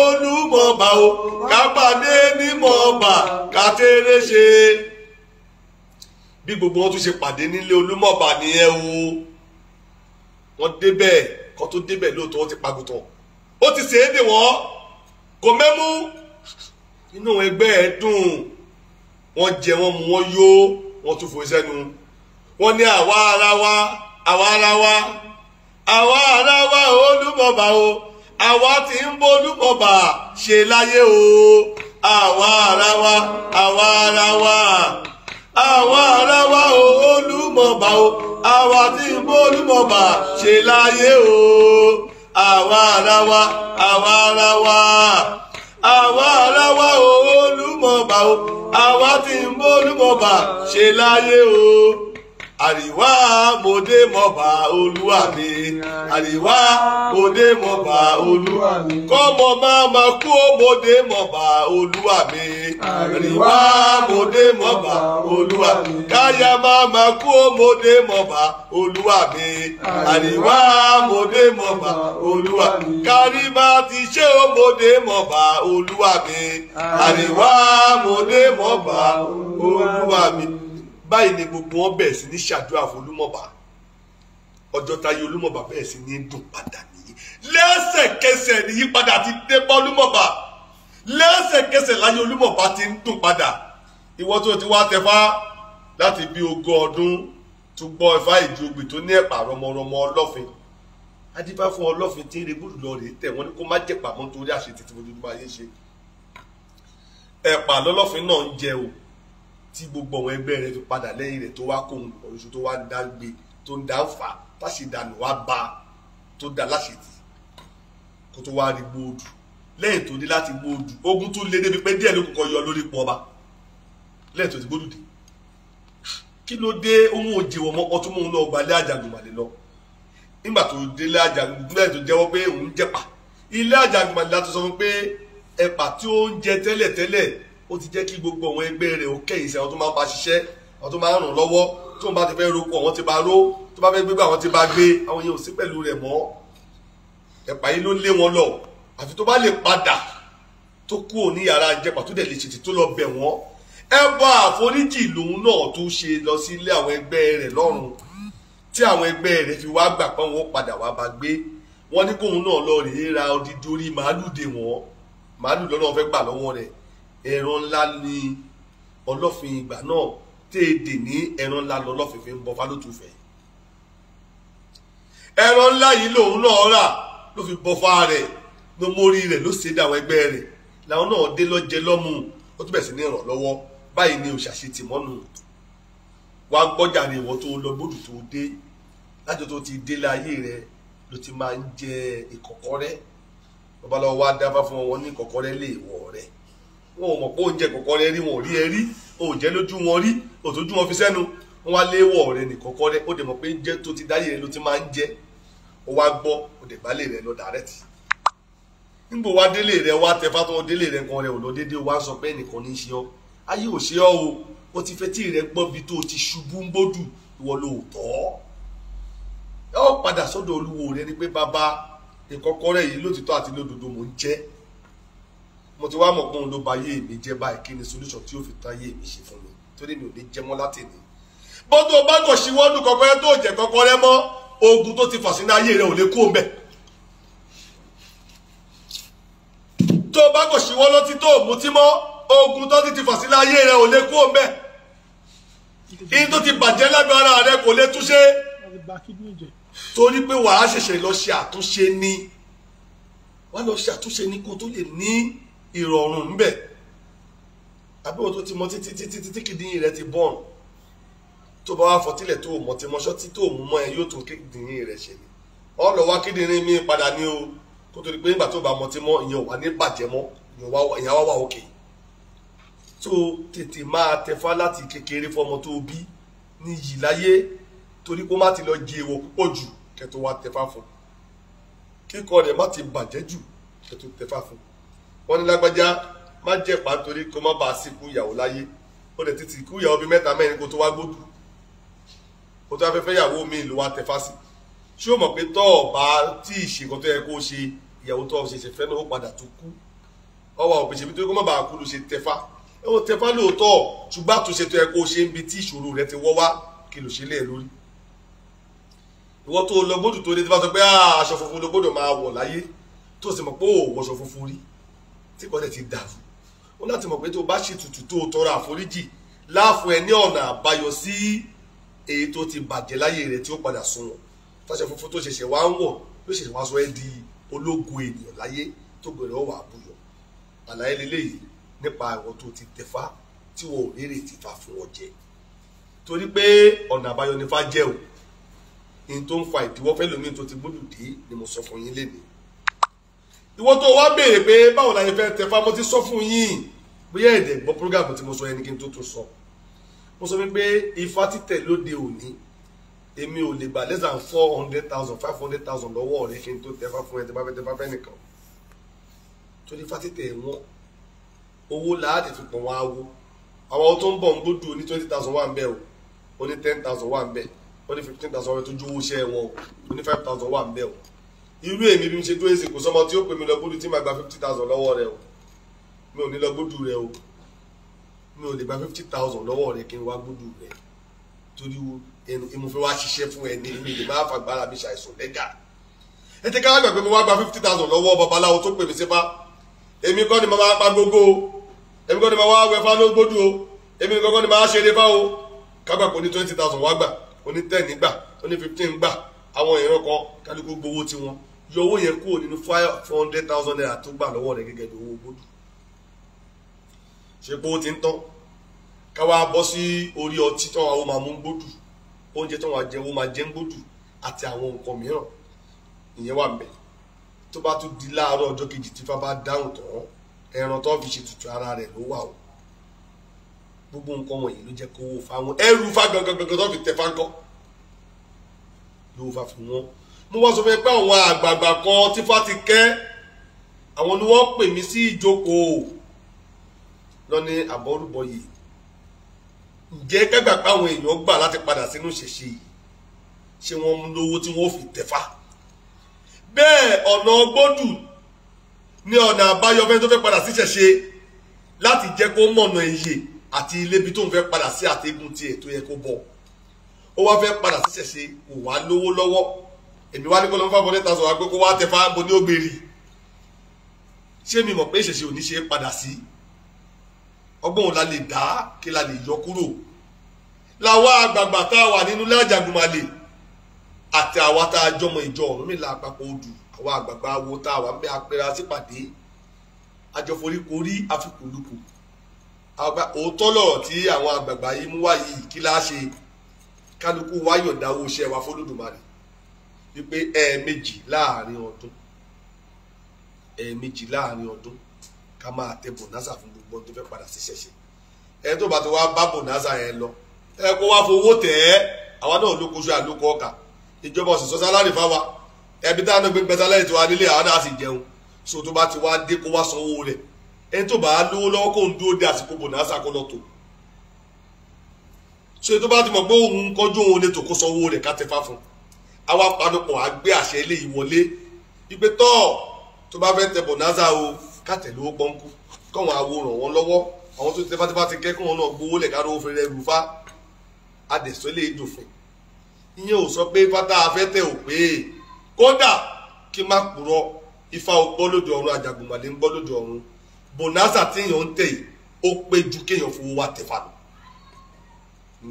olúmọ̀ọ́bà o kápàdé nímọ̀ọ́bà kátẹ́rẹ́ ṣe bí gbogbo wọn tún ṣe pàdé nílé olúmọ̀ọ́bà nìyẹn o wọ́n débẹ̀ kan tó débẹ̀ lóòótọ́ wọ́n ti pagùtàn ó ti ṣe é dè wọ́n kò mẹ́mú inú ẹgbẹ́ ẹ̀ dùn wọ́n jẹ wọ́n mu wọ́n yó wọ́n tún fò sẹ́nu wọ́n ní àwa ara wa àwa ara wa àwa ara wa olúmọ̀ọ́bà o àwa tí ń bólúbọ̀bà ṣe láyé o àwa ara wa àwa ara wa àwa ara wa o olùmọ̀bà o àwa tí ń bólúbọ̀bà ṣe láyé o àwa ara wa àwa ara wa àwa ara wa o olùmọ̀bà o àwa tí ń bólúbọ̀bà ṣe láyé o àríwá mòdé mọ̀bà olúwa mi àríwá mòdé mọ̀bà olúwa mi kọ́mọ máa ma kú mòdé mọ̀bà olúwa mi àríwá mòdé mọ̀bà olúwa mi káyà máa ma kú mòdé mọ̀bà olúwa mi àríwá mòdé mọ̀bà olúwa mi kárí máa ti ṣe òmòdé mọ̀bà olúwa mi àríwá mòdé mọ̀bà olúwa mi báyìí ni gbogbo wọn bẹ̀rẹ̀ sí ní ṣàdúrà fún olúmọ̀bà ọjọ́ táyé olúmọ̀bà bẹ̀rẹ̀ sí ní dùn padà nìyí lẹ́sẹ̀kẹsẹ̀ ni yípadà ti dé bá olúmọ̀bà lẹ́sẹ̀kẹsẹ̀ láyé olúmọ̀bà ti ń dùn padà ìwọ tó ti wá tẹfá láti bí ogún ọdún tó gbọ́ ẹ̀fá ìdí ogbè tó ní ẹ̀pà rọmọrọmọ ọlọ́fin adífá fún ọlọ́fin tí ń re búrú lọ rèé tẹ̀ wọ́n ní kó má jẹ̀pà mọ́ nítorí àṣetì tí mo dúdú máa yé ṣe ẹ̀pà lọ́lọ́fin náà ń jẹ o tí gbogbo àwọn ẹgbẹ́ rẹ̀ fi padà lẹ́yìn rẹ̀ tó wá kó nǹkan oṣù tó wá dágbé tó ń dá fà táṣì dànù wá ba tó dá láṣetì kó tó wá rí gbóòdù lẹ́yìn tó dé láti gbóòdù ogun tó lé débi pé díẹ̀ ló kọ́kọ́ yọ lórí pọ̀ ọba lẹ́yìn tó ti gbóòdù dé kí ló dé ohun òjì wọ̀mọ́ ọtún mú un lọ gbalẹ́ àjàgùnmàlè lọ nígbà tó délé àjàgùnmàlè tó jẹ́wọ́ pé òun jẹ́pà ilé àjàgùnmàlè láti sọ fún pé ẹ̀pà tí ó ń jẹ tẹ́lẹ̀tẹ́lẹ̀ ó ti jẹ́ kí gbogbo àwọn ẹgbẹ́ rẹ̀ ó kẹ́yìn sí àwọn tó máa bá ṣiṣẹ́ àwọn tó máa ràn lọ́wọ́ tó ń bá ti fẹ́ roko àwọn ti bá ró tó bá fẹ́ gbégbé àwọn ti bá gbé àwọn yẹn ò sí pẹ̀lú rẹ̀ mọ́ ẹ̀pà yìí ló lé wọn lọ àfi tó bá lè padà tó kúrò ní yàrá ìjẹpà tó dẹ̀ lè ṣètì tó lọ bẹ̀ wọ́n ẹ bá àforíjì lòun náà tó ṣe lọ sí ilé àwọn ẹgbẹ́ rẹ̀ lọ́rùn tí àwọn ẹgbẹ́ rẹ̀ fi wá gbà pé wọn padà wá bá gbé wọn ní kóun náà lọ rèé ra odidi orí màálù dè wọ́n màálù lọ́nà fẹ́ gbà lọ́wọ́ rẹ̀ ẹran ńlá ni ọlọ́fin ìgbà náà téèdè ní ẹran ńlá lọ lọ́fin fi ń bọ Fálótùfẹ́ ẹran ńlá yìí lòun náà rà ló fi bọ fá rẹ̀ ló mórí rẹ̀ ló ṣe dàwọn ẹgbẹ́ rẹ̀ làwọn náà dé lọ́jẹ lọ́mú ó tún bẹ̀ sí ní ìrànlọ́wọ́ báyìí ni òṣàṣe tìmọ́nù wá gbọ́jà ni ìwọ tó lọ gbódù tó dé lájọ tó ti dé láyé rẹ ló ti máa ń jẹ ìkọ̀kọ̀rẹ́ babaláwo wá dábàá fún wọn ní ìkọ̀kọ̀rẹ́ lè wọ̀ rẹ̀ wọn ò mọ̀ pé oúnjẹ kọ̀ọ̀kan rẹ rí wọn ò rí ẹ rí oúnjẹ lójú wọn rí òtójú wọn fi sẹ́nu wọn wá léwọ̀ rẹ nìkọ̀ọ̀kan rẹ ó dẹ̀ mọ̀ pé jẹ́ tó ti dáyé rẹ ló ti máa ń jẹ́ ó wá gbọ́ ó dẹ̀ bá lè rẹ lọ dàrẹ́tì nígbò wá délé rẹ wá tẹ fátọ́wọ́ délé rẹ kan rẹ ò lọ déédéé wá sọ pé ẹnìkan ní í ṣe ọ́ ayé ò ṣe ọ́ o ó ti fẹ́ tí rẹ gbọ́ bí tó o ti ṣubú ń bódù ìwọ ló tọ́ ẹ ó padà sọ́dọ̀ olúwo rẹ ni pé bàbá ìkọ̀kọ̀ rẹ yìí lótìtọ́ àti lódodo mò ń jẹ́ mo ti wá mọ̀ pé òun ló ba ayé mi jẹ́ báyìí kí ni solution tí ó fi tán ayé mi ṣe fún mi torí mi ò ní jẹ́ mọ́ láti ní. bó tó o bá kàn sí wọ́ọ̀dù kọ́kọ́rẹ́ tó jẹ́ kọ́kọ́rẹ́ mọ́ ogun tó ti fà sínú ayé rẹ ò lè kó mbẹ́. tó o bá kàn sí wọ́ọ̀ lọ́tí tó o mutí mọ́ ogun tó ti fà sínú ayé rẹ ò lè kó mbẹ́. iye tó ti bàjẹ́ lágbára rẹ kò lè túnṣe torí pé wàá ṣẹ̀ṣẹ̀ lọ ṣe àtúnṣe ni wàá lọ ṣe àtúnṣe ni kó tó lè ní ìrọ̀rùn ńbẹ̀ àbẹ̀wò tó ti mọ títí títí títí kìdíyìn rẹ ti bọ́ọ̀n tó bá wá fọtílẹ̀ tó mọ̀ tí mọ́ṣọ́ tí tó mú mọ́ ẹ yóò tó kìdíyìn rẹ ṣe ni ọ wá kíndìnrín mi padà ní o kó tó di pé nígbà tó bá mọ tí mọ́ ìyẹn wà ní bàjẹ́ mọ́ ìyẹn wá wà òkè tó tètè máa tẹfá láti kékeré fọmọ tó bí ní yìí láyé torí kó má ti lọ jẹ èèwọ̀ púpọ̀ jù kẹtó wá tẹfá fún kíkọ rẹ̀ má ti bàjẹ́ jù kẹtó tẹfá fún wọ́n ní lágbájá má jẹ́ pa torí kó má bàa sí ikú ìyàwó láyé ó dẹ̀ títí ikú ìyàwó bíi mẹ́ta mẹ́rin kó tó wá gbódù kó tó wá fẹ́fẹ́ ìyàwó mi ló wá tẹ fásì ṣé o mọ̀ pé tọ́ ọ̀bá tí ìṣe nǹkan tó yẹ kó ṣe ìyàwó tó ṣẹ̀ṣẹ̀ fẹ́ náà ó padà tó kú ọwọ́ àwọn òpèsè nítorí kó má bàa kú ló ṣe tẹfá ó tẹfá lóòótọ́ ṣùgbọ́n àtúnṣe tó yẹ kó ṣe ń bi tí ìṣòro rẹ ti wọ́ wá kí ló ṣe lẹ́ẹ̀ lórí ìwọ́n tí kọ́lẹ̀ ti dàrú ó láti mọ̀ pé tó bá ṣe tutù tó tọrọ àforíjì láàfọ̀ ẹ ní ọ̀nà àbáyọ sí èyí tó ti bàjẹ́ láyé rẹ̀ tí ó padà sun wọn táṣẹ funfun tó ṣẹ̀ṣẹ̀ wá ń wọ̀ ló ṣẹ̀ṣẹ̀ wá sọ ẹ́ di ológun ènìyàn láyé tó gbẹ̀rẹ̀ ọ̀wà àbúyọ àlàyé lélẹ́yìí nípa àwọn tó ti tẹ̀fá tí wọn ò rírì ti fa fún wọn jẹ torí pé ọ̀nà àbáyọ ni fá jẹ́ o ní tó ń fa ìdíwọ́ fẹ́ lómi tó ti gbódùdí ni mo sọ fún yín lénìí ìwọ tó wá béèrè pé báwo la yẹ fẹ́ tẹ fáwọn ti sọ fún yín bóyá èdè gbọ́ program tí mo sọ ẹni kí n tó tún sọ mo sọ wípé ifá títẹ̀ lóde òní èmi ò lè gbà less than four hundred thousand five hundred thousand lọ́wọ́ rẹ kí n tó tẹ fá fún ẹ tẹ bá fẹ́ tẹ bá fẹ́ nìkan torí ifá títẹ̀ wọn owó láàdì fi pọ̀ wọn awo àwọn tó ń bọ̀ ń gbódù ní twenty thousand wà ń bẹ̀ o ó ní ten thousand wà ń bẹ̀ ó ní fifteen thousand wà ń bẹ̀ tó ju owó iṣẹ́ wọn o ó ní five thousand wà ń bẹ̀ o irú èmi bí mo ṣe dúró èsì kò sọmọ tí ó pè mí lọ tí màá gba fifty thousand lọ́wọ́ rẹ o mi ò ní lọ rẹ o mi ò lè gba fifty thousand lọ́wọ́ rẹ kí n wá gbódù rẹ torí mo fẹ́ wá ṣiṣẹ́ fún ẹni mi lè má fagbára mi ṣàìsàn lẹ́gà ẹ ti ká wá gbàgbé mo wá gba fifty thousand lọ́wọ́ babaláwo tó pè mí sípa èmi kọ́ ni mo máa pa gbogbo o èmi kọ́ ni mo wá wẹ fá o èmi kọ́ ni mo máa ṣe eré fá o kágbà kò ní twenty thousand wá gbà oní ten gbà oní fifteen gbà àwọn èèyàn kan kálukú gbowó tiwọn yọ owó yẹn kúrò nínú five hundred thousand naira tó gbà lọ́wọ́ rẹ̀ gẹ́gẹ́ bí owó gbódù ṣe pé ó ti ń tán káwa bọ́ sí orí ọtí tí wọ́n máa mú gbódù oúnjẹ tí wọ́n jẹ wọ́n máa jẹ gbódù àti àwọn nǹkan mìíràn ìyẹn wà mẹ́ tó bá tún di láàárọ̀ ọjọ́ kejì tí fábá dáhùn tán ẹran tó fi ṣètùtù ara rẹ̀ ló wà o gbogbo nǹkan wọ̀nyí ló jẹ́ kó fáwọn ẹrù fá gangan gangan tó fi tẹ̀ fáńkọ́ ló fà fún wọn mo wá sọ fún yín pé àwọn àgbààgbà kan tífá ti kẹ́ àwọn ni wọ́n pè mí sí ìjókòó lọ́ní àbọ̀rúbọyè ǹjẹ́ kẹ́gbà pé àwọn èèyàn gbà láti padà sínú ṣèṣe ṣé wọ́n ń lówó tí wọ́n fi tẹ̀fà bẹ́ẹ̀ ọ̀nà gbódù ní ọ̀nà àbáyọ fẹ́ tó fẹ́ padà sí ṣẹ̀ṣe láti jẹ́ kó mọ̀nà iye àti ilébi tó ń fẹ́ padà sí àtẹ̀gùn tiẹ̀ tó yẹ kó bọ̀ ó wá fẹ́ padà sí ṣẹ̀ṣe kò wá lówó lọ́wọ́ èmi wá ní kó lọ fún forty thousand wá pé kó wá tẹ fá mo ní ògbèrè ṣé mi mọ̀ pé ìṣẹ̀ṣe ò ní ṣe é padà sí ọgbọ́n la lè dá kí la lè yọ kúrò làwa àgbààgbà tá a wà nínú lájàgùnmalè àti àwa tá a jọmọ ìjọ ọ̀run mi là àpapọ̀ odù àwa àgbààgbà wo tá a wà ń bẹ apẹ̀rẹ̀ sípàdé àjọforíkorí àfikùnlùkù òótọ́ lọ̀rọ̀ tí àwọn àgbààgbà yìí mú wá yìí kí láá kálukú wáyọ̀ dáwọ́ iṣẹ́ wa fọlọ́dúnmarè wípé ẹ̀ẹ̀mejì láàrin ọdún ẹ̀ẹ̀mejì láàrin ọdún ká máa tẹ bọ̀nàṣà fún gbogbo ọdún fẹ́ padà sí ṣẹ̀ṣẹ̀ ẹ tó bá ti wá bá bọ̀nàṣà yẹn lọ ẹ kó wá fowó tẹ̀ ẹ́ àwa náà lókoṣù àlókọ ọkà ìjọba ọ̀sìn sọ́sá láàrin fáwa ẹbí táwọn náà gbé gbẹta lẹ́yìn tí wàá nílé àwa náà sì jẹun so tó bá ti wá dé kó wá sanwó rẹ̀ ẹ tó bá lówó lọ́wọ́ kó ń dúró dé àsìkò bọ̀nàṣà kó lọ tó so tó bá ti mọ̀ pé òun kọjú òun àwa panupọ̀ á gbé àṣẹ eléyìí wọlé ìgbé tọ́ tó bá fẹ́ tẹ bọ̀nàza o káàtẹ̀ lówó pọ́nkú káwọn awo ràn wọ́n lọ́wọ́ àwọn tó ti tẹ́fátẹ́fá ti kẹ́kọ̀ọ́ wọn náà gbowó lẹ̀ káàró fẹ́rẹ́ rúfa adẹ̀sọ́ lè dòfin ìyẹn ò sọ pé fata afẹ́tẹ̀ ò pé kódà kí má purọ́ ifá ò gbọ́ lójú ọ̀run àjàgùnmàlẹ̀ ń gbọ́ lójú ọ̀run bọ̀nàza téèyàn ń tẹ̀ yìí ó pé ju kéèyàn fowó wa tẹ̀fà lọ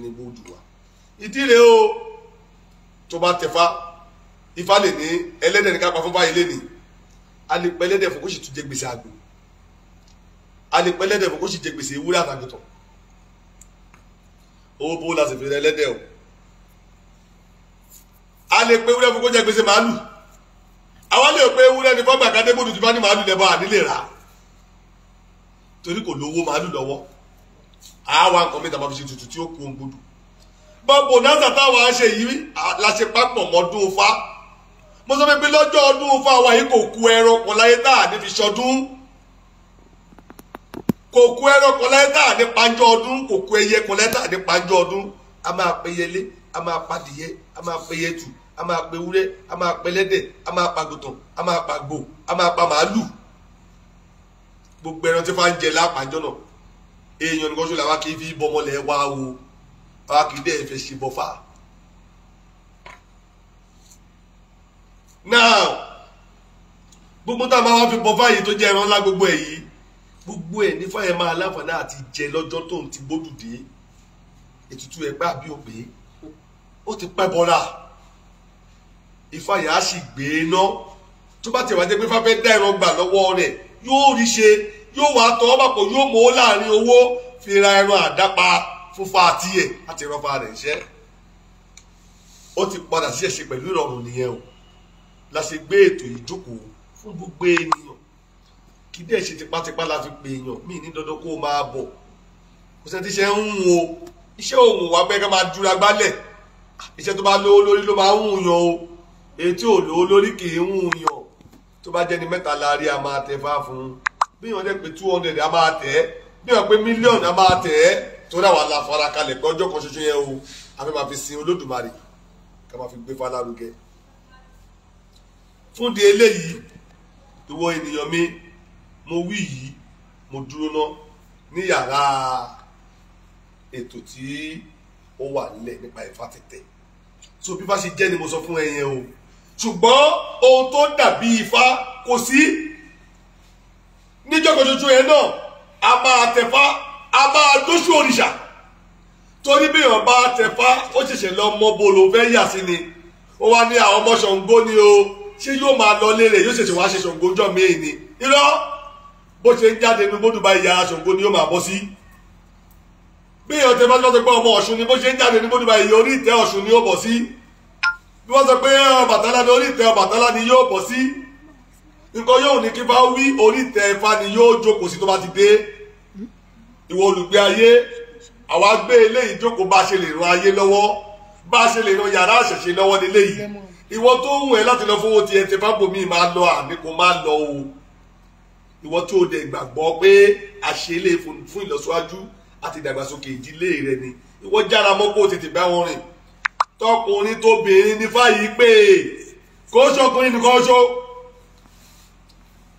ní gbójú wa ìdí rèé o tó bá tẹ̀fá ifá lè ní ẹlẹ́dẹ̀ ní kápá fún báyìí lè ní alẹ́pẹ́ ẹlẹ́dẹ̀ fún kó sì tún jẹ gbèsè àgbò alẹ́pẹ́ fún kó sì jẹ gbèsè ewúrẹ́ àtàgùtàn owó bó la sì ẹlẹ́dẹ̀ o alẹ́pẹ́ ewúrẹ́ fún kó jẹ gbèsè màálù àwọn lè pé ewúrẹ́ ní fọ́gbà kádébòdù tí bá ní màálù lẹ́bọ̀ ànílè rà torí kò lówó màálù lọ́wọ́ àá wá nǹkan mẹ́ta máa fi ṣe tutù tí ó kú ohun gbódù gbogbo nasa táwọn aṣe yìí láṣẹ mọ́dún Ifá mo sọ pé lọ́jọ́ ọdún Ifá wa yìí kò ku ẹranko láyé tá à ní fi ṣọdún kò ku ẹranko láyé tá à ní panjọ́ ọdún kò ku ẹyẹ kò láyé tá à ní panjọ́ ọdún a máa pẹyẹlé a máa padìyẹ a máa pẹyẹtù a máa a máa a máa gbogbo ẹran tí fa ń jẹ lápàjọ náà èèyàn nìkan kì í akíndé ẹ̀fẹ̀ ṣe bọ́fà. now gbogbo tá a máa wá fi bọ́fà yìí tó jẹ́ ẹran ńlá gbogbo ẹ̀ yìí gbogbo ẹ̀ nífà yẹn máa láǹfààní àti jẹ lọ́jọ́ tó ń ti bójú dé ètùtù ẹ̀ gbà bí òpè ó ti pẹ́ bọ́lá ifá yà á sì gbé e ná tó bá tẹ̀wá jẹ́ pé fáfẹ́ dá ẹran gbà lọ́wọ́ rẹ̀ yóò rí ṣe yóò wá tọ́ ọ́ bàpọ̀ yóò mọ̀ ọ́ láàrin owó fi ra ẹran àdápa fúnfa tiẹ̀ láti rọ́fà rẹ̀ ṣẹ́ ó ti padà sí ẹ̀ṣẹ̀ pẹ̀lú ìrọ̀rùn nìyẹn o la ṣe gbé ètò ìjókòó fún gbogbo ènìyàn kí dẹ́ ṣe tipátipá la fi pè èèyàn míì ní dandan kó o máa bọ̀ kò sẹ́ni tí iṣẹ́ ń hun o iṣẹ́ òun wà bẹ́ẹ̀ ká máa dúra gbálẹ̀ iṣẹ́ tó bá lówó lórí ló máa ń yàn o èyí tí ò lówó lórí kì í hun yàn tó bá jẹ́ni mẹ́ta la a máa tẹ̀ fáfún bí wọ́n dẹ̀ pé two hundred a máa tẹ̀ bí wọ́n pé mílíọ̀nù a máa tẹ̀ ẹ́ torí àwọn aláfara kalẹ̀ pé ọjọ́ kan ṣoṣo yẹn o àfi máa fi sin olódùmarè ká máa fi gbé falárugẹ fún di eléyìí ìwọ ènìyàn mi mo wí yìí mo dúró ná ní yàrá ètò tí ó wà nílẹ̀ nípa Ifá tẹ̀tẹ̀ tó bí bá ṣe jẹ́ ni mo sọ fún ẹ yẹn o ṣùgbọ́n ohun tó dàbí Ifá kò sí níjọ́ kan ṣoṣo yẹn náà a máa tẹ̀fá a máa dóṣù òrìṣà torí bí èèyàn bá tẹ̀fá ó ṣẹ̀ṣẹ̀ lọ mọ bolo fẹ́ yà sí ni ó wá ní àwọn ọmọ ṣàngó ni o ṣé yóò máa lọ lérè yóò ṣẹ̀ṣẹ̀ wáá ṣe ṣàngó jọ míì ni irọ́ bó ṣe ń jáde ní bódùbá ìyára ṣàngó ni yóò máa bọ́ sí bí èèyàn tẹ̀fá lọ́sọ̀ pé ọmọ ọ̀ṣun ni bó ṣe ń jáde ní bódùbá ìyá orí ìtẹ́ ọ̀ṣun ni yóò bọ̀ sí bí wọ́n sọ pé ọbàtálá ni orí ìtẹ́ ọbàtálá ni yóò bọ̀ sí nǹkan yóò ní kí bá wí orí ìtẹ́ ifá ni yóò jókòó sí tó bá ti dé ìwọ olùgbé ayé àwa gbé eléyìí jókòó bá a ṣe lè ran ayé lọ́wọ́ bá a ṣe lè ran yàrá àṣẹ̀ṣe lọ́wọ́ nílé yìí ìwọ tó ń wẹ̀ láti lọ fowó tiẹ̀ tẹ fábòmí máa lọ àmì kò máa lọ o ìwọ tó dẹ̀ gbàgbọ́ pé àṣẹlé fún ìlọsíwájú àti ìdàgbàsókè ìdílé rẹ ni ìwọ jára mọ́ kó tètè bá wọn rìn tọkùnrin tóbìnrin ní fàyè pé kò ṣọkùnrin nìkan ṣó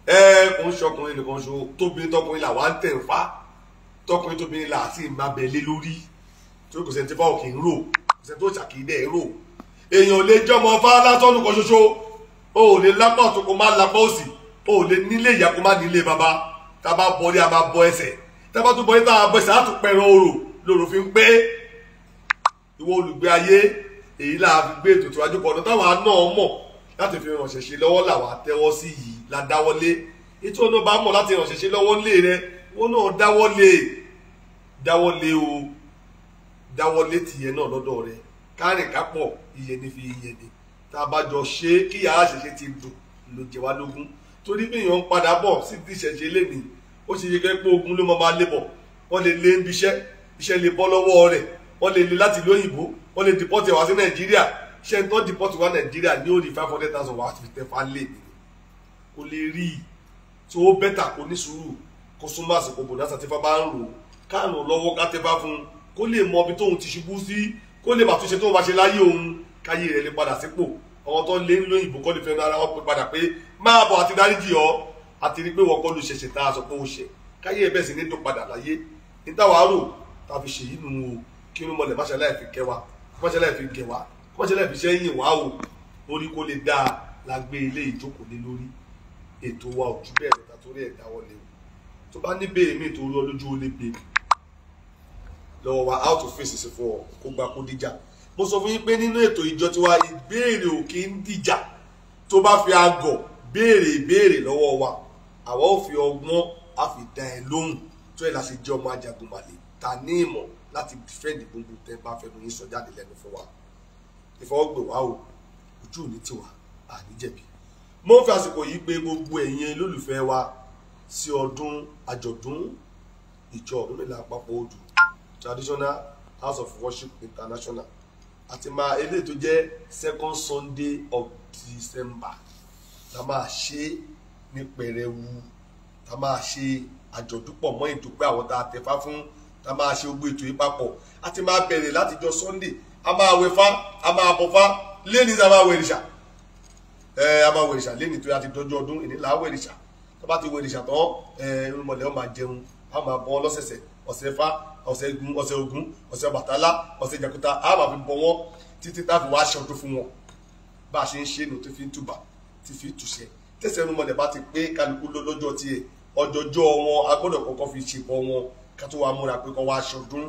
ẹ kò ń ṣọkùnrin nìkan ṣó tóbìnrin tọkùnrin làwa ń tẹ̀ ń fa tọkùnrin tóbìnrin là á sì máa bẹ̀ lé lórí tó kò sẹ́ni tí fáwọn kì í rò kò sẹ́ni tó ṣàkì í dẹ̀ rò èèyàn lè jọmọ fá lásánù kan ṣoṣo o ò lè lápá ọ̀tún kó má lápá òsì o ò lè nílé ìyá kó má nílé bàbá tá a bá bọ orí a bá bọ ẹsẹ̀ tá a bá tún bọ orí tá a bọ ẹsẹ̀ á tún pẹ̀ràn òrò lòrò fi ń pé ìwọ olùgbé ayé èyí là á fi gbé ètò ìtòwájú pọ̀ ọ̀dọ̀ táwọn náà mọ̀ láti fi la dáwọ́lé ètò ọ̀nà bá mọ̀ ó náà dáwọ́ o dáwọ́ lé tìyẹn náà lọ́dọ̀ rẹ kárìn kápọ̀ ìyẹnì fi ìyẹnì tá a bá jọ ṣe é kí yàrá ṣẹṣẹ ti dùn ló jẹ wá lógún torí bí èèyàn ń padà bọ̀ sí ti ṣẹṣẹ lẹ́nìí ó ṣe yẹ kẹ́ pé ogun ló máa lé bọ̀ wọ́n lè lé níbi iṣẹ́ iṣẹ́ lè bọ́ lọ́wọ́ rẹ̀ wọ́n lè lé láti ìlú òyìnbó wọ́n lè dìpọ́tì wá sí nàìjíríà ṣé tó dìpọ́tì wá nàìjíríà ní òní five hundred thousand wàá fi tẹ́fà lé kò lè rí i tó bẹ́tà kò ní sùúrù kó súnmọ́ àsìkò bòdásà tí fá bá ń rò káànù lọ́wọ́ ká tẹ́fá fún un kó lè mọ ibi tóun ti ṣubú sí kó lè bàtúnṣe tóun bá ṣe láyé òun káyé rẹ̀ lè padà sípò àwọn tó lé nílò ìbò kọ́ lè fẹ́nu ara wọn padà pé máa bọ̀ àti dáríjì ọ́ àti rí pé wọ́n kọ́ ló ṣẹ̀ṣẹ̀ tá a sọ pé ó ṣẹ̀ káyé ẹ̀ bẹ́ẹ̀ sì ní tó padà láyé tá rò tàbí ṣèyí nù ú kí ló mọlẹ̀ máṣe láì fi kẹwa máṣe láì fi gẹwa máṣe láì fi o orí kó lè dáa la gbé ilé ìjókòó lé lórí ètò wa ò jù bẹ́ẹ̀ lọ́ta torí ẹ̀ tó bá ní bẹ́ẹ̀ míì tó lọ lójú ó lé gbé lọ́wọ́ wa how to face ìsìnkú ọ̀ kó gba kó díjà mo sọ fún yín pé nínú ètò ìjọ tiwa ìbéèrè ò kí ń dìjà tó bá fi àgọ̀ béèrè ìbéèrè lọ́wọ́ wa àwa ò fi ọgbọ́n a fi dá ẹ lóhùn tó yẹ láti jẹ́ ọmọ ajagunmalè ta ní ìmọ̀ láti fẹ́ẹ̀dì gbogbo tẹ́ bá fẹnu yín sọ jáde lẹ́nu fún wa ìfọwọ́gbè wa o ojú ò ní tiwa àníjẹ̀bi mo ń fi àsìkò yìí pé gbogbo ẹ̀yin olólùfẹ́ wa sí ọdún àjọ̀dún ìjọ Ọ̀rúnmìlà àpapọ̀ odù traditional house of worship international àti máa eléyìí tó jẹ́ second sunday of december la máa ṣe ní pẹrẹwu la máa ṣe àjọ̀dún pọ̀ mọ́ ìdúpẹ́ àwọn tá a tẹ̀fá fún la máa ṣe gbogbo ètò yìí papọ̀ a ti máa bẹ̀rẹ̀ látijọ́ sunday a máa wẹ̀fá a máa bọ̀fá lẹ́ni tí a máa wẹ̀rìṣà ẹ a máa wẹ̀rìṣà lẹ́ni tó yà ti dọ́jọ́ ọdún ìnílà wẹ̀rìṣà bá ti wo ìdìṣà tán irúnmọlẹ̀ ó máa jẹun á máa bọ lọ́sẹ̀sẹ̀ ọ̀sẹ̀ fa ọ̀sẹ̀ egun ọ̀sẹ̀ ogun ọ̀sẹ̀ bàtálá ọ̀sẹ̀ jàkúta á máa fi bọ wọ́n títí tá a fi wá aṣọ tó fún wọn bá a ṣe ń ṣe nù tó fi ń túbà tí fi túṣẹ tẹsẹ̀ irúnmọlẹ̀ bá ti pé kálukú lọ́jọ́ tiẹ̀ ọjọ́jọ́ wọn a gbọ́dọ̀ kọ́kọ́ fi ṣe bọ wọn ká tó wá múra pé kọ́ wá ṣọdún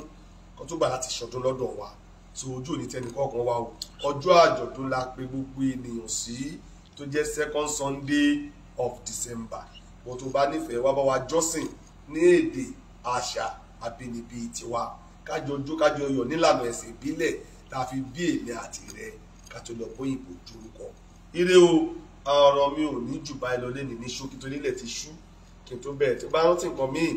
kọ́ tó gbà láti ṣọdún lọ́dọ̀ wa tó ojú òní tẹnì kọ̀ọ̀kan wa o ọjọ́ àjọ̀dún la pè gbogbo ènìyàn sí tó jẹ́ second Sunday of December bó tó bá nífẹ̀ẹ́ wá bá wa jọ́sìn ní èdè àṣà àbínibí tiwa kájọ jó kájọ yọ nílànà ẹ̀sìn ìbílẹ̀ tá a fi bí èmi àti rẹ ká tó lọ bóyìnbó jorúkọ. ire o ọ̀rọ̀ mi ò ní jù báyìí lọ lẹ́nu ní ṣókí tó nílẹ̀ ti ṣú kí n tó bẹ̀rẹ̀ tí bá rántí nǹkan míì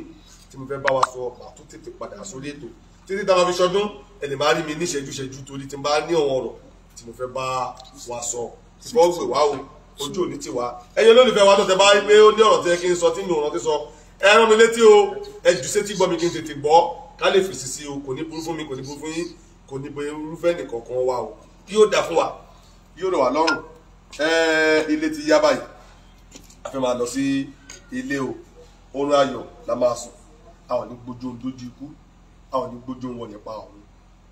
tí mo fẹ́ bá wa sọ ọ̀pá tó tètè padà sórí ètò títí táwọn fi ṣọdún ẹ lè máa rí mi níṣẹ́jú ṣẹ́jú torí tí n bá ní ọ̀wọ́n ọ̀rọ̀ tí mo fẹ́ bá wa sọ ìfọwọ́gbè wá o ojú òní ti wá ẹ̀yin olólùfẹ́ wa tó tẹ bá rí pé ó ní ọ̀rọ̀ tó yẹ kí n sọ tí mi ò rántí sọ ẹ rán mi létí o ẹ jù sétí gbọ́ mi kí n tètè gbọ́ ká lè fèsì sí o kò ní burú fún mi kò ní burú fún yín kò ní bọ irúfẹ́ nìkankan wa o yóò dà fún wa yóò rọ̀ wá lọ́rùn ilé ti yá báyìí a fẹ́ máa lọ sí ilé o oorun ayọ̀ la máa sùn a ò ní gbójú ohun dójú ikú a ò ní gbójú ohun ọ̀nìpa ọ̀hún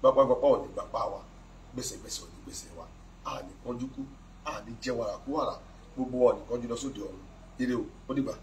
gbapágbapá ò ní gbapá wa gbèsègbèsè ò ní gbèsè wa a ní kánjú kú àní jẹ wàrà kú wàrà gbogbo wa nìkan jùlọ sóde ọ̀run ire o ó dìgbà.